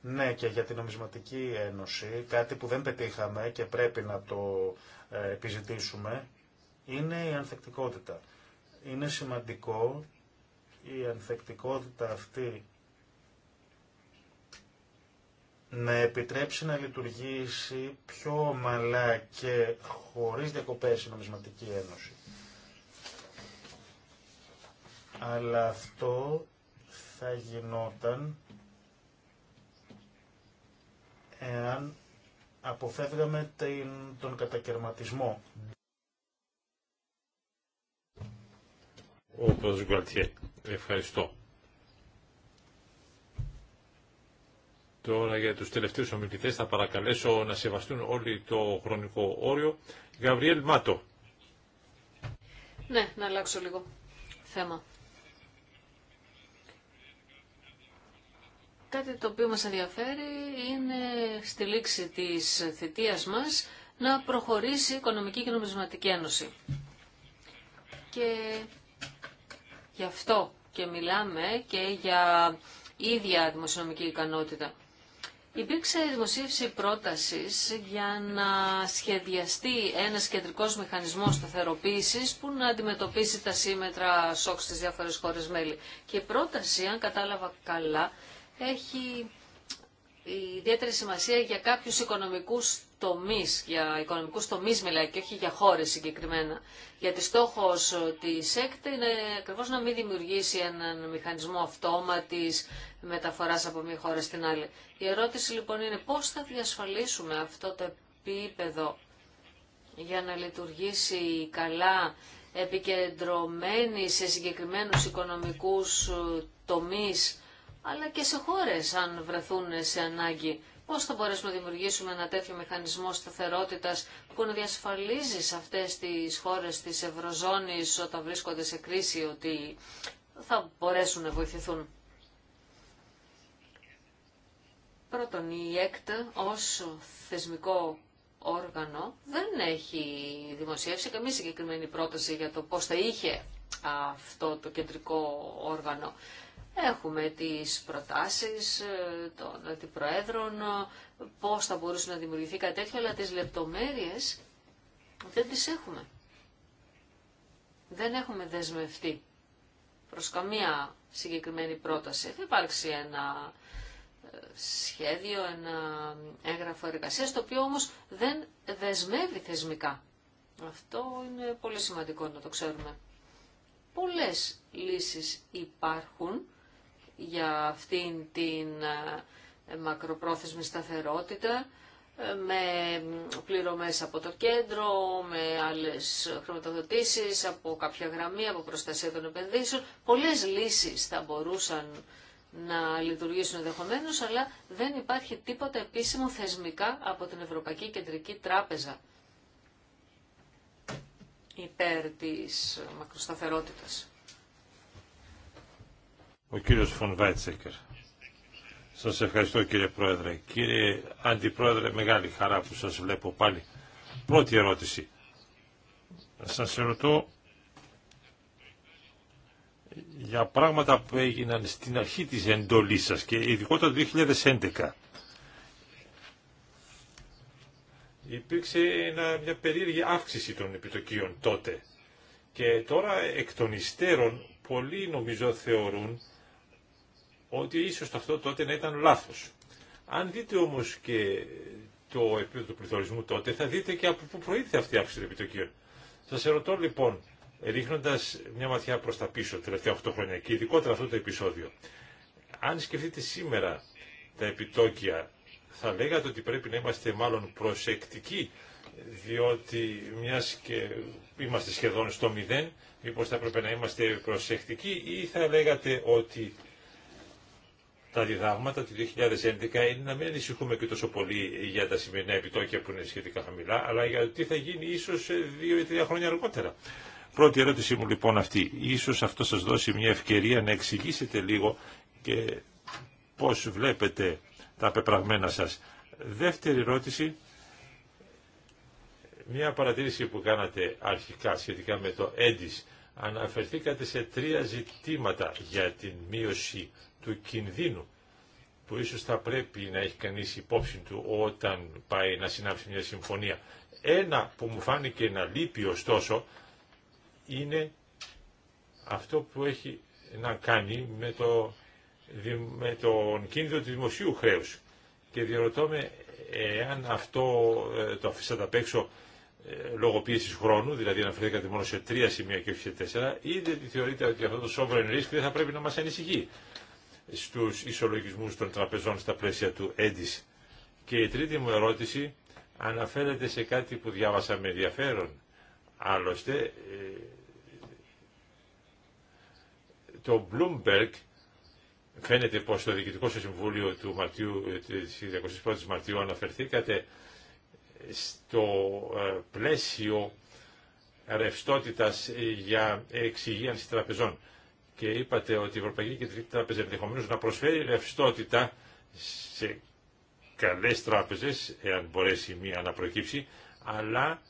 Ναι, και για την νομισματική ένωση, κάτι που δεν πετύχαμε και πρέπει να το ε, επιζητήσουμε, είναι η ανθεκτικότητα. Είναι σημαντικό η ανθεκτικότητα αυτή να επιτρέψει να λειτουργήσει πιο ομαλά και χωρίς διακοπές η Νομισματική Ένωση. Αλλά αυτό θα γινόταν εάν αποφεύγαμε τον κατακαιρματισμό. Όπως Γκουαλτιέ, ευχαριστώ. Τώρα για τους τελευταίους ομιλητές θα παρακαλέσω να σεβαστούν όλοι το χρονικό όριο. Γαβριέλ Μάτο. Ναι, να αλλάξω λίγο θέμα. Κάτι το οποίο μας ενδιαφέρει είναι στη λήξη της θητείας μας να προχωρήσει η Οικονομική και Νομισματική Ένωση. Και γι' αυτό και μιλάμε και για ίδια δημοσιονομική ικανότητα. Υπήρξε δημοσίευση πρότασης για να σχεδιαστεί ένας κεντρικό μηχανισμός σταθεροποίηση που να αντιμετωπίσει τα σύμμετρα σοκ στι διάφορε χώρε μέλη. Και η πρόταση, αν κατάλαβα καλά, έχει ιδιαίτερη σημασία για κάποιου οικονομικούς για οικονομικούς τομεί μιλάει και όχι για χώρε συγκεκριμένα. Γιατί στόχο ε, της ΕΚΤ είναι ακριβώ να μην δημιουργήσει έναν μηχανισμό αυτόματης μεταφοράς από μία χώρα στην άλλη. Η ερώτηση λοιπόν είναι πώς θα διασφαλίσουμε αυτό το επίπεδο για να λειτουργήσει καλά επικεντρωμένη σε συγκεκριμένους οικονομικούς ε, τομείς, αλλά και σε χώρες αν βρεθούν σε ανάγκη πώς θα μπορέσουμε να δημιουργήσουμε ένα τέτοιο μηχανισμό σταθερότητας που να διασφαλίζει σε αυτές τις χώρες της Ευρωζώνης όταν βρίσκονται σε κρίση ότι θα μπορέσουν να βοηθηθούν. Πρώτον, η ΕΚΤ ως θεσμικό όργανο δεν έχει δημοσιεύσει καμία συγκεκριμένη πρόταση για το πώς θα είχε αυτό το κεντρικό όργανο. Έχουμε τις προτάσεις ε, των αντιπροέδρων, ε, πώς θα μπορούσε να δημιουργηθεί κάτι τέτοιο, αλλά τις λεπτομέρειες δεν τις έχουμε. Δεν έχουμε δεσμευτεί προς καμία συγκεκριμένη πρόταση. Θα υπάρξει ένα ε, σχέδιο, ένα έγγραφο εργασίας, το οποίο όμως δεν δεσμεύει θεσμικά. Αυτό είναι πολύ σημαντικό να το ξέρουμε. Πολλές λύσεις υπάρχουν για αυτήν την ε, μακροπρόθεσμη σταθερότητα ε, με πληρωμές από το κέντρο, με άλλες χρηματοδοτήσεις, από κάποια γραμμή, από προστασία των επενδύσεων. Πολλές λύσεις θα μπορούσαν να λειτουργήσουν ενδεχομένω, αλλά δεν υπάρχει τίποτα επίσημο θεσμικά από την Ευρωπαϊκή Κεντρική Τράπεζα υπέρ της μακροσταθερότητας. Ο κύριος Φων Βάιτσεκερ. Σας ευχαριστώ κύριε Πρόεδρε. Κύριε Αντιπρόεδρε, μεγάλη χαρά που σας βλέπω πάλι. Πρώτη ερώτηση. Σας ερωτώ για πράγματα που έγιναν στην αρχή της εντολής σας και ειδικότερα το 2011. Υπήρξε μια περίεργη αύξηση των επιτοκίων τότε και τώρα εκ των υστέρων πολλοί νομίζω θεωρούν ότι ίσως αυτό τότε να ήταν λάθος. Αν δείτε όμως και το επίπεδο του πληθωρισμού τότε, θα δείτε και από πού προήλθε αυτή η αύξηση των επιτοκίων. Σας ερωτώ λοιπόν, ρίχνοντα μια ματιά προς τα πίσω τελευταία 8 χρόνια και ειδικότερα αυτό το επεισόδιο, αν σκεφτείτε σήμερα τα επιτόκια, θα λέγατε ότι πρέπει να είμαστε μάλλον προσεκτικοί, διότι μιας και είμαστε σχεδόν στο μηδέν, μήπως θα έπρεπε να είμαστε προσεκτικοί ή θα λέγατε ότι τα διδάγματα του 2011 είναι να μην ανησυχούμε και τόσο πολύ για τα σημερινά επιτόκια που είναι σχετικά χαμηλά, αλλά για τι θα γίνει ίσως ε, δύο ή τρία χρόνια αργότερα. Πρώτη ερώτησή μου λοιπόν αυτή. Ίσως αυτό σας δώσει μια ευκαιρία να εξηγήσετε λίγο και πώς βλέπετε τα πεπραγμένα σας. Δεύτερη ερώτηση, μια παρατήρηση που κάνατε αρχικά σχετικά με το έντις. Αναφερθήκατε σε τρία ζητήματα για την μείωση του κινδύνου που ίσως θα πρέπει να έχει κανείς υπόψη του όταν πάει να συνάψει μια συμφωνία. Ένα που μου φάνηκε να λείπει ωστόσο είναι αυτό που έχει να κάνει με, το, με τον κίνδυνο του δημοσίου χρέους. Και διαρωτώ με εάν αυτό ε, το αφήσατε απ' έξω ε, λόγω χρόνου, δηλαδή αναφερθήκατε μόνο σε τρία σημεία και όχι σε τέσσερα, ή δεν θεωρείτε ότι αυτό το sovereign risk δεν θα πρέπει να μας ανησυχεί στους ισολογισμούς των τραπεζών στα πλαίσια του έντις. Και η τρίτη μου ερώτηση αναφέρεται σε κάτι που διάβασα με ενδιαφέρον. Άλλωστε, ε, το Bloomberg φαίνεται πως στο Διοικητικό Συμβούλιο του Μαρτίου, ε, της 21ης Μαρτίου αναφερθήκατε στο ε, πλαίσιο ρευστότητας για εξυγίανση τραπεζών και είπατε ότι η Ευρωπαϊκή Κεντρική Τράπεζα ενδεχομένω να προσφέρει ρευστότητα σε καλέ τράπεζε, εάν μπορέσει μία να προκύψει, αλλά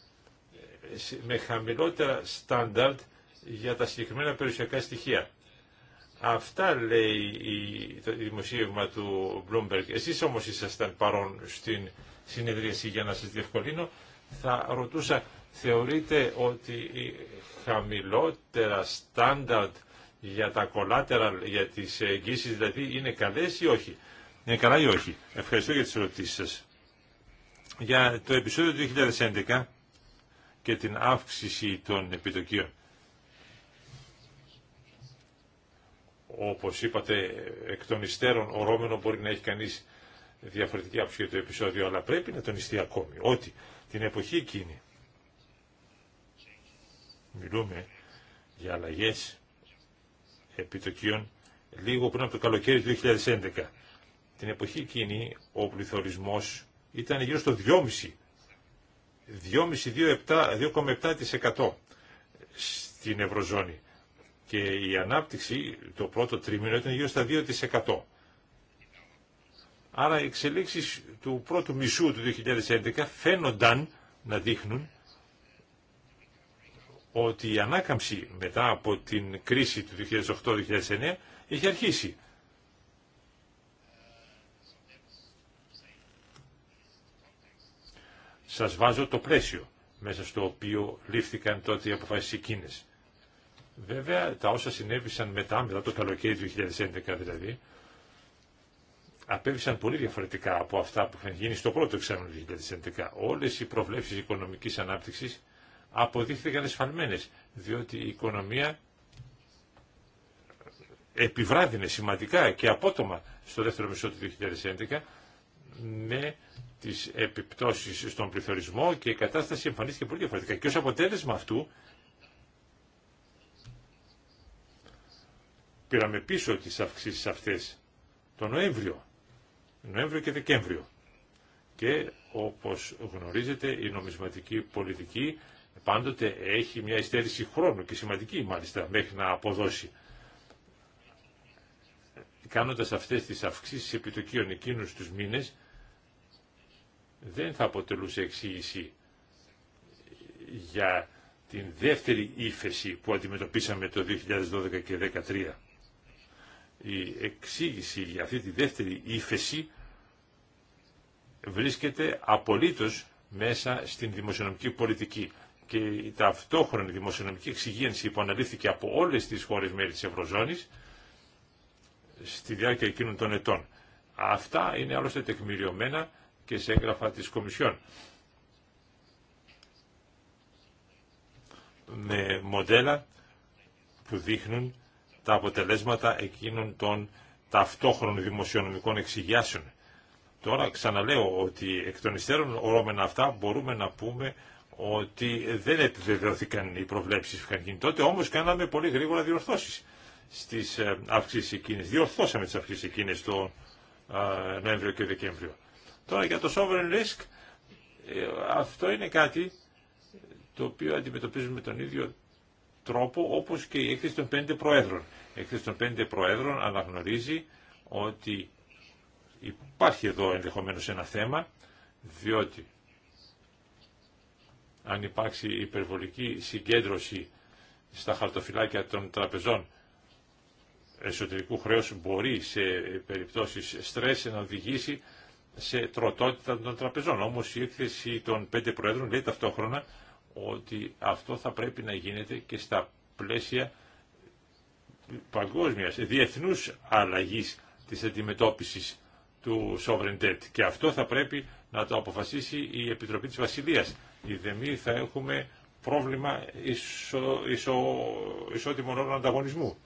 ε, με χαμηλότερα στάνταρτ για τα συγκεκριμένα περιουσιακά στοιχεία. Αυτά λέει το δημοσίευμα του Bloomberg. Εσείς όμως ήσασταν παρόν στην συνεδρίαση για να σας διευκολύνω. Θα ρωτούσα, θεωρείτε ότι χαμηλότερα στάνταρτ για τα κολάτερα για τις εγγύσεις δηλαδή είναι καλές ή όχι. Είναι καλά ή όχι. Ευχαριστώ για τις ερωτήσεις σας. Για το επεισόδιο του 2011 και την αύξηση των επιτοκίων. Όπως είπατε, εκ των υστέρων Ρώμενο μπορεί να έχει κανείς διαφορετική άποψη για το επεισόδιο, αλλά πρέπει να τονιστεί ακόμη ότι την εποχή εκείνη μιλούμε για αλλαγές επιτοκίων λίγο πριν από το καλοκαίρι του 2011. Την εποχή εκείνη ο πληθωρισμός ήταν γύρω στο 2,5%. 2,7% στην Ευρωζώνη και η ανάπτυξη το πρώτο τρίμηνο ήταν γύρω στα 2%. Άρα οι εξελίξεις του πρώτου μισού του 2011 φαίνονταν να δείχνουν ότι η ανάκαμψη μετά από την κρίση του 2008-2009 είχε αρχίσει. Σας βάζω το πλαίσιο μέσα στο οποίο λήφθηκαν τότε οι αποφάσεις εκείνες. Βέβαια τα όσα συνέβησαν μετά, μετά το καλοκαίρι του 2011 δηλαδή, απέβησαν πολύ διαφορετικά από αυτά που είχαν γίνει στο πρώτο εξάμεινο του 2011. Όλες οι προβλέψεις οικονομικής ανάπτυξης αποδείχθηκαν εσφαλμένες, διότι η οικονομία επιβράδυνε σημαντικά και απότομα στο δεύτερο μισό του 2011 με τις επιπτώσεις στον πληθωρισμό και η κατάσταση εμφανίστηκε πολύ διαφορετικά. Και ως αποτέλεσμα αυτού πήραμε πίσω τις αυξήσεις αυτές το Νοέμβριο, Νοέμβριο και Δεκέμβριο. Και όπως γνωρίζετε η νομισματική πολιτική πάντοτε έχει μια υστέρηση χρόνου και σημαντική μάλιστα μέχρι να αποδώσει. Κάνοντας αυτές τις αυξήσεις επιτοκίων εκείνους τους μήνες, δεν θα αποτελούσε εξήγηση για την δεύτερη ύφεση που αντιμετωπίσαμε το 2012 και 2013. Η εξήγηση για αυτή τη δεύτερη ύφεση βρίσκεται απολύτως μέσα στην δημοσιονομική πολιτική και η ταυτόχρονη δημοσιονομική εξυγίανση που αναλύθηκε από όλες τις χώρες μέρη της Ευρωζώνης στη διάρκεια εκείνων των ετών. Αυτά είναι άλλωστε τεκμηριωμένα και σε έγγραφα της Κομισιόν. Με μοντέλα που δείχνουν τα αποτελέσματα εκείνων των ταυτόχρονων δημοσιονομικών εξηγιάσεων. Τώρα ξαναλέω ότι εκ των υστέρων ορόμενα αυτά μπορούμε να πούμε ότι δεν επιβεβαιωθήκαν οι προβλέψεις που είχαν γίνει τότε, όμως κάναμε πολύ γρήγορα διορθώσεις στις ε, αυξήσεις εκείνες. Διορθώσαμε τις αυξήσεις εκείνες το ε, Νοέμβριο και Δεκέμβριο. Τώρα για το sovereign risk, ε, αυτό είναι κάτι το οποίο αντιμετωπίζουμε με τον ίδιο τρόπο όπως και η έκθεση των πέντε προέδρων. Η έκθεση των πέντε προέδρων αναγνωρίζει ότι υπάρχει εδώ ενδεχομένως ένα θέμα, διότι αν υπάρξει υπερβολική συγκέντρωση στα χαρτοφυλάκια των τραπεζών εσωτερικού χρέους μπορεί σε περιπτώσεις στρες να οδηγήσει σε τροτότητα των τραπεζών. Όμως η έκθεση των πέντε προέδρων λέει ταυτόχρονα ότι αυτό θα πρέπει να γίνεται και στα πλαίσια παγκόσμιας, διεθνούς αλλαγής της αντιμετώπισης του sovereign debt. Και αυτό θα πρέπει να το αποφασίσει η Επιτροπή της Βασιλείας ιδεμή θα έχουμε πρόβλημα ισο, ισο, ισότιμων όρων ανταγωνισμού.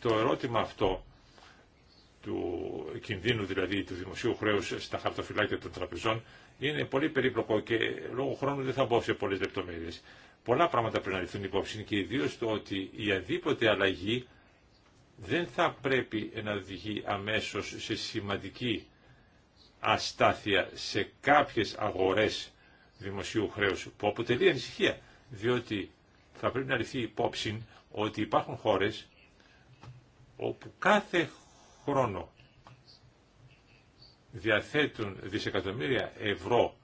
Το ερώτημα αυτό του κινδύνου δηλαδή του δημοσίου χρέους στα χαρτοφυλάκια των τραπεζών είναι πολύ περίπλοκο και λόγω χρόνου δεν θα μπω σε πολλές λεπτομέρειες. Πολλά πράγματα πρέπει να ληφθούν υπόψη και ιδίως το ότι η αδίποτε αλλαγή δεν θα πρέπει να οδηγεί αμέσως σε σημαντική αστάθεια σε κάποιες αγορές δημοσίου χρέους που αποτελεί ανησυχία, διότι θα πρέπει να ληφθεί υπόψη ότι υπάρχουν χώρες όπου κάθε χρόνο διαθέτουν δισεκατομμύρια ευρώ,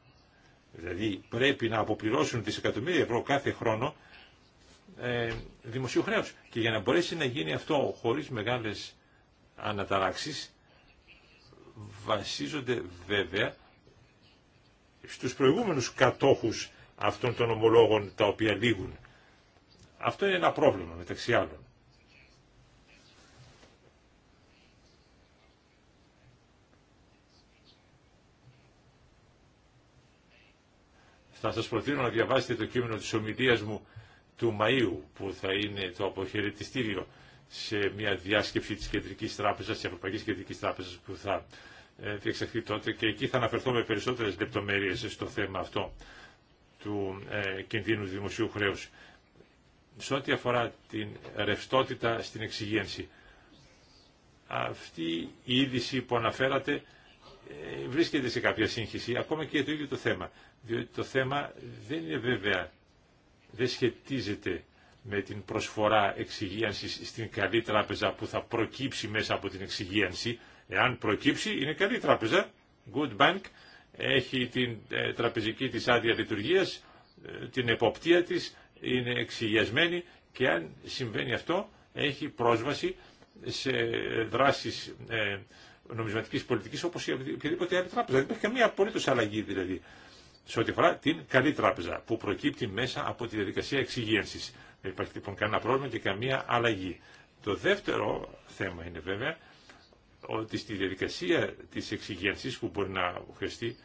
δηλαδή πρέπει να αποπληρώσουν δισεκατομμύρια ευρώ κάθε χρόνο ε, δημοσίου χρέους. Και για να μπορέσει να γίνει αυτό χωρίς μεγάλες αναταράξεις, βασίζονται βέβαια στους προηγούμενους κατόχους αυτών των ομολόγων τα οποία λήγουν. Αυτό είναι ένα πρόβλημα μεταξύ άλλων. Θα σας προτείνω να διαβάσετε το κείμενο της ομιλίας μου του Μαΐου που θα είναι το αποχαιρετιστήριο σε μια διάσκεψη της Κεντρικής Τράπεζας, της Ευρωπαϊκής Κεντρικής Τράπεζας που θα ε, διεξαχθεί τότε και εκεί θα αναφερθώ με περισσότερες λεπτομέρειες στο θέμα αυτό του ε, κινδύνου δημοσίου χρέους. Σε ό,τι αφορά την ρευστότητα στην εξυγένση, αυτή η είδηση που αναφέρατε ε, βρίσκεται σε κάποια σύγχυση, ακόμα και για το ίδιο το θέμα, διότι το θέμα δεν είναι βέβαια, δεν σχετίζεται με την προσφορά εξυγίανση στην καλή τράπεζα που θα προκύψει μέσα από την εξυγίανση. Εάν προκύψει είναι καλή τράπεζα. Good Bank έχει την ε, τραπεζική της άδεια λειτουργίας, ε, την εποπτεία της, είναι εξυγιασμένη και αν συμβαίνει αυτό έχει πρόσβαση σε δράσεις ε, νομισματικής πολιτικής όπως η οποιαδήποτε άλλη τράπεζα. Δεν υπάρχει καμία απολύτως αλλαγή δηλαδή σε ό,τι αφορά την καλή τράπεζα που προκύπτει μέσα από τη διαδικασία εξυγίανσης. Δεν υπάρχει λοιπόν κανένα πρόβλημα και καμία αλλαγή. Το δεύτερο θέμα είναι βέβαια ότι στη διαδικασία της εξυγένσης που μπορεί να χρειαστεί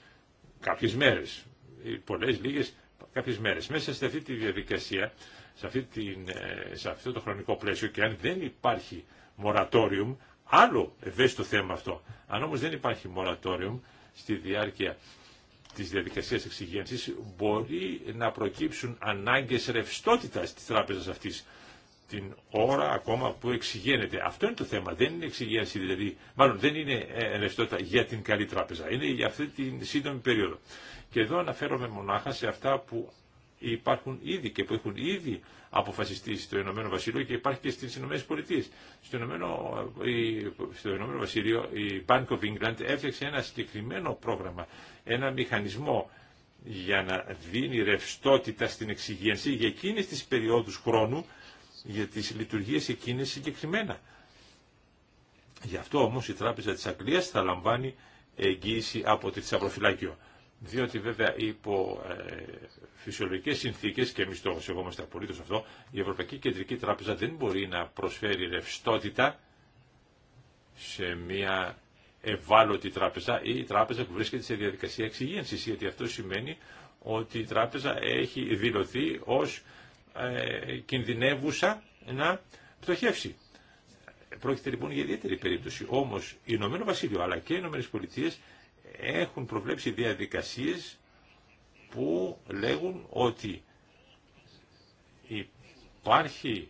κάποιες μέρες, πολλές, λίγες, κάποιες μέρες. Μέσα σε αυτή τη διαδικασία, σε, αυτή την, ε, σε αυτό το χρονικό πλαίσιο και αν δεν υπάρχει moratorium, άλλο ευαίσθητο θέμα αυτό, αν όμως δεν υπάρχει moratorium στη διάρκεια της διαδικασίας εξυγένσης μπορεί να προκύψουν ανάγκες ρευστότητας της τράπεζας αυτής την ώρα ακόμα που εξηγένεται. Αυτό είναι το θέμα. Δεν είναι εξηγένση, δηλαδή, μάλλον δεν είναι ε, ρευστότητα για την καλή τράπεζα. Είναι για αυτή την σύντομη περίοδο. Και εδώ αναφέρομαι μονάχα σε αυτά που υπάρχουν ήδη και που έχουν ήδη αποφασιστεί στο Ηνωμένο Βασίλειο και υπάρχει και στις Ηνωμένες Πολιτείες. Στο Ηνωμένο, ε, στο Ηνωμένο Βασίλειο η Bank of England έφτιαξε ένα συγκεκριμένο πρόγραμμα ένα μηχανισμό για να δίνει ρευστότητα στην εξυγίανση για εκείνες τις περιόδους χρόνου, για τις λειτουργίες εκείνες συγκεκριμένα. Γι' αυτό όμως η Τράπεζα της Αγγλίας θα λαμβάνει εγγύηση από τη Τσαυροφυλάκιο. Διότι βέβαια υπό ε, φυσιολογικές συνθήκες, και εμείς το σεβόμαστε απολύτως αυτό, η Ευρωπαϊκή Κεντρική Τράπεζα δεν μπορεί να προσφέρει ρευστότητα σε μια ευάλωτη τράπεζα ή η τράπεζα που βρίσκεται σε διαδικασία εξυγίανσης, γιατί αυτό σημαίνει ότι η τράπεζα έχει δηλωθεί ως ε, κινδυνεύουσα να πτωχεύσει. Πρόκειται λοιπόν για ιδιαίτερη περίπτωση. Όμως Ηνωμένο Βασίλειο αλλά και οι Ηνωμένε Πολιτείε έχουν προβλέψει διαδικασίες που λέγουν ότι υπάρχει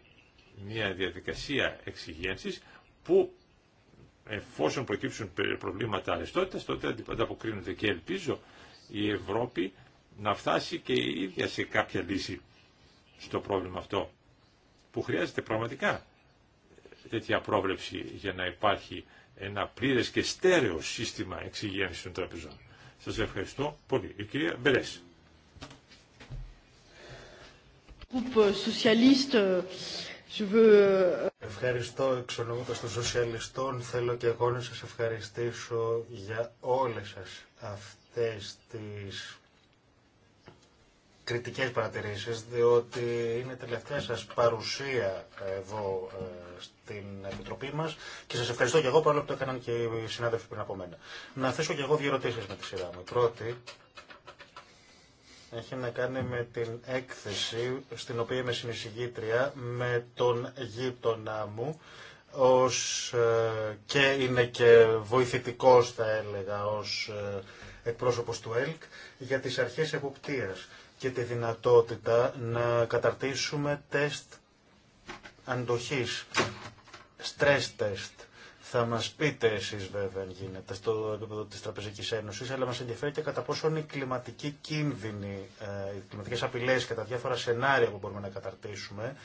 μια διαδικασία εξυγένσης που εφόσον προκύψουν προβλήματα αριστότητας, τότε ανταποκρίνονται και ελπίζω η Ευρώπη να φτάσει και η ίδια σε κάποια λύση στο πρόβλημα αυτό, που χρειάζεται πραγματικά τέτοια πρόβλεψη για να υπάρχει ένα πλήρες και στέρεο σύστημα εξυγέννησης των τραπεζών. Σας ευχαριστώ πολύ. Η κυρία Μπερές. Ευχαριστώ εξ τους των σοσιαλιστών. Θέλω και εγώ να σας ευχαριστήσω για όλες σας αυτές τις κριτικές παρατηρήσεις, διότι είναι τελευταία σας παρουσία εδώ ε, στην Επιτροπή μας και σας ευχαριστώ και εγώ, παρόλο που το έκαναν και οι συνάδελφοι πριν από μένα. Να θέσω και εγώ δύο ερωτήσεις με τη σειρά μου. Η πρώτη έχει να κάνει με την έκθεση στην οποία είμαι συνεισηγήτρια με τον γείτονά μου ως, ε, και είναι και βοηθητικός θα έλεγα ως ε, εκπρόσωπος του ΕΛΚ για τις αρχές εποπτείας και τη δυνατότητα να καταρτήσουμε τεστ αντοχής, stress test θα μα πείτε εσεί, βέβαια αν γίνεται στο επίπεδο τη Τραπεζικής Ένωση, αλλά μα ενδιαφέρει και κατά πόσο είναι οι κλιματικοί κίνδυνοι, ε, οι κλιματικέ απειλές και τα διάφορα σενάρια που μπορούμε να καταρτήσουμε,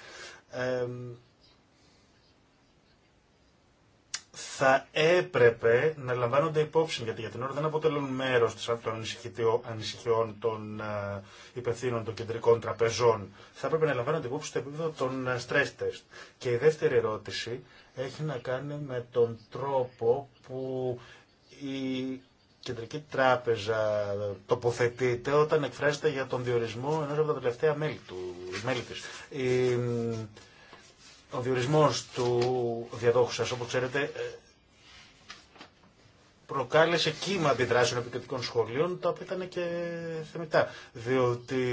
θα έπρεπε να λαμβάνονται υπόψη, γιατί για την ώρα δεν αποτελούν μέρο των ανησυχιών των ε, υπευθύνων των κεντρικών τραπεζών. Θα έπρεπε να λαμβάνονται υπόψη στο επίπεδο των ε, stress test. Και η δεύτερη ερώτηση έχει να κάνει με τον τρόπο που η Κεντρική Τράπεζα τοποθετείται όταν εκφράζεται για τον διορισμό ενός από τα τελευταία μέλη, του, μέλη της. ο διορισμός του διαδόχου σας, όπως ξέρετε, ε, προκάλεσε κύμα αντιδράσεων επικριτικών σχολείων, τα οποία ήταν και θεμητά. Διότι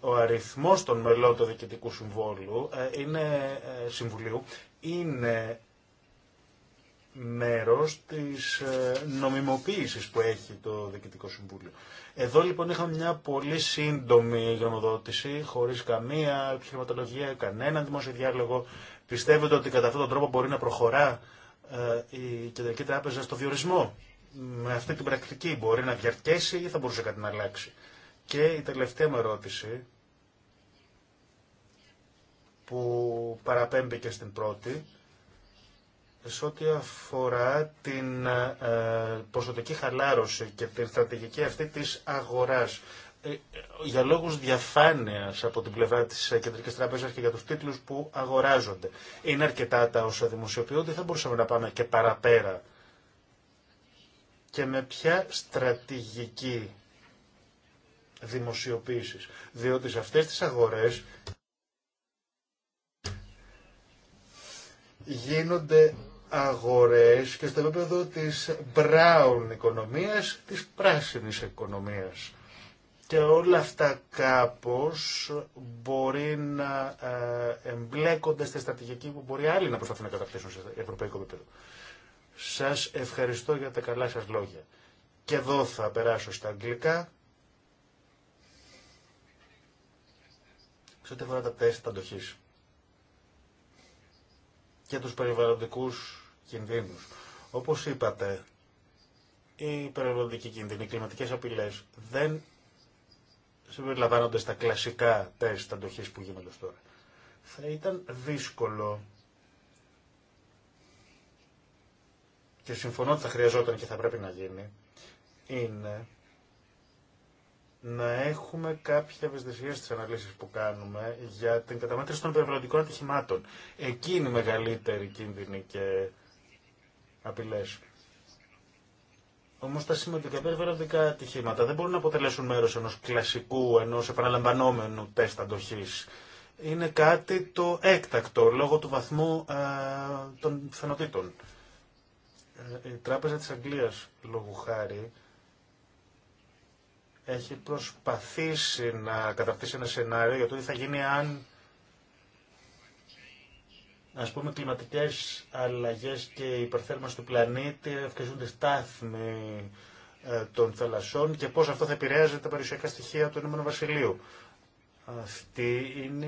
ο αριθμός των μελών του Διοικητικού Συμβόλου ε, είναι, ε, Συμβουλίου είναι μέρος της ε, νομιμοποίησης που έχει το Διοικητικό Συμβούλιο. Εδώ λοιπόν είχαμε μια πολύ σύντομη γνωμοδότηση, χωρίς καμία επιχειρηματολογία, κανέναν δημόσιο διάλογο. Πιστεύετε ότι κατά αυτόν τον τρόπο μπορεί να προχωρά ε, η Κεντρική Τράπεζα στο διορισμό. Με αυτή την πρακτική μπορεί να διαρκέσει ή θα μπορούσε κάτι να αλλάξει. Και η τελευταία μου ερώτηση που παραπέμπει και στην πρώτη, σε ό,τι αφορά την ε, ποσοτική χαλάρωση και την στρατηγική αυτή της αγοράς. Ε, για λόγους διαφάνειας από την πλευρά της Κεντρικής Τράπεζας και για τους τίτλους που αγοράζονται. Είναι αρκετά τα όσα δημοσιοποιούνται, θα μπορούσαμε να πάμε και παραπέρα. Και με ποια στρατηγική δημοσιοποίησης. Διότι σε αυτές τις αγορές γίνονται αγορές και στο επίπεδο της brown οικονομίας, της πράσινης οικονομίας. Και όλα αυτά κάπως μπορεί να ε, εμπλέκονται στη στρατηγική που μπορεί άλλοι να προσπαθούν να κατακτήσουν σε ευρωπαϊκό επίπεδο. Σας ευχαριστώ για τα καλά σας λόγια. Και εδώ θα περάσω στα αγγλικά. Σε ό,τι τα τεστ αντοχής και τους περιβαλλοντικούς κινδύνους. Όπως είπατε, οι περιβαλλοντικοί κινδύνοι, οι κλιματικές απειλές δεν συμπεριλαμβάνονται στα κλασικά τεστ αντοχής που γίνονται τώρα. Θα ήταν δύσκολο και συμφωνώ ότι θα χρειαζόταν και θα πρέπει να γίνει, είναι να έχουμε κάποια ευαισθησία στις αναλύσεις που κάνουμε για την καταμέτρηση των περιβαλλοντικών ατυχημάτων. Εκεί είναι η μεγαλύτερη κίνδυνη και απειλές. Όμω τα σημαντικά περιβαλλοντικά ατυχήματα δεν μπορούν να αποτελέσουν μέρο ενό κλασικού, ενό επαναλαμβανόμενου τεστ αντοχή. Είναι κάτι το έκτακτο λόγω του βαθμού ε, των πιθανότητων. Ε, η Τράπεζα της Αγγλίας, λόγου χάρη, έχει προσπαθήσει να καταρτήσει ένα σενάριο για το τι θα γίνει αν ας πούμε κλιματικές αλλαγές και η υπερθέρμανση του πλανήτη αυξήσουν τη στάθμη ε, των θαλασσών και πώς αυτό θα επηρέαζε τα περιουσιακά στοιχεία του Ηνωμένου Βασιλείου. Αυτή είναι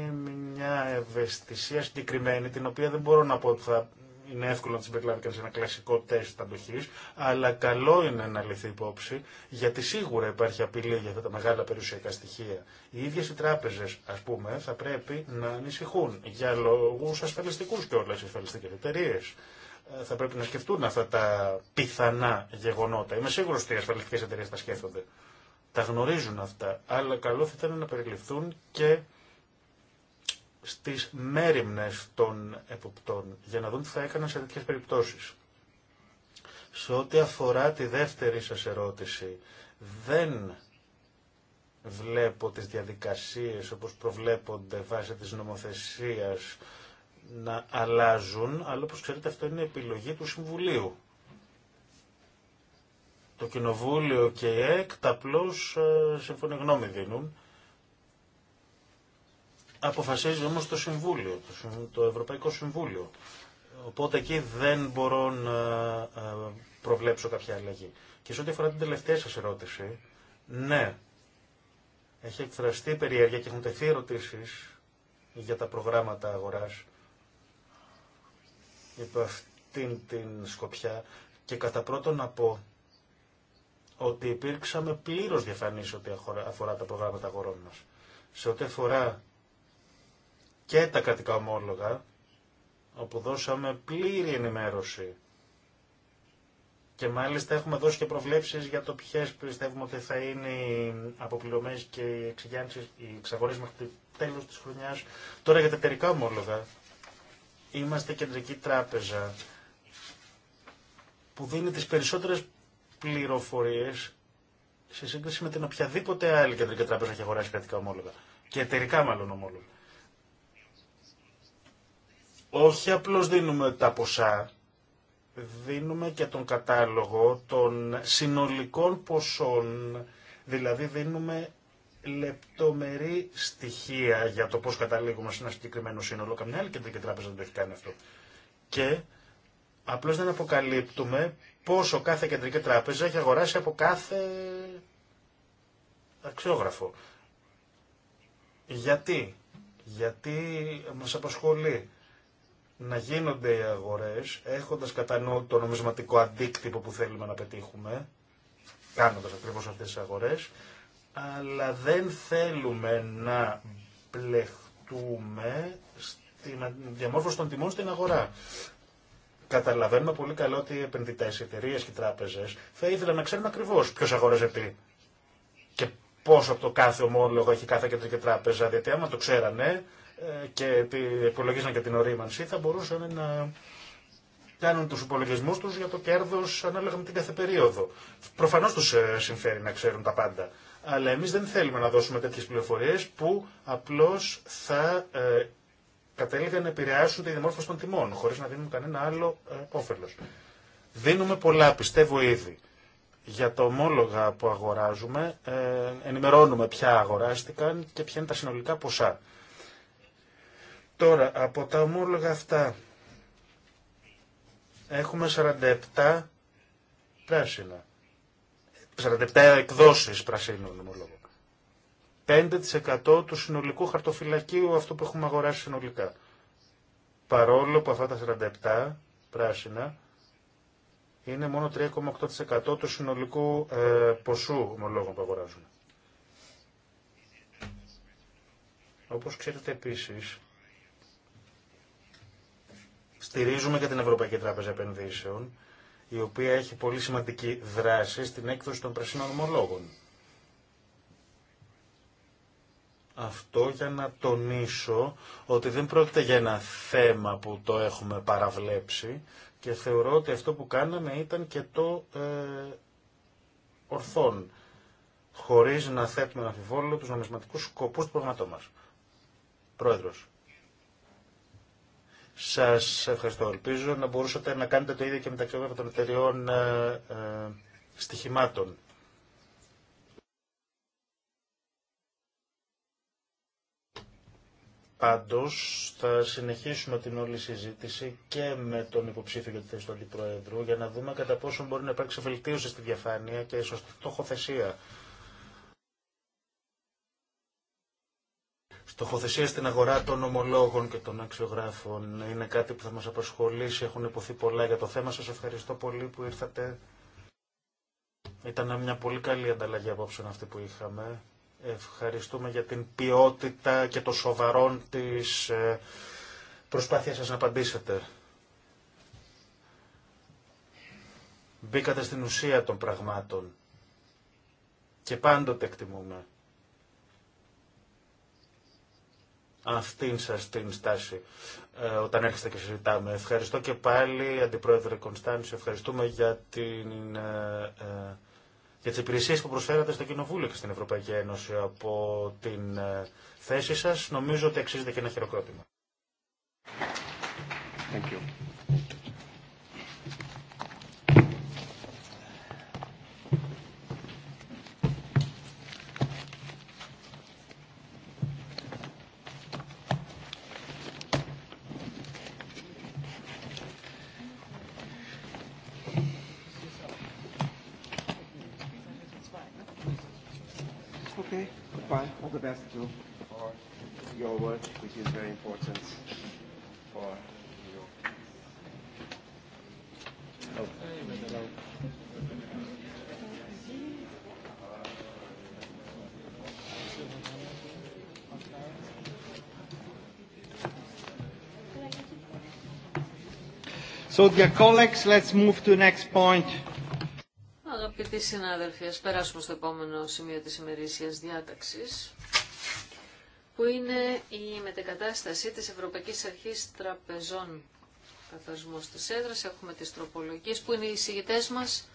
μια ευαισθησία συγκεκριμένη την οποία δεν μπορώ να πω ότι θα είναι εύκολο να τι περιλάβει κανεί ένα κλασικό τεστ αντοχή, αλλά καλό είναι να λυθεί υπόψη, γιατί σίγουρα υπάρχει απειλή για αυτά τα μεγάλα περιουσιακά στοιχεία. Οι ίδιε οι τράπεζε, α πούμε, θα πρέπει να ανησυχούν για λόγου ασφαλιστικού και όλε οι ασφαλιστικέ εταιρείε. Ε, θα πρέπει να σκεφτούν αυτά τα πιθανά γεγονότα. Είμαι σίγουρο ότι οι ασφαλιστικέ εταιρείε τα σκέφτονται. Τα γνωρίζουν αυτά, αλλά καλό θα ήταν να περιληφθούν και στις μέρημνες των εποπτών για να δουν τι θα έκαναν σε τέτοιες περιπτώσεις. Σε ό,τι αφορά τη δεύτερη σας ερώτηση, δεν βλέπω τις διαδικασίες όπως προβλέπονται βάσει της νομοθεσίας να αλλάζουν, αλλά όπως ξέρετε αυτό είναι επιλογή του Συμβουλίου. Το Κοινοβούλιο και η ΕΚΤ απλώς ε, γνώμη δίνουν Αποφασίζει όμως το Συμβούλιο, το Ευρωπαϊκό Συμβούλιο. Οπότε εκεί δεν μπορώ να ε, προβλέψω κάποια αλλαγή. Και σε ό,τι αφορά την τελευταία σας ερώτηση, ναι, έχει εκφραστεί περιέργεια και έχουν τεθεί ερωτήσεις για τα προγράμματα αγοράς υπό αυτήν την σκοπιά και κατά πρώτον να πω ότι υπήρξαμε πλήρως διαφανείς ό,τι αφορά τα προγράμματα αγορών μας. Σε ό,τι αφορά και τα κρατικά ομόλογα, όπου δώσαμε πλήρη ενημέρωση και μάλιστα έχουμε δώσει και προβλέψει για το ποιε πιστεύουμε ότι θα είναι οι αποπληρωμέ και οι εξηγιάνσει, οι εξαγορέ μέχρι το τέλο τη χρονιά. Τώρα για τα εταιρικά ομόλογα. Είμαστε κεντρική τράπεζα που δίνει τις περισσότερες πληροφορίες σε σύγκριση με την οποιαδήποτε άλλη κεντρική τράπεζα έχει αγοράσει κρατικά ομόλογα. Και εταιρικά μάλλον ομόλογα όχι απλώς δίνουμε τα ποσά, δίνουμε και τον κατάλογο των συνολικών ποσών, δηλαδή δίνουμε λεπτομερή στοιχεία για το πώς καταλήγουμε σε ένα συγκεκριμένο σύνολο. Καμιά άλλη κεντρική τράπεζα δεν το έχει κάνει αυτό. Και απλώς δεν αποκαλύπτουμε πόσο κάθε κεντρική τράπεζα έχει αγοράσει από κάθε αξιόγραφο. Γιατί, γιατί μας απασχολεί να γίνονται οι αγορές έχοντας κατά νου το νομισματικό αντίκτυπο που θέλουμε να πετύχουμε, κάνοντας ακριβώς αυτές τις αγορές, αλλά δεν θέλουμε να πλεχτούμε στην διαμόρφωση των τιμών στην αγορά. Καταλαβαίνουμε πολύ καλά ότι οι επενδυτέ, οι εταιρείε και οι τράπεζες θα ήθελαν να ξέρουν ακριβώς ποιο αγοράζει τι και πόσο από το κάθε ομόλογο έχει κάθε κεντρική τράπεζα, γιατί άμα το ξέρανε, ε, και υπολογίζαν και την ορίμανση, θα μπορούσαν να κάνουν τους υπολογισμούς τους για το κέρδος ανάλογα με την κάθε περίοδο. Προφανώς τους ε, συμφέρει να ξέρουν τα πάντα. Αλλά εμείς δεν θέλουμε να δώσουμε τέτοιες πληροφορίες που απλώς θα ε, κατέληγαν να επηρεάσουν τη δημόρφωση των τιμών, χωρίς να δίνουν κανένα άλλο ε, όφελος. Δίνουμε πολλά, πιστεύω ήδη. Για τα ομόλογα που αγοράζουμε, ε, ενημερώνουμε ποια αγοράστηκαν και ποια είναι τα συνολικά ποσά. Τώρα, από τα ομόλογα αυτά, έχουμε 47 πράσινα. 47 εκδόσεις πρασίνων ομολόγων. 5% του συνολικού χαρτοφυλακίου αυτού που έχουμε αγοράσει συνολικά. Παρόλο που αυτά τα 47 πράσινα είναι μόνο 3,8% του συνολικού ε, ποσού ομολόγων που αγοράζουμε. Όπως ξέρετε επίσης, Στηρίζουμε και την Ευρωπαϊκή Τράπεζα Επενδύσεων, η οποία έχει πολύ σημαντική δράση στην έκδοση των πρασινών ομολόγων. Αυτό για να τονίσω ότι δεν πρόκειται για ένα θέμα που το έχουμε παραβλέψει και θεωρώ ότι αυτό που κάναμε ήταν και το ε, ορθόν, χωρίς να θέτουμε να τους νομισματικούς σκοπούς του προγραμματό μας. Πρόεδρος. Σας ευχαριστώ. Ελπίζω να μπορούσατε να κάνετε το ίδιο και μεταξύ των εταιριών ε, ε, στοιχημάτων. Πάντως θα συνεχίσουμε την όλη συζήτηση και με τον υποψήφιο για τη θέση του Αντιπροέδρου για να δούμε κατά πόσο μπορεί να υπάρξει βελτίωση στη διαφάνεια και σωστή τοχοθεσία. Στοχοθεσία στην αγορά των ομολόγων και των αξιογράφων είναι κάτι που θα μας απασχολήσει. Έχουν υποθεί πολλά για το θέμα. Σας ευχαριστώ πολύ που ήρθατε. Ήταν μια πολύ καλή ανταλλαγή απόψεων αυτή που είχαμε. Ευχαριστούμε για την ποιότητα και το σοβαρόν της ε, προσπάθειας σας να απαντήσετε. Μπήκατε στην ουσία των πραγμάτων και πάντοτε εκτιμούμε αυτήν σα την στάση ε, όταν έρχεστε και συζητάμε. Ευχαριστώ και πάλι, Αντιπρόεδρε Κωνσταντζη, ευχαριστούμε για, την, ε, ε, για τις που προσφέρατε στο Κοινοβούλιο και στην Ευρωπαϊκή Ένωση από την θέση σας. Νομίζω ότι αξίζεται και ένα χειροκρότημα. Αγαπητοί συνάδελφοι, ας περάσουμε στο επόμενο σημείο της ημερήσιας διάταξης, που είναι η μετεκατάσταση της Ευρωπαϊκής Αρχής Τραπεζών. Καθορισμός της έδρας, έχουμε τις τροπολογίες, που είναι οι εισηγητές μας.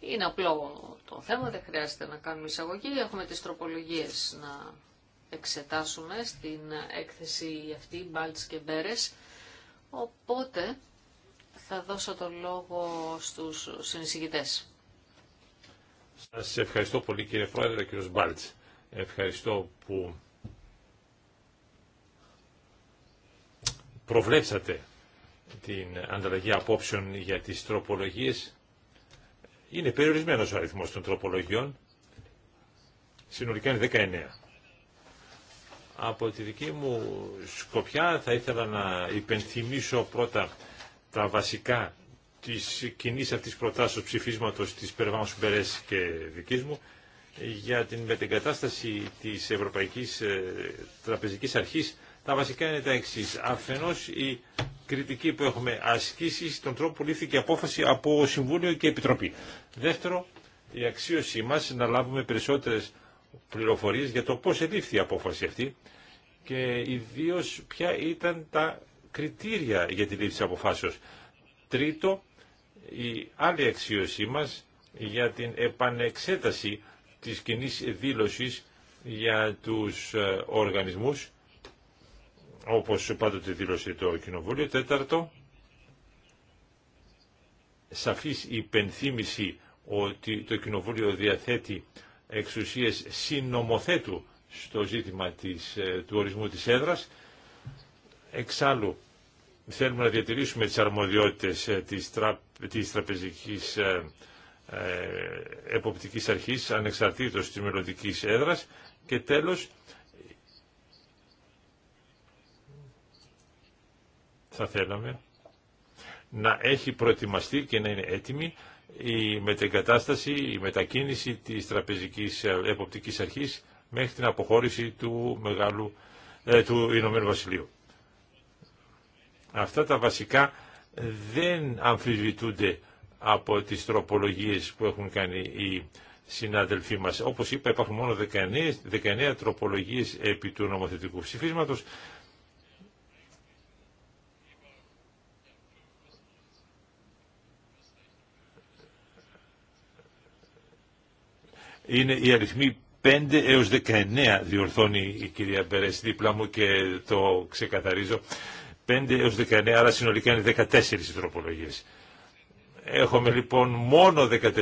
Είναι απλό το θέμα, δεν χρειάζεται να κάνουμε εισαγωγή. Έχουμε τις τροπολογίες να εξετάσουμε στην έκθεση αυτή, Μπάλτς και Μπέρες. Οπότε θα δώσω το λόγο στους συνεισηγητές. Σας ευχαριστώ πολύ κύριε Πρόεδρε, κύριος Μπάλτς. Ευχαριστώ που προβλέψατε την ανταλλαγή απόψεων για τις τροπολογίες είναι περιορισμένο ο αριθμός των τροπολογιών. Συνολικά είναι 19. Από τη δική μου σκοπιά θα ήθελα να υπενθυμίσω πρώτα τα βασικά της κοινή αυτή προτάσεω ψηφίσματο της Περβάνος Σουμπερέ και δική μου για την μετεγκατάσταση της Ευρωπαϊκής ε, Τραπεζικής Αρχής τα βασικά είναι τα εξή. Αφενό η κριτική που έχουμε ασκήσει στον τρόπο που λήφθηκε απόφαση από Συμβούλιο και Επιτροπή. Δεύτερο, η αξίωσή μα να λάβουμε περισσότερε πληροφορίε για το πώ ελήφθη η απόφαση αυτή και ιδίω ποια ήταν τα κριτήρια για τη λήψη αποφάσεως. Τρίτο, η άλλη αξίωσή μας για την επανεξέταση της κοινή δήλωσης για τους ε, οργανισμούς όπως πάντοτε δήλωσε το Κοινοβούλιο. Τέταρτο, σαφής υπενθύμηση ότι το Κοινοβούλιο διαθέτει εξουσίες συνομοθέτου στο ζήτημα της, ε, του ορισμού της έδρας. Εξάλλου, θέλουμε να διατηρήσουμε τις αρμοδιότητες ε, της, τρα, της τραπεζικής ε, εποπτικής αρχής, ανεξαρτήτως της μελλοντική έδρας. Και τέλος, θα θέλαμε να έχει προετοιμαστεί και να είναι έτοιμη η μετεγκατάσταση, η μετακίνηση της τραπεζικής εποπτικής αρχής μέχρι την αποχώρηση του, μεγάλου, ε, του Ηνωμένου Βασιλείου. Αυτά τα βασικά δεν αμφισβητούνται από τις τροπολογίες που έχουν κάνει οι συνάδελφοί μας. Όπως είπα υπάρχουν μόνο 19, 19 τροπολογίες επί του νομοθετικού ψηφίσματος είναι η αριθμή 5 έως 19, διορθώνει η κυρία Μπερές δίπλα μου και το ξεκαθαρίζω. 5 έως 19, άρα συνολικά είναι 14 Έχουμε λοιπόν μόνο 14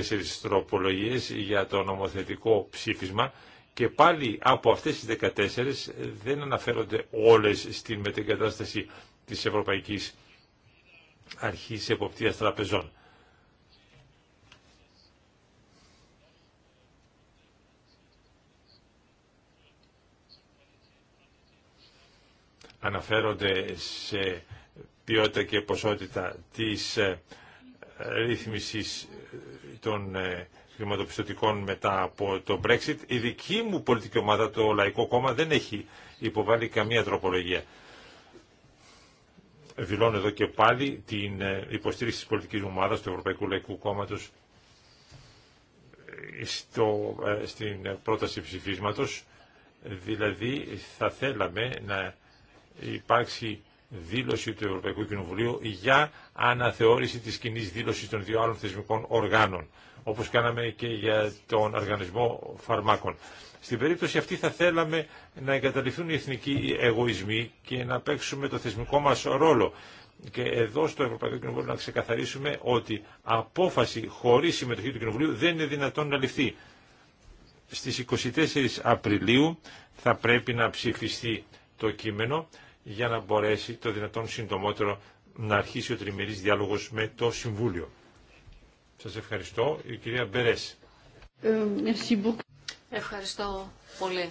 τροπολογίες για το νομοθετικό ψήφισμα και πάλι από αυτές τις 14 δεν αναφέρονται όλες στην μετεγκατάσταση της Ευρωπαϊκής Αρχής Εποπτείας Τραπεζών. αναφέρονται σε ποιότητα και ποσότητα της ε, ρύθμισης ε, των ε, χρηματοπιστωτικών μετά από το Brexit. Η δική μου πολιτική ομάδα, το Λαϊκό Κόμμα, δεν έχει υποβάλει καμία τροπολογία. Δηλώνω εδώ και πάλι την υποστήριξη της πολιτικής μου ομάδας του Ευρωπαϊκού Λαϊκού Κόμματος στο, στην πρόταση ψηφίσματος. Δηλαδή θα θέλαμε να υπάρξει δήλωση του Ευρωπαϊκού Κοινοβουλίου για αναθεώρηση της κοινή δήλωση των δύο άλλων θεσμικών οργάνων, όπως κάναμε και για τον οργανισμό φαρμάκων. Στην περίπτωση αυτή θα θέλαμε να εγκαταλειφθούν οι εθνικοί εγωισμοί και να παίξουμε το θεσμικό μας ρόλο. Και εδώ στο Ευρωπαϊκό Κοινοβούλιο να ξεκαθαρίσουμε ότι απόφαση χωρίς συμμετοχή του Κοινοβουλίου δεν είναι δυνατόν να ληφθεί. Στις 24 Απριλίου θα πρέπει να ψηφιστεί το κείμενο για να μπορέσει το δυνατόν συντομότερο να αρχίσει ο τριμερής διάλογος με το Συμβούλιο. Σας ευχαριστώ. Η κυρία Μπερές. Ε, ευχαριστώ πολύ.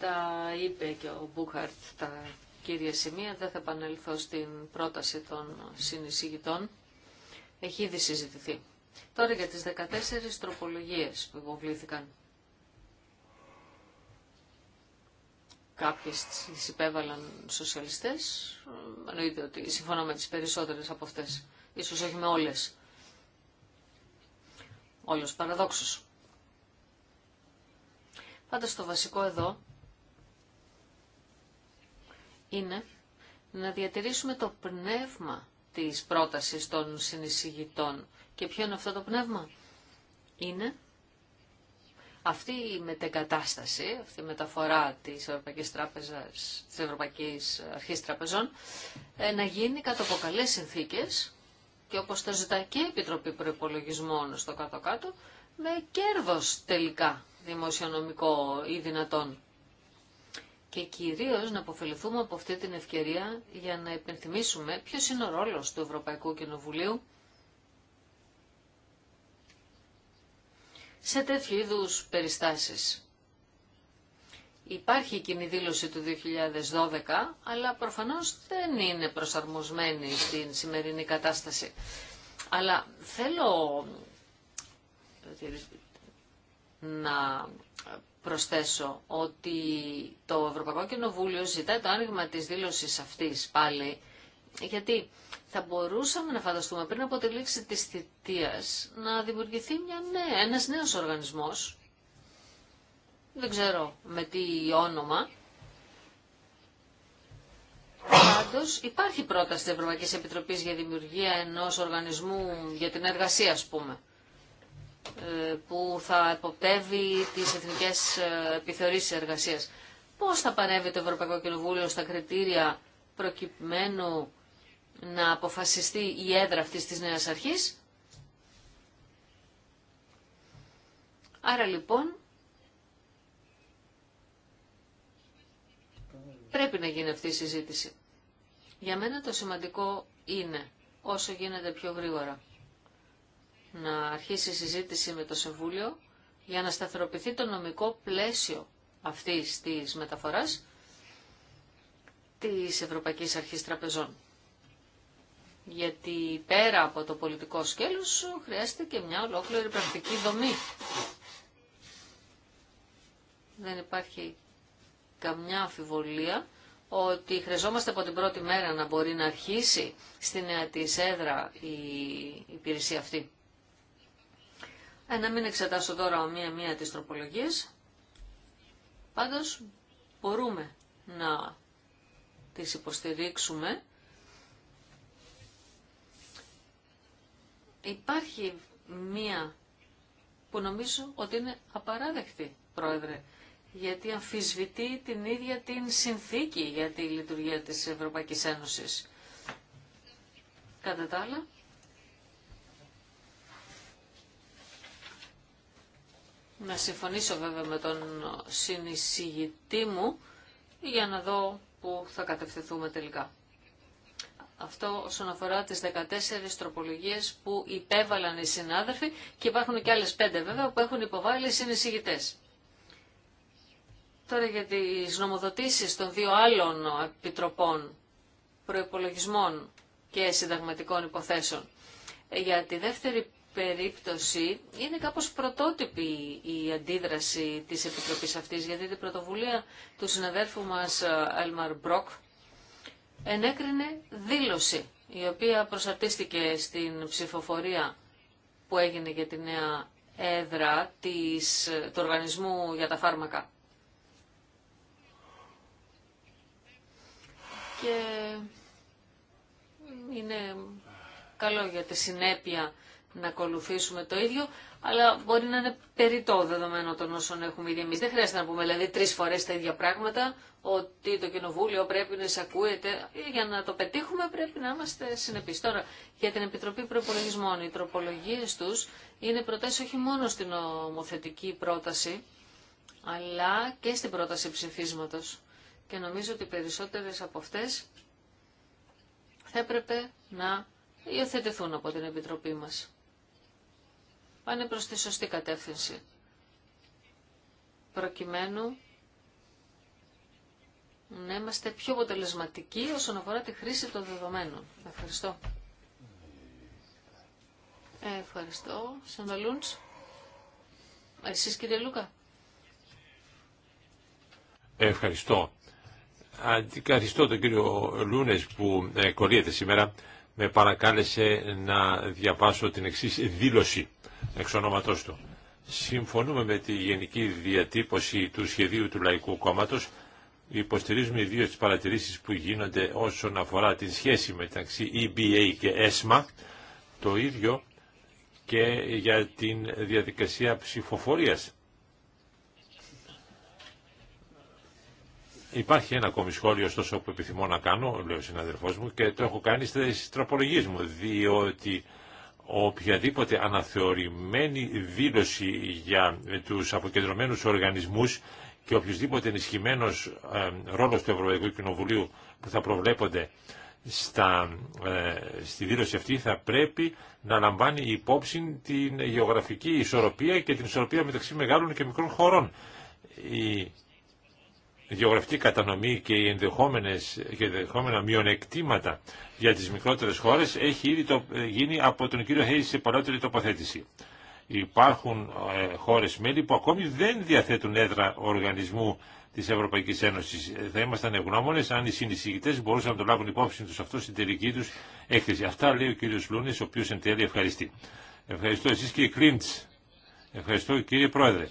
Τα είπε και ο Μπούχαρτ τα κύρια σημεία. Δεν θα επανέλθω στην πρόταση των συνεισηγητών. Έχει ήδη συζητηθεί. Τώρα για τις 14 τροπολογίες που υποβλήθηκαν. κάποιες τις υπέβαλαν σοσιαλιστές. Εννοείται ότι συμφωνώ με τις περισσότερες από αυτές. Ίσως όχι με όλες. Όλος παραδόξους. Πάντα το βασικό εδώ είναι να διατηρήσουμε το πνεύμα της πρότασης των συνεισηγητών. Και ποιο είναι αυτό το πνεύμα. Είναι αυτή η μετεγκατάσταση, αυτή η μεταφορά της Ευρωπαϊκής, Τράπεζας, της Ευρωπαϊκής Αρχής Τραπεζών ε, να γίνει κατά από καλές συνθήκες και όπως το ζητά και η Επιτροπή Προϋπολογισμών στο κάτω-κάτω με κέρδος τελικά δημοσιονομικό ή δυνατόν. Και κυρίως να αποφεληθούμε από αυτή την ευκαιρία για να υπενθυμίσουμε ποιος είναι ο ρόλος του Ευρωπαϊκού Κοινοβουλίου σε τέτοιου είδου περιστάσεις. Υπάρχει κοινή δήλωση του 2012, αλλά προφανώς δεν είναι προσαρμοσμένη στην σημερινή κατάσταση. Αλλά θέλω ε, να προσθέσω ότι το Ευρωπαϊκό Κοινοβούλιο ζητάει το άνοιγμα της δήλωσης αυτής πάλι, γιατί θα μπορούσαμε να φανταστούμε πριν από τη λήξη της θητείας να δημιουργηθεί μια νέα, ένας νέος οργανισμός, δεν ξέρω με τι όνομα, Πάντως υπάρχει πρόταση της Ευρωπαϊκής Επιτροπής για δημιουργία ενός οργανισμού για την εργασία, ας πούμε, ε, που θα εποπτεύει τις εθνικές ε, επιθεωρήσεις εργασίας. Πώς θα παρεύει το Ευρωπαϊκό Κοινοβούλιο στα κριτήρια προκειμένου να αποφασιστεί η έδρα αυτής της νέας αρχής. Άρα λοιπόν πρέπει να γίνει αυτή η συζήτηση. Για μένα το σημαντικό είναι όσο γίνεται πιο γρήγορα να αρχίσει η συζήτηση με το Σεβούλιο για να σταθεροποιηθεί το νομικό πλαίσιο αυτής της μεταφοράς της Ευρωπαϊκής Αρχής Τραπεζών γιατί πέρα από το πολιτικό σκέλος χρειάζεται και μια ολόκληρη πρακτική δομή. Δεν υπάρχει καμιά αμφιβολία ότι χρειαζόμαστε από την πρώτη μέρα να μπορεί να αρχίσει στη νέα της έδρα η υπηρεσία αυτή. Ε, να μην εξετάσω τώρα μία-μία τις τροπολογίες, πάντως μπορούμε να τις υποστηρίξουμε Υπάρχει μία που νομίζω ότι είναι απαράδεκτη, Πρόεδρε, γιατί αμφισβητεί την ίδια την συνθήκη για τη λειτουργία της Ευρωπαϊκής Ένωσης. Κατά τα άλλα, να συμφωνήσω βέβαια με τον συνεισηγητή μου για να δω που θα κατευθυνθούμε τελικά. Αυτό όσον αφορά τις 14 τροπολογίες που υπέβαλαν οι συνάδελφοι και υπάρχουν και άλλες 5 βέβαια που έχουν υποβάλει οι συνεισηγητές. Τώρα για τις νομοδοτήσει των δύο άλλων επιτροπών προϋπολογισμών και συνταγματικών υποθέσεων. Ε, για τη δεύτερη περίπτωση είναι κάπως πρωτότυπη η αντίδραση της Επιτροπής αυτής, γιατί την πρωτοβουλία του συναδέρφου μας Έλμαρ ε, Μπροκ ενέκρινε δήλωση η οποία προσαρτίστηκε στην ψηφοφορία που έγινε για τη νέα έδρα της, του Οργανισμού για τα Φάρμακα. Και είναι καλό για τη συνέπεια να ακολουθήσουμε το ίδιο, αλλά μπορεί να είναι περιττό δεδομένο των όσων έχουμε ήδη εμείς. Δεν χρειάζεται να πούμε δηλαδή τρεις φορές τα ίδια πράγματα, ότι το κοινοβούλιο πρέπει να εισακούεται. Για να το πετύχουμε πρέπει να είμαστε συνεπείς. Τώρα, για την Επιτροπή Προπολογισμών, οι τροπολογίε τους είναι προτάσει όχι μόνο στην ομοθετική πρόταση, αλλά και στην πρόταση ψηφίσματος. Και νομίζω ότι περισσότερες από αυτέ θα έπρεπε να υιοθετηθούν από την Επιτροπή μας. Πάνε προ τη σωστή κατεύθυνση προκειμένου να είμαστε πιο αποτελεσματικοί όσον αφορά τη χρήση των δεδομένων. Ευχαριστώ. Ευχαριστώ. Σανταλούντς. Εσείς κύριε Λούκα. Ευχαριστώ. Αντικαθιστώ τον κύριο Λούνες που ε, κολλείεται σήμερα. Με παρακάλεσε να διαβάσω την εξής δήλωση εξ ονόματός του. Συμφωνούμε με τη γενική διατύπωση του σχεδίου του Λαϊκού Κόμματος Υποστηρίζουμε δύο τις παρατηρήσεις που γίνονται όσον αφορά την σχέση μεταξύ EBA και ESMA, το ίδιο και για την διαδικασία ψηφοφορίας. Υπάρχει ένα ακόμη σχόλιο, ωστόσο, που επιθυμώ να κάνω, λέει ο συναδελφό μου, και το έχω κάνει στι τροπολογίε μου, διότι οποιαδήποτε αναθεωρημένη δήλωση για τους αποκεντρωμένους οργανισμούς και οποιοδήποτε ενισχυμένο ε, ρόλος του Ευρωπαϊκού Κοινοβουλίου που θα προβλέπονται στα, ε, στη δήλωση αυτή θα πρέπει να λαμβάνει υπόψη την γεωγραφική ισορροπία και την ισορροπία μεταξύ μεγάλων και μικρών χωρών. Η γεωγραφική κατανομή και οι ενδεχόμενες ενδεχόμενα μειονεκτήματα για τις μικρότερες χώρες έχει ήδη το, ε, γίνει από τον κύριο Χέις σε παλαιότερη τοποθέτηση. Υπάρχουν ε, χώρες μέλη που ακόμη δεν διαθέτουν έδρα οργανισμού της Ευρωπαϊκής Ένωσης. Ε, θα ήμασταν ευγνώμονες αν οι συνεισηγητές μπορούσαν να το λάβουν υπόψη τους αυτό στην τελική τους έκθεση. Αυτά λέει ο κύριος Λούνης, ο οποίος εν τέλει ευχαριστεί. Ευχαριστώ εσείς κύριε Κλίντς. Ευχαριστώ κύριε Πρόεδρε.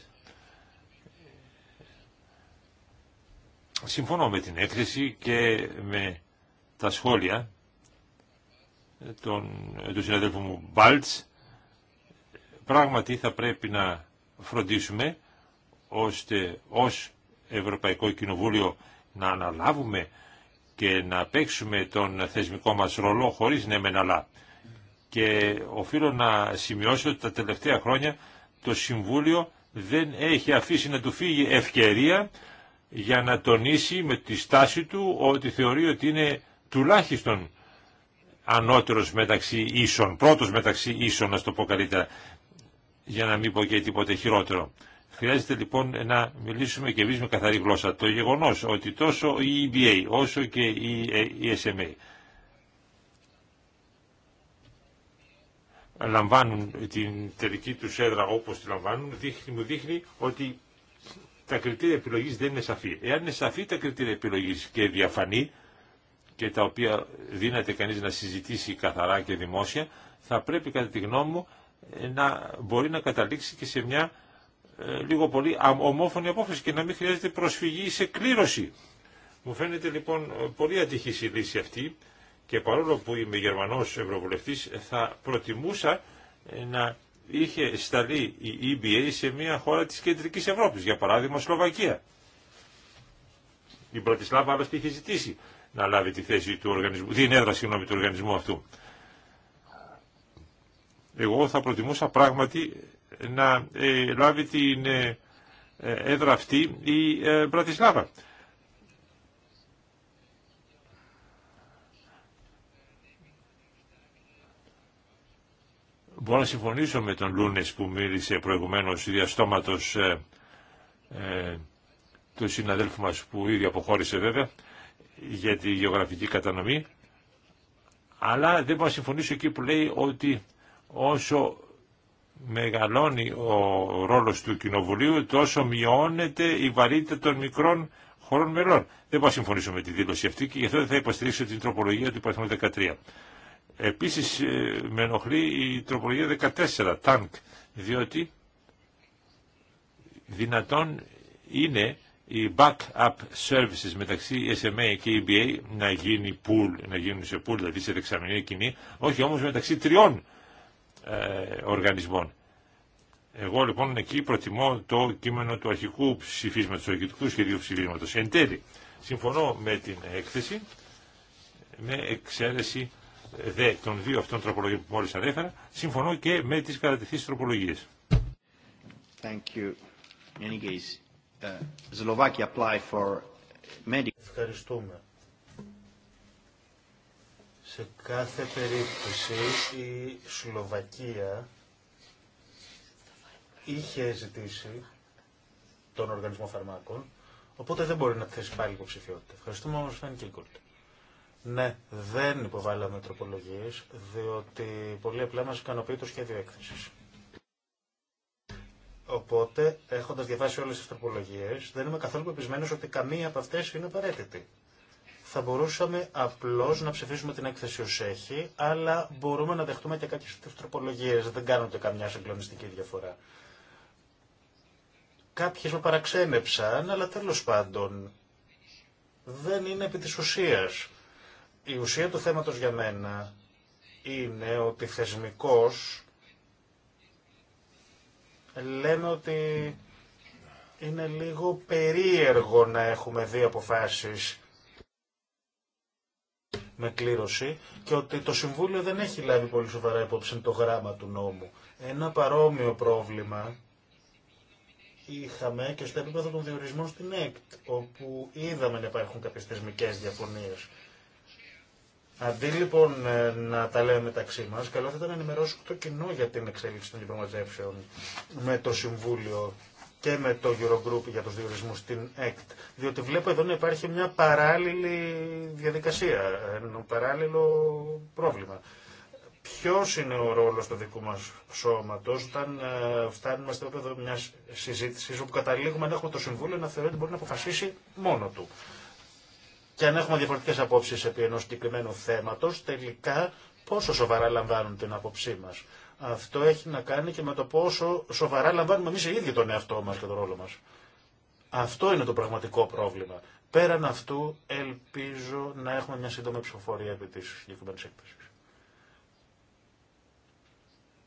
Συμφωνώ με την έκθεση και με τα σχόλια ε, του συναδέλφου μου Μπάλτς Πράγματι θα πρέπει να φροντίσουμε ώστε ως Ευρωπαϊκό Κοινοβούλιο να αναλάβουμε και να παίξουμε τον θεσμικό μας ρόλο χωρίς ναι μεν αλλά. Και οφείλω να σημειώσω ότι τα τελευταία χρόνια το Συμβούλιο δεν έχει αφήσει να του φύγει ευκαιρία για να τονίσει με τη στάση του ότι θεωρεί ότι είναι τουλάχιστον ανώτερος μεταξύ ίσων, πρώτος μεταξύ ίσων, να το πω καλύτερα για να μην πω και τίποτε χειρότερο. Χρειάζεται λοιπόν να μιλήσουμε και εμείς με καθαρή γλώσσα. Το γεγονός ότι τόσο η EBA όσο και η ε, SMA λαμβάνουν την τελική του έδρα όπως τη λαμβάνουν, δείχνει, μου δείχνει ότι τα κριτήρια επιλογής δεν είναι σαφή. Εάν είναι σαφή τα κριτήρια επιλογής και διαφανή και τα οποία δύναται κανείς να συζητήσει καθαρά και δημόσια, θα πρέπει κατά τη γνώμη μου να μπορεί να καταλήξει και σε μια ε, λίγο πολύ ομόφωνη απόφαση και να μην χρειάζεται προσφυγή σε κλήρωση. Μου φαίνεται λοιπόν πολύ ατυχή η λύση αυτή και παρόλο που είμαι Γερμανός Ευρωβουλευτής θα προτιμούσα ε, να είχε σταλεί η EBA σε μια χώρα της κεντρικής Ευρώπης, για παράδειγμα Σλοβακία. Η Πρατισλάβα άλλωστε είχε ζητήσει να λάβει τη θέση του οργανισμού, την έδρα συγγνώμη, του οργανισμού αυτού. Εγώ θα προτιμούσα πράγματι να ε, λάβει την ε, ε, έδρα αυτή η Μπρατισλάβα. Μπορώ να συμφωνήσω με τον Λούνες που μίλησε προηγουμένως διαστόματος του συναδέλφου μας που ήδη αποχώρησε βέβαια για τη γεωγραφική κατανομή αλλά δεν μπορώ να συμφωνήσω εκεί που λέει ότι όσο μεγαλώνει ο ρόλος του Κοινοβουλίου, τόσο μειώνεται η βαρύτητα των μικρών χωρών μελών. Δεν μπορώ να συμφωνήσω με τη δήλωση αυτή και γι' αυτό δεν θα υποστηρίξω την τροπολογία του υπαριθμού 13. Επίσης ε, με ενοχλεί η τροπολογία 14, τάνκ, διότι δυνατόν είναι οι backup services μεταξύ SMA και EBA να γίνει pool, να γίνουν σε pool, δηλαδή σε δεξαμενή κοινή, όχι όμως μεταξύ τριών ε, οργανισμών. Εγώ λοιπόν εκεί προτιμώ το κείμενο του αρχικού ψηφίσματος, του αρχικού σχεδίου ψηφίσματος. Εν τέλει, συμφωνώ με την έκθεση, με εξαίρεση δε των δύο αυτών τροπολογίων που μόλις ανέφερα, συμφωνώ και με τις κατατηθείς τροπολογίες. Ευχαριστούμε. Σε κάθε περίπτωση η Σλοβακία είχε ζητήσει τον οργανισμό φαρμάκων, οπότε δεν μπορεί να θέσει πάλι υποψηφιότητα. Ευχαριστούμε όμως Φέν Κίλκολτ. Ναι, δεν υποβάλαμε τροπολογίες, διότι πολύ απλά μας ικανοποιεί το σχέδιο έκθεσης. Οπότε, έχοντας διαβάσει όλες τις τροπολογίες, δεν είμαι καθόλου πεπισμένος ότι καμία από αυτές είναι απαραίτητη θα μπορούσαμε απλώ να ψηφίσουμε την έκθεση ω έχει, αλλά μπορούμε να δεχτούμε και κάποιε τροπολογίε. Δεν κάνονται καμιά συγκλονιστική διαφορά. Κάποιε με παραξένεψαν, αλλά τέλο πάντων δεν είναι επί τη ουσία. Η ουσία του θέματο για μένα είναι ότι θεσμικώ λέμε ότι είναι λίγο περίεργο να έχουμε δύο αποφάσεις με κλήρωση και ότι το Συμβούλιο δεν έχει λάβει πολύ σοβαρά υπόψη το γράμμα του νόμου. Ένα παρόμοιο πρόβλημα είχαμε και στο επίπεδο των διορισμών στην ΕΚΤ, όπου είδαμε να υπάρχουν κάποιε θεσμικέ διαφωνίε. Αντί λοιπόν να τα λέμε μεταξύ μα, καλό θα ήταν να ενημερώσουμε το κοινό για την εξέλιξη των διαπραγματεύσεων με το Συμβούλιο και με το Eurogroup για τους διορισμούς στην ΕΚΤ. Διότι βλέπω εδώ να υπάρχει μια παράλληλη διαδικασία, ένα παράλληλο πρόβλημα. Ποιος είναι ο ρόλος του δικού μας σώματος όταν ε, φτάνουμε στο επίπεδο μιας συζήτησης όπου καταλήγουμε να έχουμε το Συμβούλιο να θεωρεί ότι μπορεί να αποφασίσει μόνο του. Και αν έχουμε διαφορετικές απόψεις επί ενός συγκεκριμένου θέματος, τελικά πόσο σοβαρά λαμβάνουν την απόψή μας. Αυτό έχει να κάνει και με το πόσο σοβαρά λαμβάνουμε εμεί οι ίδιοι τον εαυτό μα και τον ρόλο μα. Αυτό είναι το πραγματικό πρόβλημα. Πέραν αυτού, ελπίζω να έχουμε μια σύντομη ψηφοφορία επί τη συγκεκριμένη έκθεση.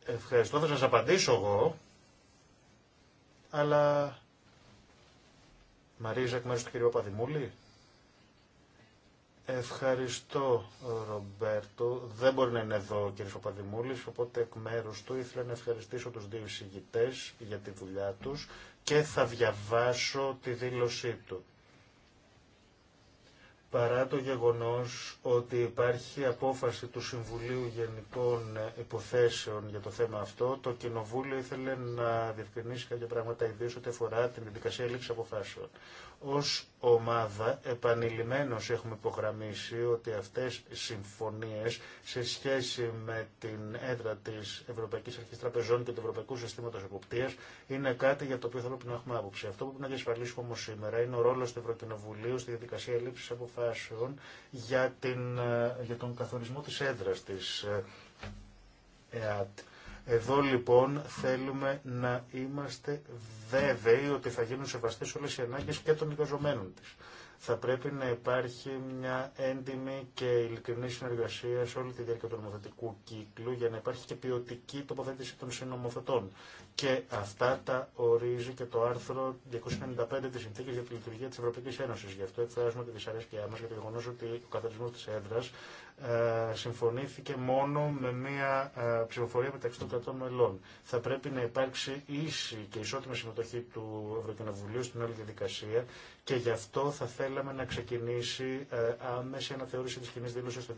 Ευχαριστώ. Θα σα απαντήσω εγώ, αλλά. Μαρίζα, εκ μέρου του κ. Παδημούλη. Ευχαριστώ, Ρομπέρτο. Δεν μπορεί να είναι εδώ ο κ. Παπαδημούλη, οπότε εκ μέρου του ήθελα να ευχαριστήσω τους δύο εισηγητέ για τη δουλειά τους και θα διαβάσω τη δήλωσή του. Παρά το γεγονός ότι υπάρχει απόφαση του Συμβουλίου Γενικών Υποθέσεων για το θέμα αυτό, το Κοινοβούλιο ήθελε να διευκρινίσει κάποια πράγματα, ιδίως ό,τι αφορά την δικασία λήψη αποφάσεων. Ως ομάδα επανειλημμένως έχουμε υπογραμμίσει ότι αυτές οι συμφωνίες σε σχέση με την έδρα της Ευρωπαϊκής Αρχής Τραπεζών και του Ευρωπαϊκού Συστήματος Εποπτείας είναι κάτι για το οποίο θέλω να έχουμε άποψη. Αυτό που πρέπει να διασφαλίσουμε όμως σήμερα είναι ο ρόλος του Ευρωκοινοβουλίου στη διαδικασία λήψης αποφάσεων για, την, ε, για τον καθορισμό της έδρας της ε, ΕΑΤ. Εδώ λοιπόν θέλουμε να είμαστε βέβαιοι ότι θα γίνουν σεβαστές όλες οι ανάγκες και των εργαζομένων της. Θα πρέπει να υπάρχει μια έντιμη και ειλικρινή συνεργασία σε όλη τη διάρκεια του νομοθετικού κύκλου για να υπάρχει και ποιοτική τοποθέτηση των συνομοθετών. Και αυτά τα ορίζει και το άρθρο 295 τη Συνθήκη για τη Λειτουργία τη Ευρωπαϊκή Ένωση. Γι' αυτό εκφράζουμε τη δυσαρέσκειά μα για το γεγονό ότι ο καθορισμό τη έδρα ε, συμφωνήθηκε μόνο με μια ε, ψηφοφορία μεταξύ των κρατών μελών. Θα πρέπει να υπάρξει ίση και ισότιμη συμμετοχή του Ευρωκοινοβουλίου στην όλη διαδικασία και γι' αυτό θα θέλαμε να ξεκινήσει ε, άμεση αναθεώρηση τη κοινή δήλωση το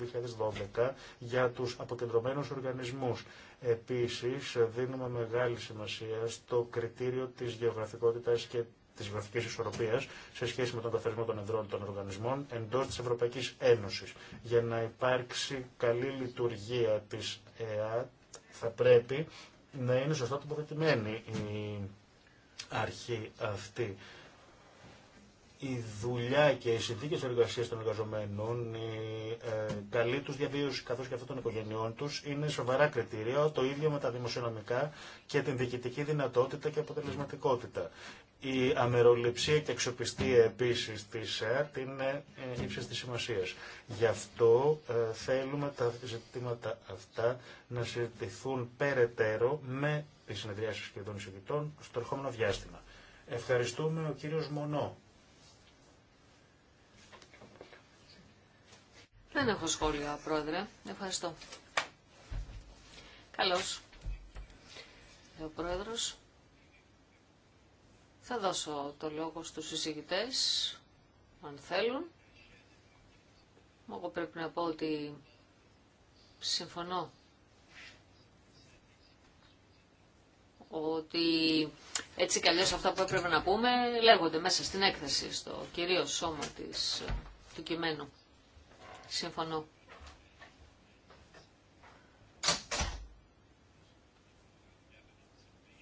2012 για του αποκεντρωμένου οργανισμού Επίσης, δίνουμε μεγάλη σημασία στο κριτήριο της γεωγραφικότητας και της γεωγραφικής ισορροπίας σε σχέση με τον καθαρισμό των εδρών των οργανισμών εντός της Ευρωπαϊκής Ένωσης. Για να υπάρξει καλή λειτουργία της ΕΑΤ θα πρέπει να είναι σωστά τοποθετημένη η αρχή αυτή η δουλειά και οι συνθήκε εργασία των εργαζομένων, η ε, καλή του διαβίωση καθώ και αυτών των οικογενειών του είναι σοβαρά κριτήρια, το ίδιο με τα δημοσιονομικά και την διοικητική δυνατότητα και αποτελεσματικότητα. Η αμεροληψία και αξιοπιστία επίση τη ΕΡΤ είναι ε, ύψη τη σημασία. Γι' αυτό ε, θέλουμε τα ζητήματα αυτά να συζητηθούν περαιτέρω με τι συνεδριάσει των εισηγητών στο ερχόμενο διάστημα. Ευχαριστούμε ο κύριο Μονό. Δεν έχω σχόλια, πρόεδρε. Ευχαριστώ. Καλώς. Ο πρόεδρος. Θα δώσω το λόγο στους συζητητές, αν θέλουν. Εγώ πρέπει να πω ότι συμφωνώ ότι έτσι κι αλλιώς αυτά που έπρεπε να πούμε λέγονται μέσα στην έκθεση, στο κυρίως σώμα της, του κειμένου. Συμφωνώ.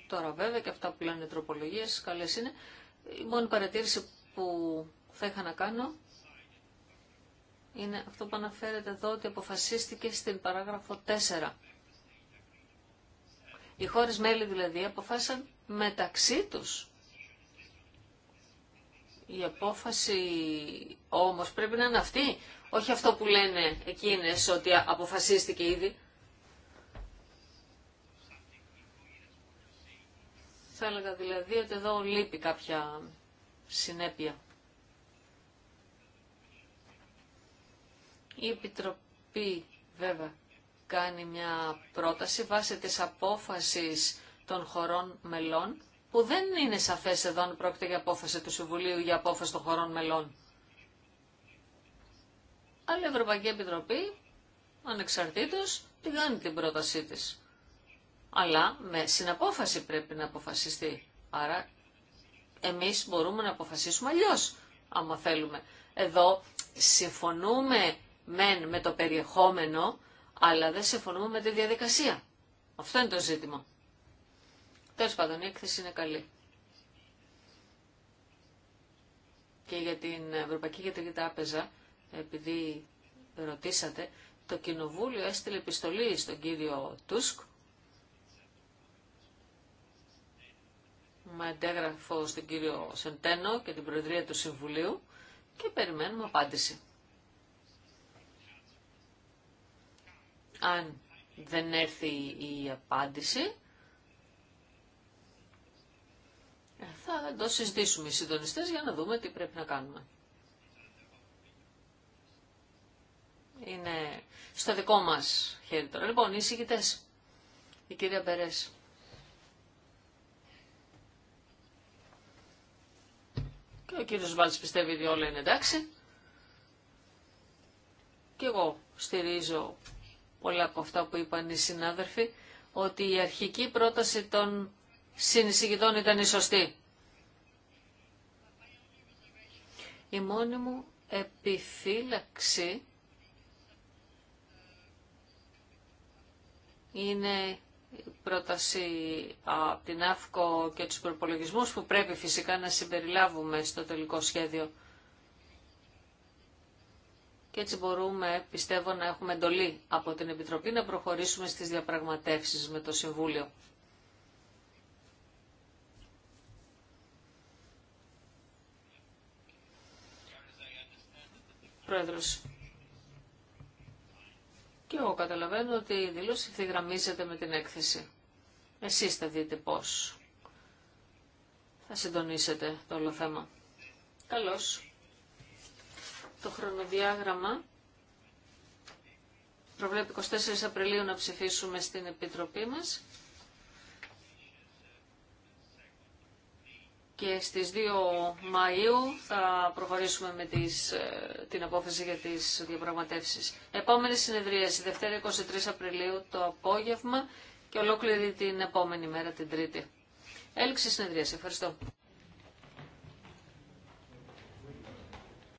Τώρα βέβαια και αυτά που λένε τροπολογίες καλές είναι. Η μόνη παρατήρηση που θα είχα να κάνω είναι αυτό που αναφέρεται εδώ ότι αποφασίστηκε στην παράγραφο 4. Οι χώρες μέλη δηλαδή αποφάσισαν μεταξύ τους η απόφαση όμως πρέπει να είναι αυτή, όχι αυτό που λένε εκείνες ότι αποφασίστηκε ήδη. Θα έλεγα δηλαδή ότι εδώ λείπει κάποια συνέπεια. Η Επιτροπή βέβαια κάνει μια πρόταση βάσει της απόφασης των χωρών μελών που δεν είναι σαφές εδώ αν πρόκειται για απόφαση του Συμβουλίου ή για απόφαση των χωρών μελών. Αλλά Ευρωπαϊκή Επιτροπή, ανεξαρτήτως, τη κάνει την πρότασή της. Αλλά με συναπόφαση πρέπει να αποφασιστεί. Άρα εμείς μπορούμε να αποφασίσουμε αλλιώς, άμα θέλουμε. Εδώ συμφωνούμε μεν με το περιεχόμενο, αλλά δεν συμφωνούμε με τη διαδικασία. Αυτό είναι το ζήτημα. Τέλο πάντων, η έκθεση είναι καλή. Και για την Ευρωπαϊκή Κεντρική Τράπεζα, επειδή ρωτήσατε, το Κοινοβούλιο έστειλε επιστολή στον κύριο Τούσκ με αντέγραφο στον κύριο Σεντένο και την Προεδρία του Συμβουλίου και περιμένουμε απάντηση. Αν δεν έρθει η απάντηση, Θα το συζητήσουμε οι συντονιστές για να δούμε τι πρέπει να κάνουμε. Είναι στο δικό μας χέρι τώρα. Λοιπόν, οι συγκητές. Η κυρία Μπερές. Και ο κύριος Βάλτς πιστεύει ότι όλα είναι εντάξει. Και εγώ στηρίζω πολλά από αυτά που είπαν οι συνάδελφοι, ότι η αρχική πρόταση των συνεισηγητών ήταν η σωστή. Η μόνη μου επιφύλαξη είναι η πρόταση από την ΑΦΚΟ και τους προπολογισμού που πρέπει φυσικά να συμπεριλάβουμε στο τελικό σχέδιο. Και έτσι μπορούμε, πιστεύω, να έχουμε εντολή από την Επιτροπή να προχωρήσουμε στις διαπραγματεύσεις με το Συμβούλιο. Πρόεδρος. Και εγώ καταλαβαίνω ότι η δηλώση ευθυγραμμίζεται με την έκθεση. Εσείς θα δείτε πώς θα συντονίσετε το όλο θέμα. Καλώς. Το χρονοδιάγραμμα προβλέπει 24 Απριλίου να ψηφίσουμε στην Επιτροπή μας και στις 2 Μαΐου θα προχωρήσουμε με τις, ε, την απόφαση για τις διαπραγματεύσεις. Επόμενη συνεδρίαση, Δευτέρα 23 Απριλίου το απόγευμα και ολόκληρη την επόμενη μέρα την Τρίτη. Έλξη συνεδρίαση. Ευχαριστώ.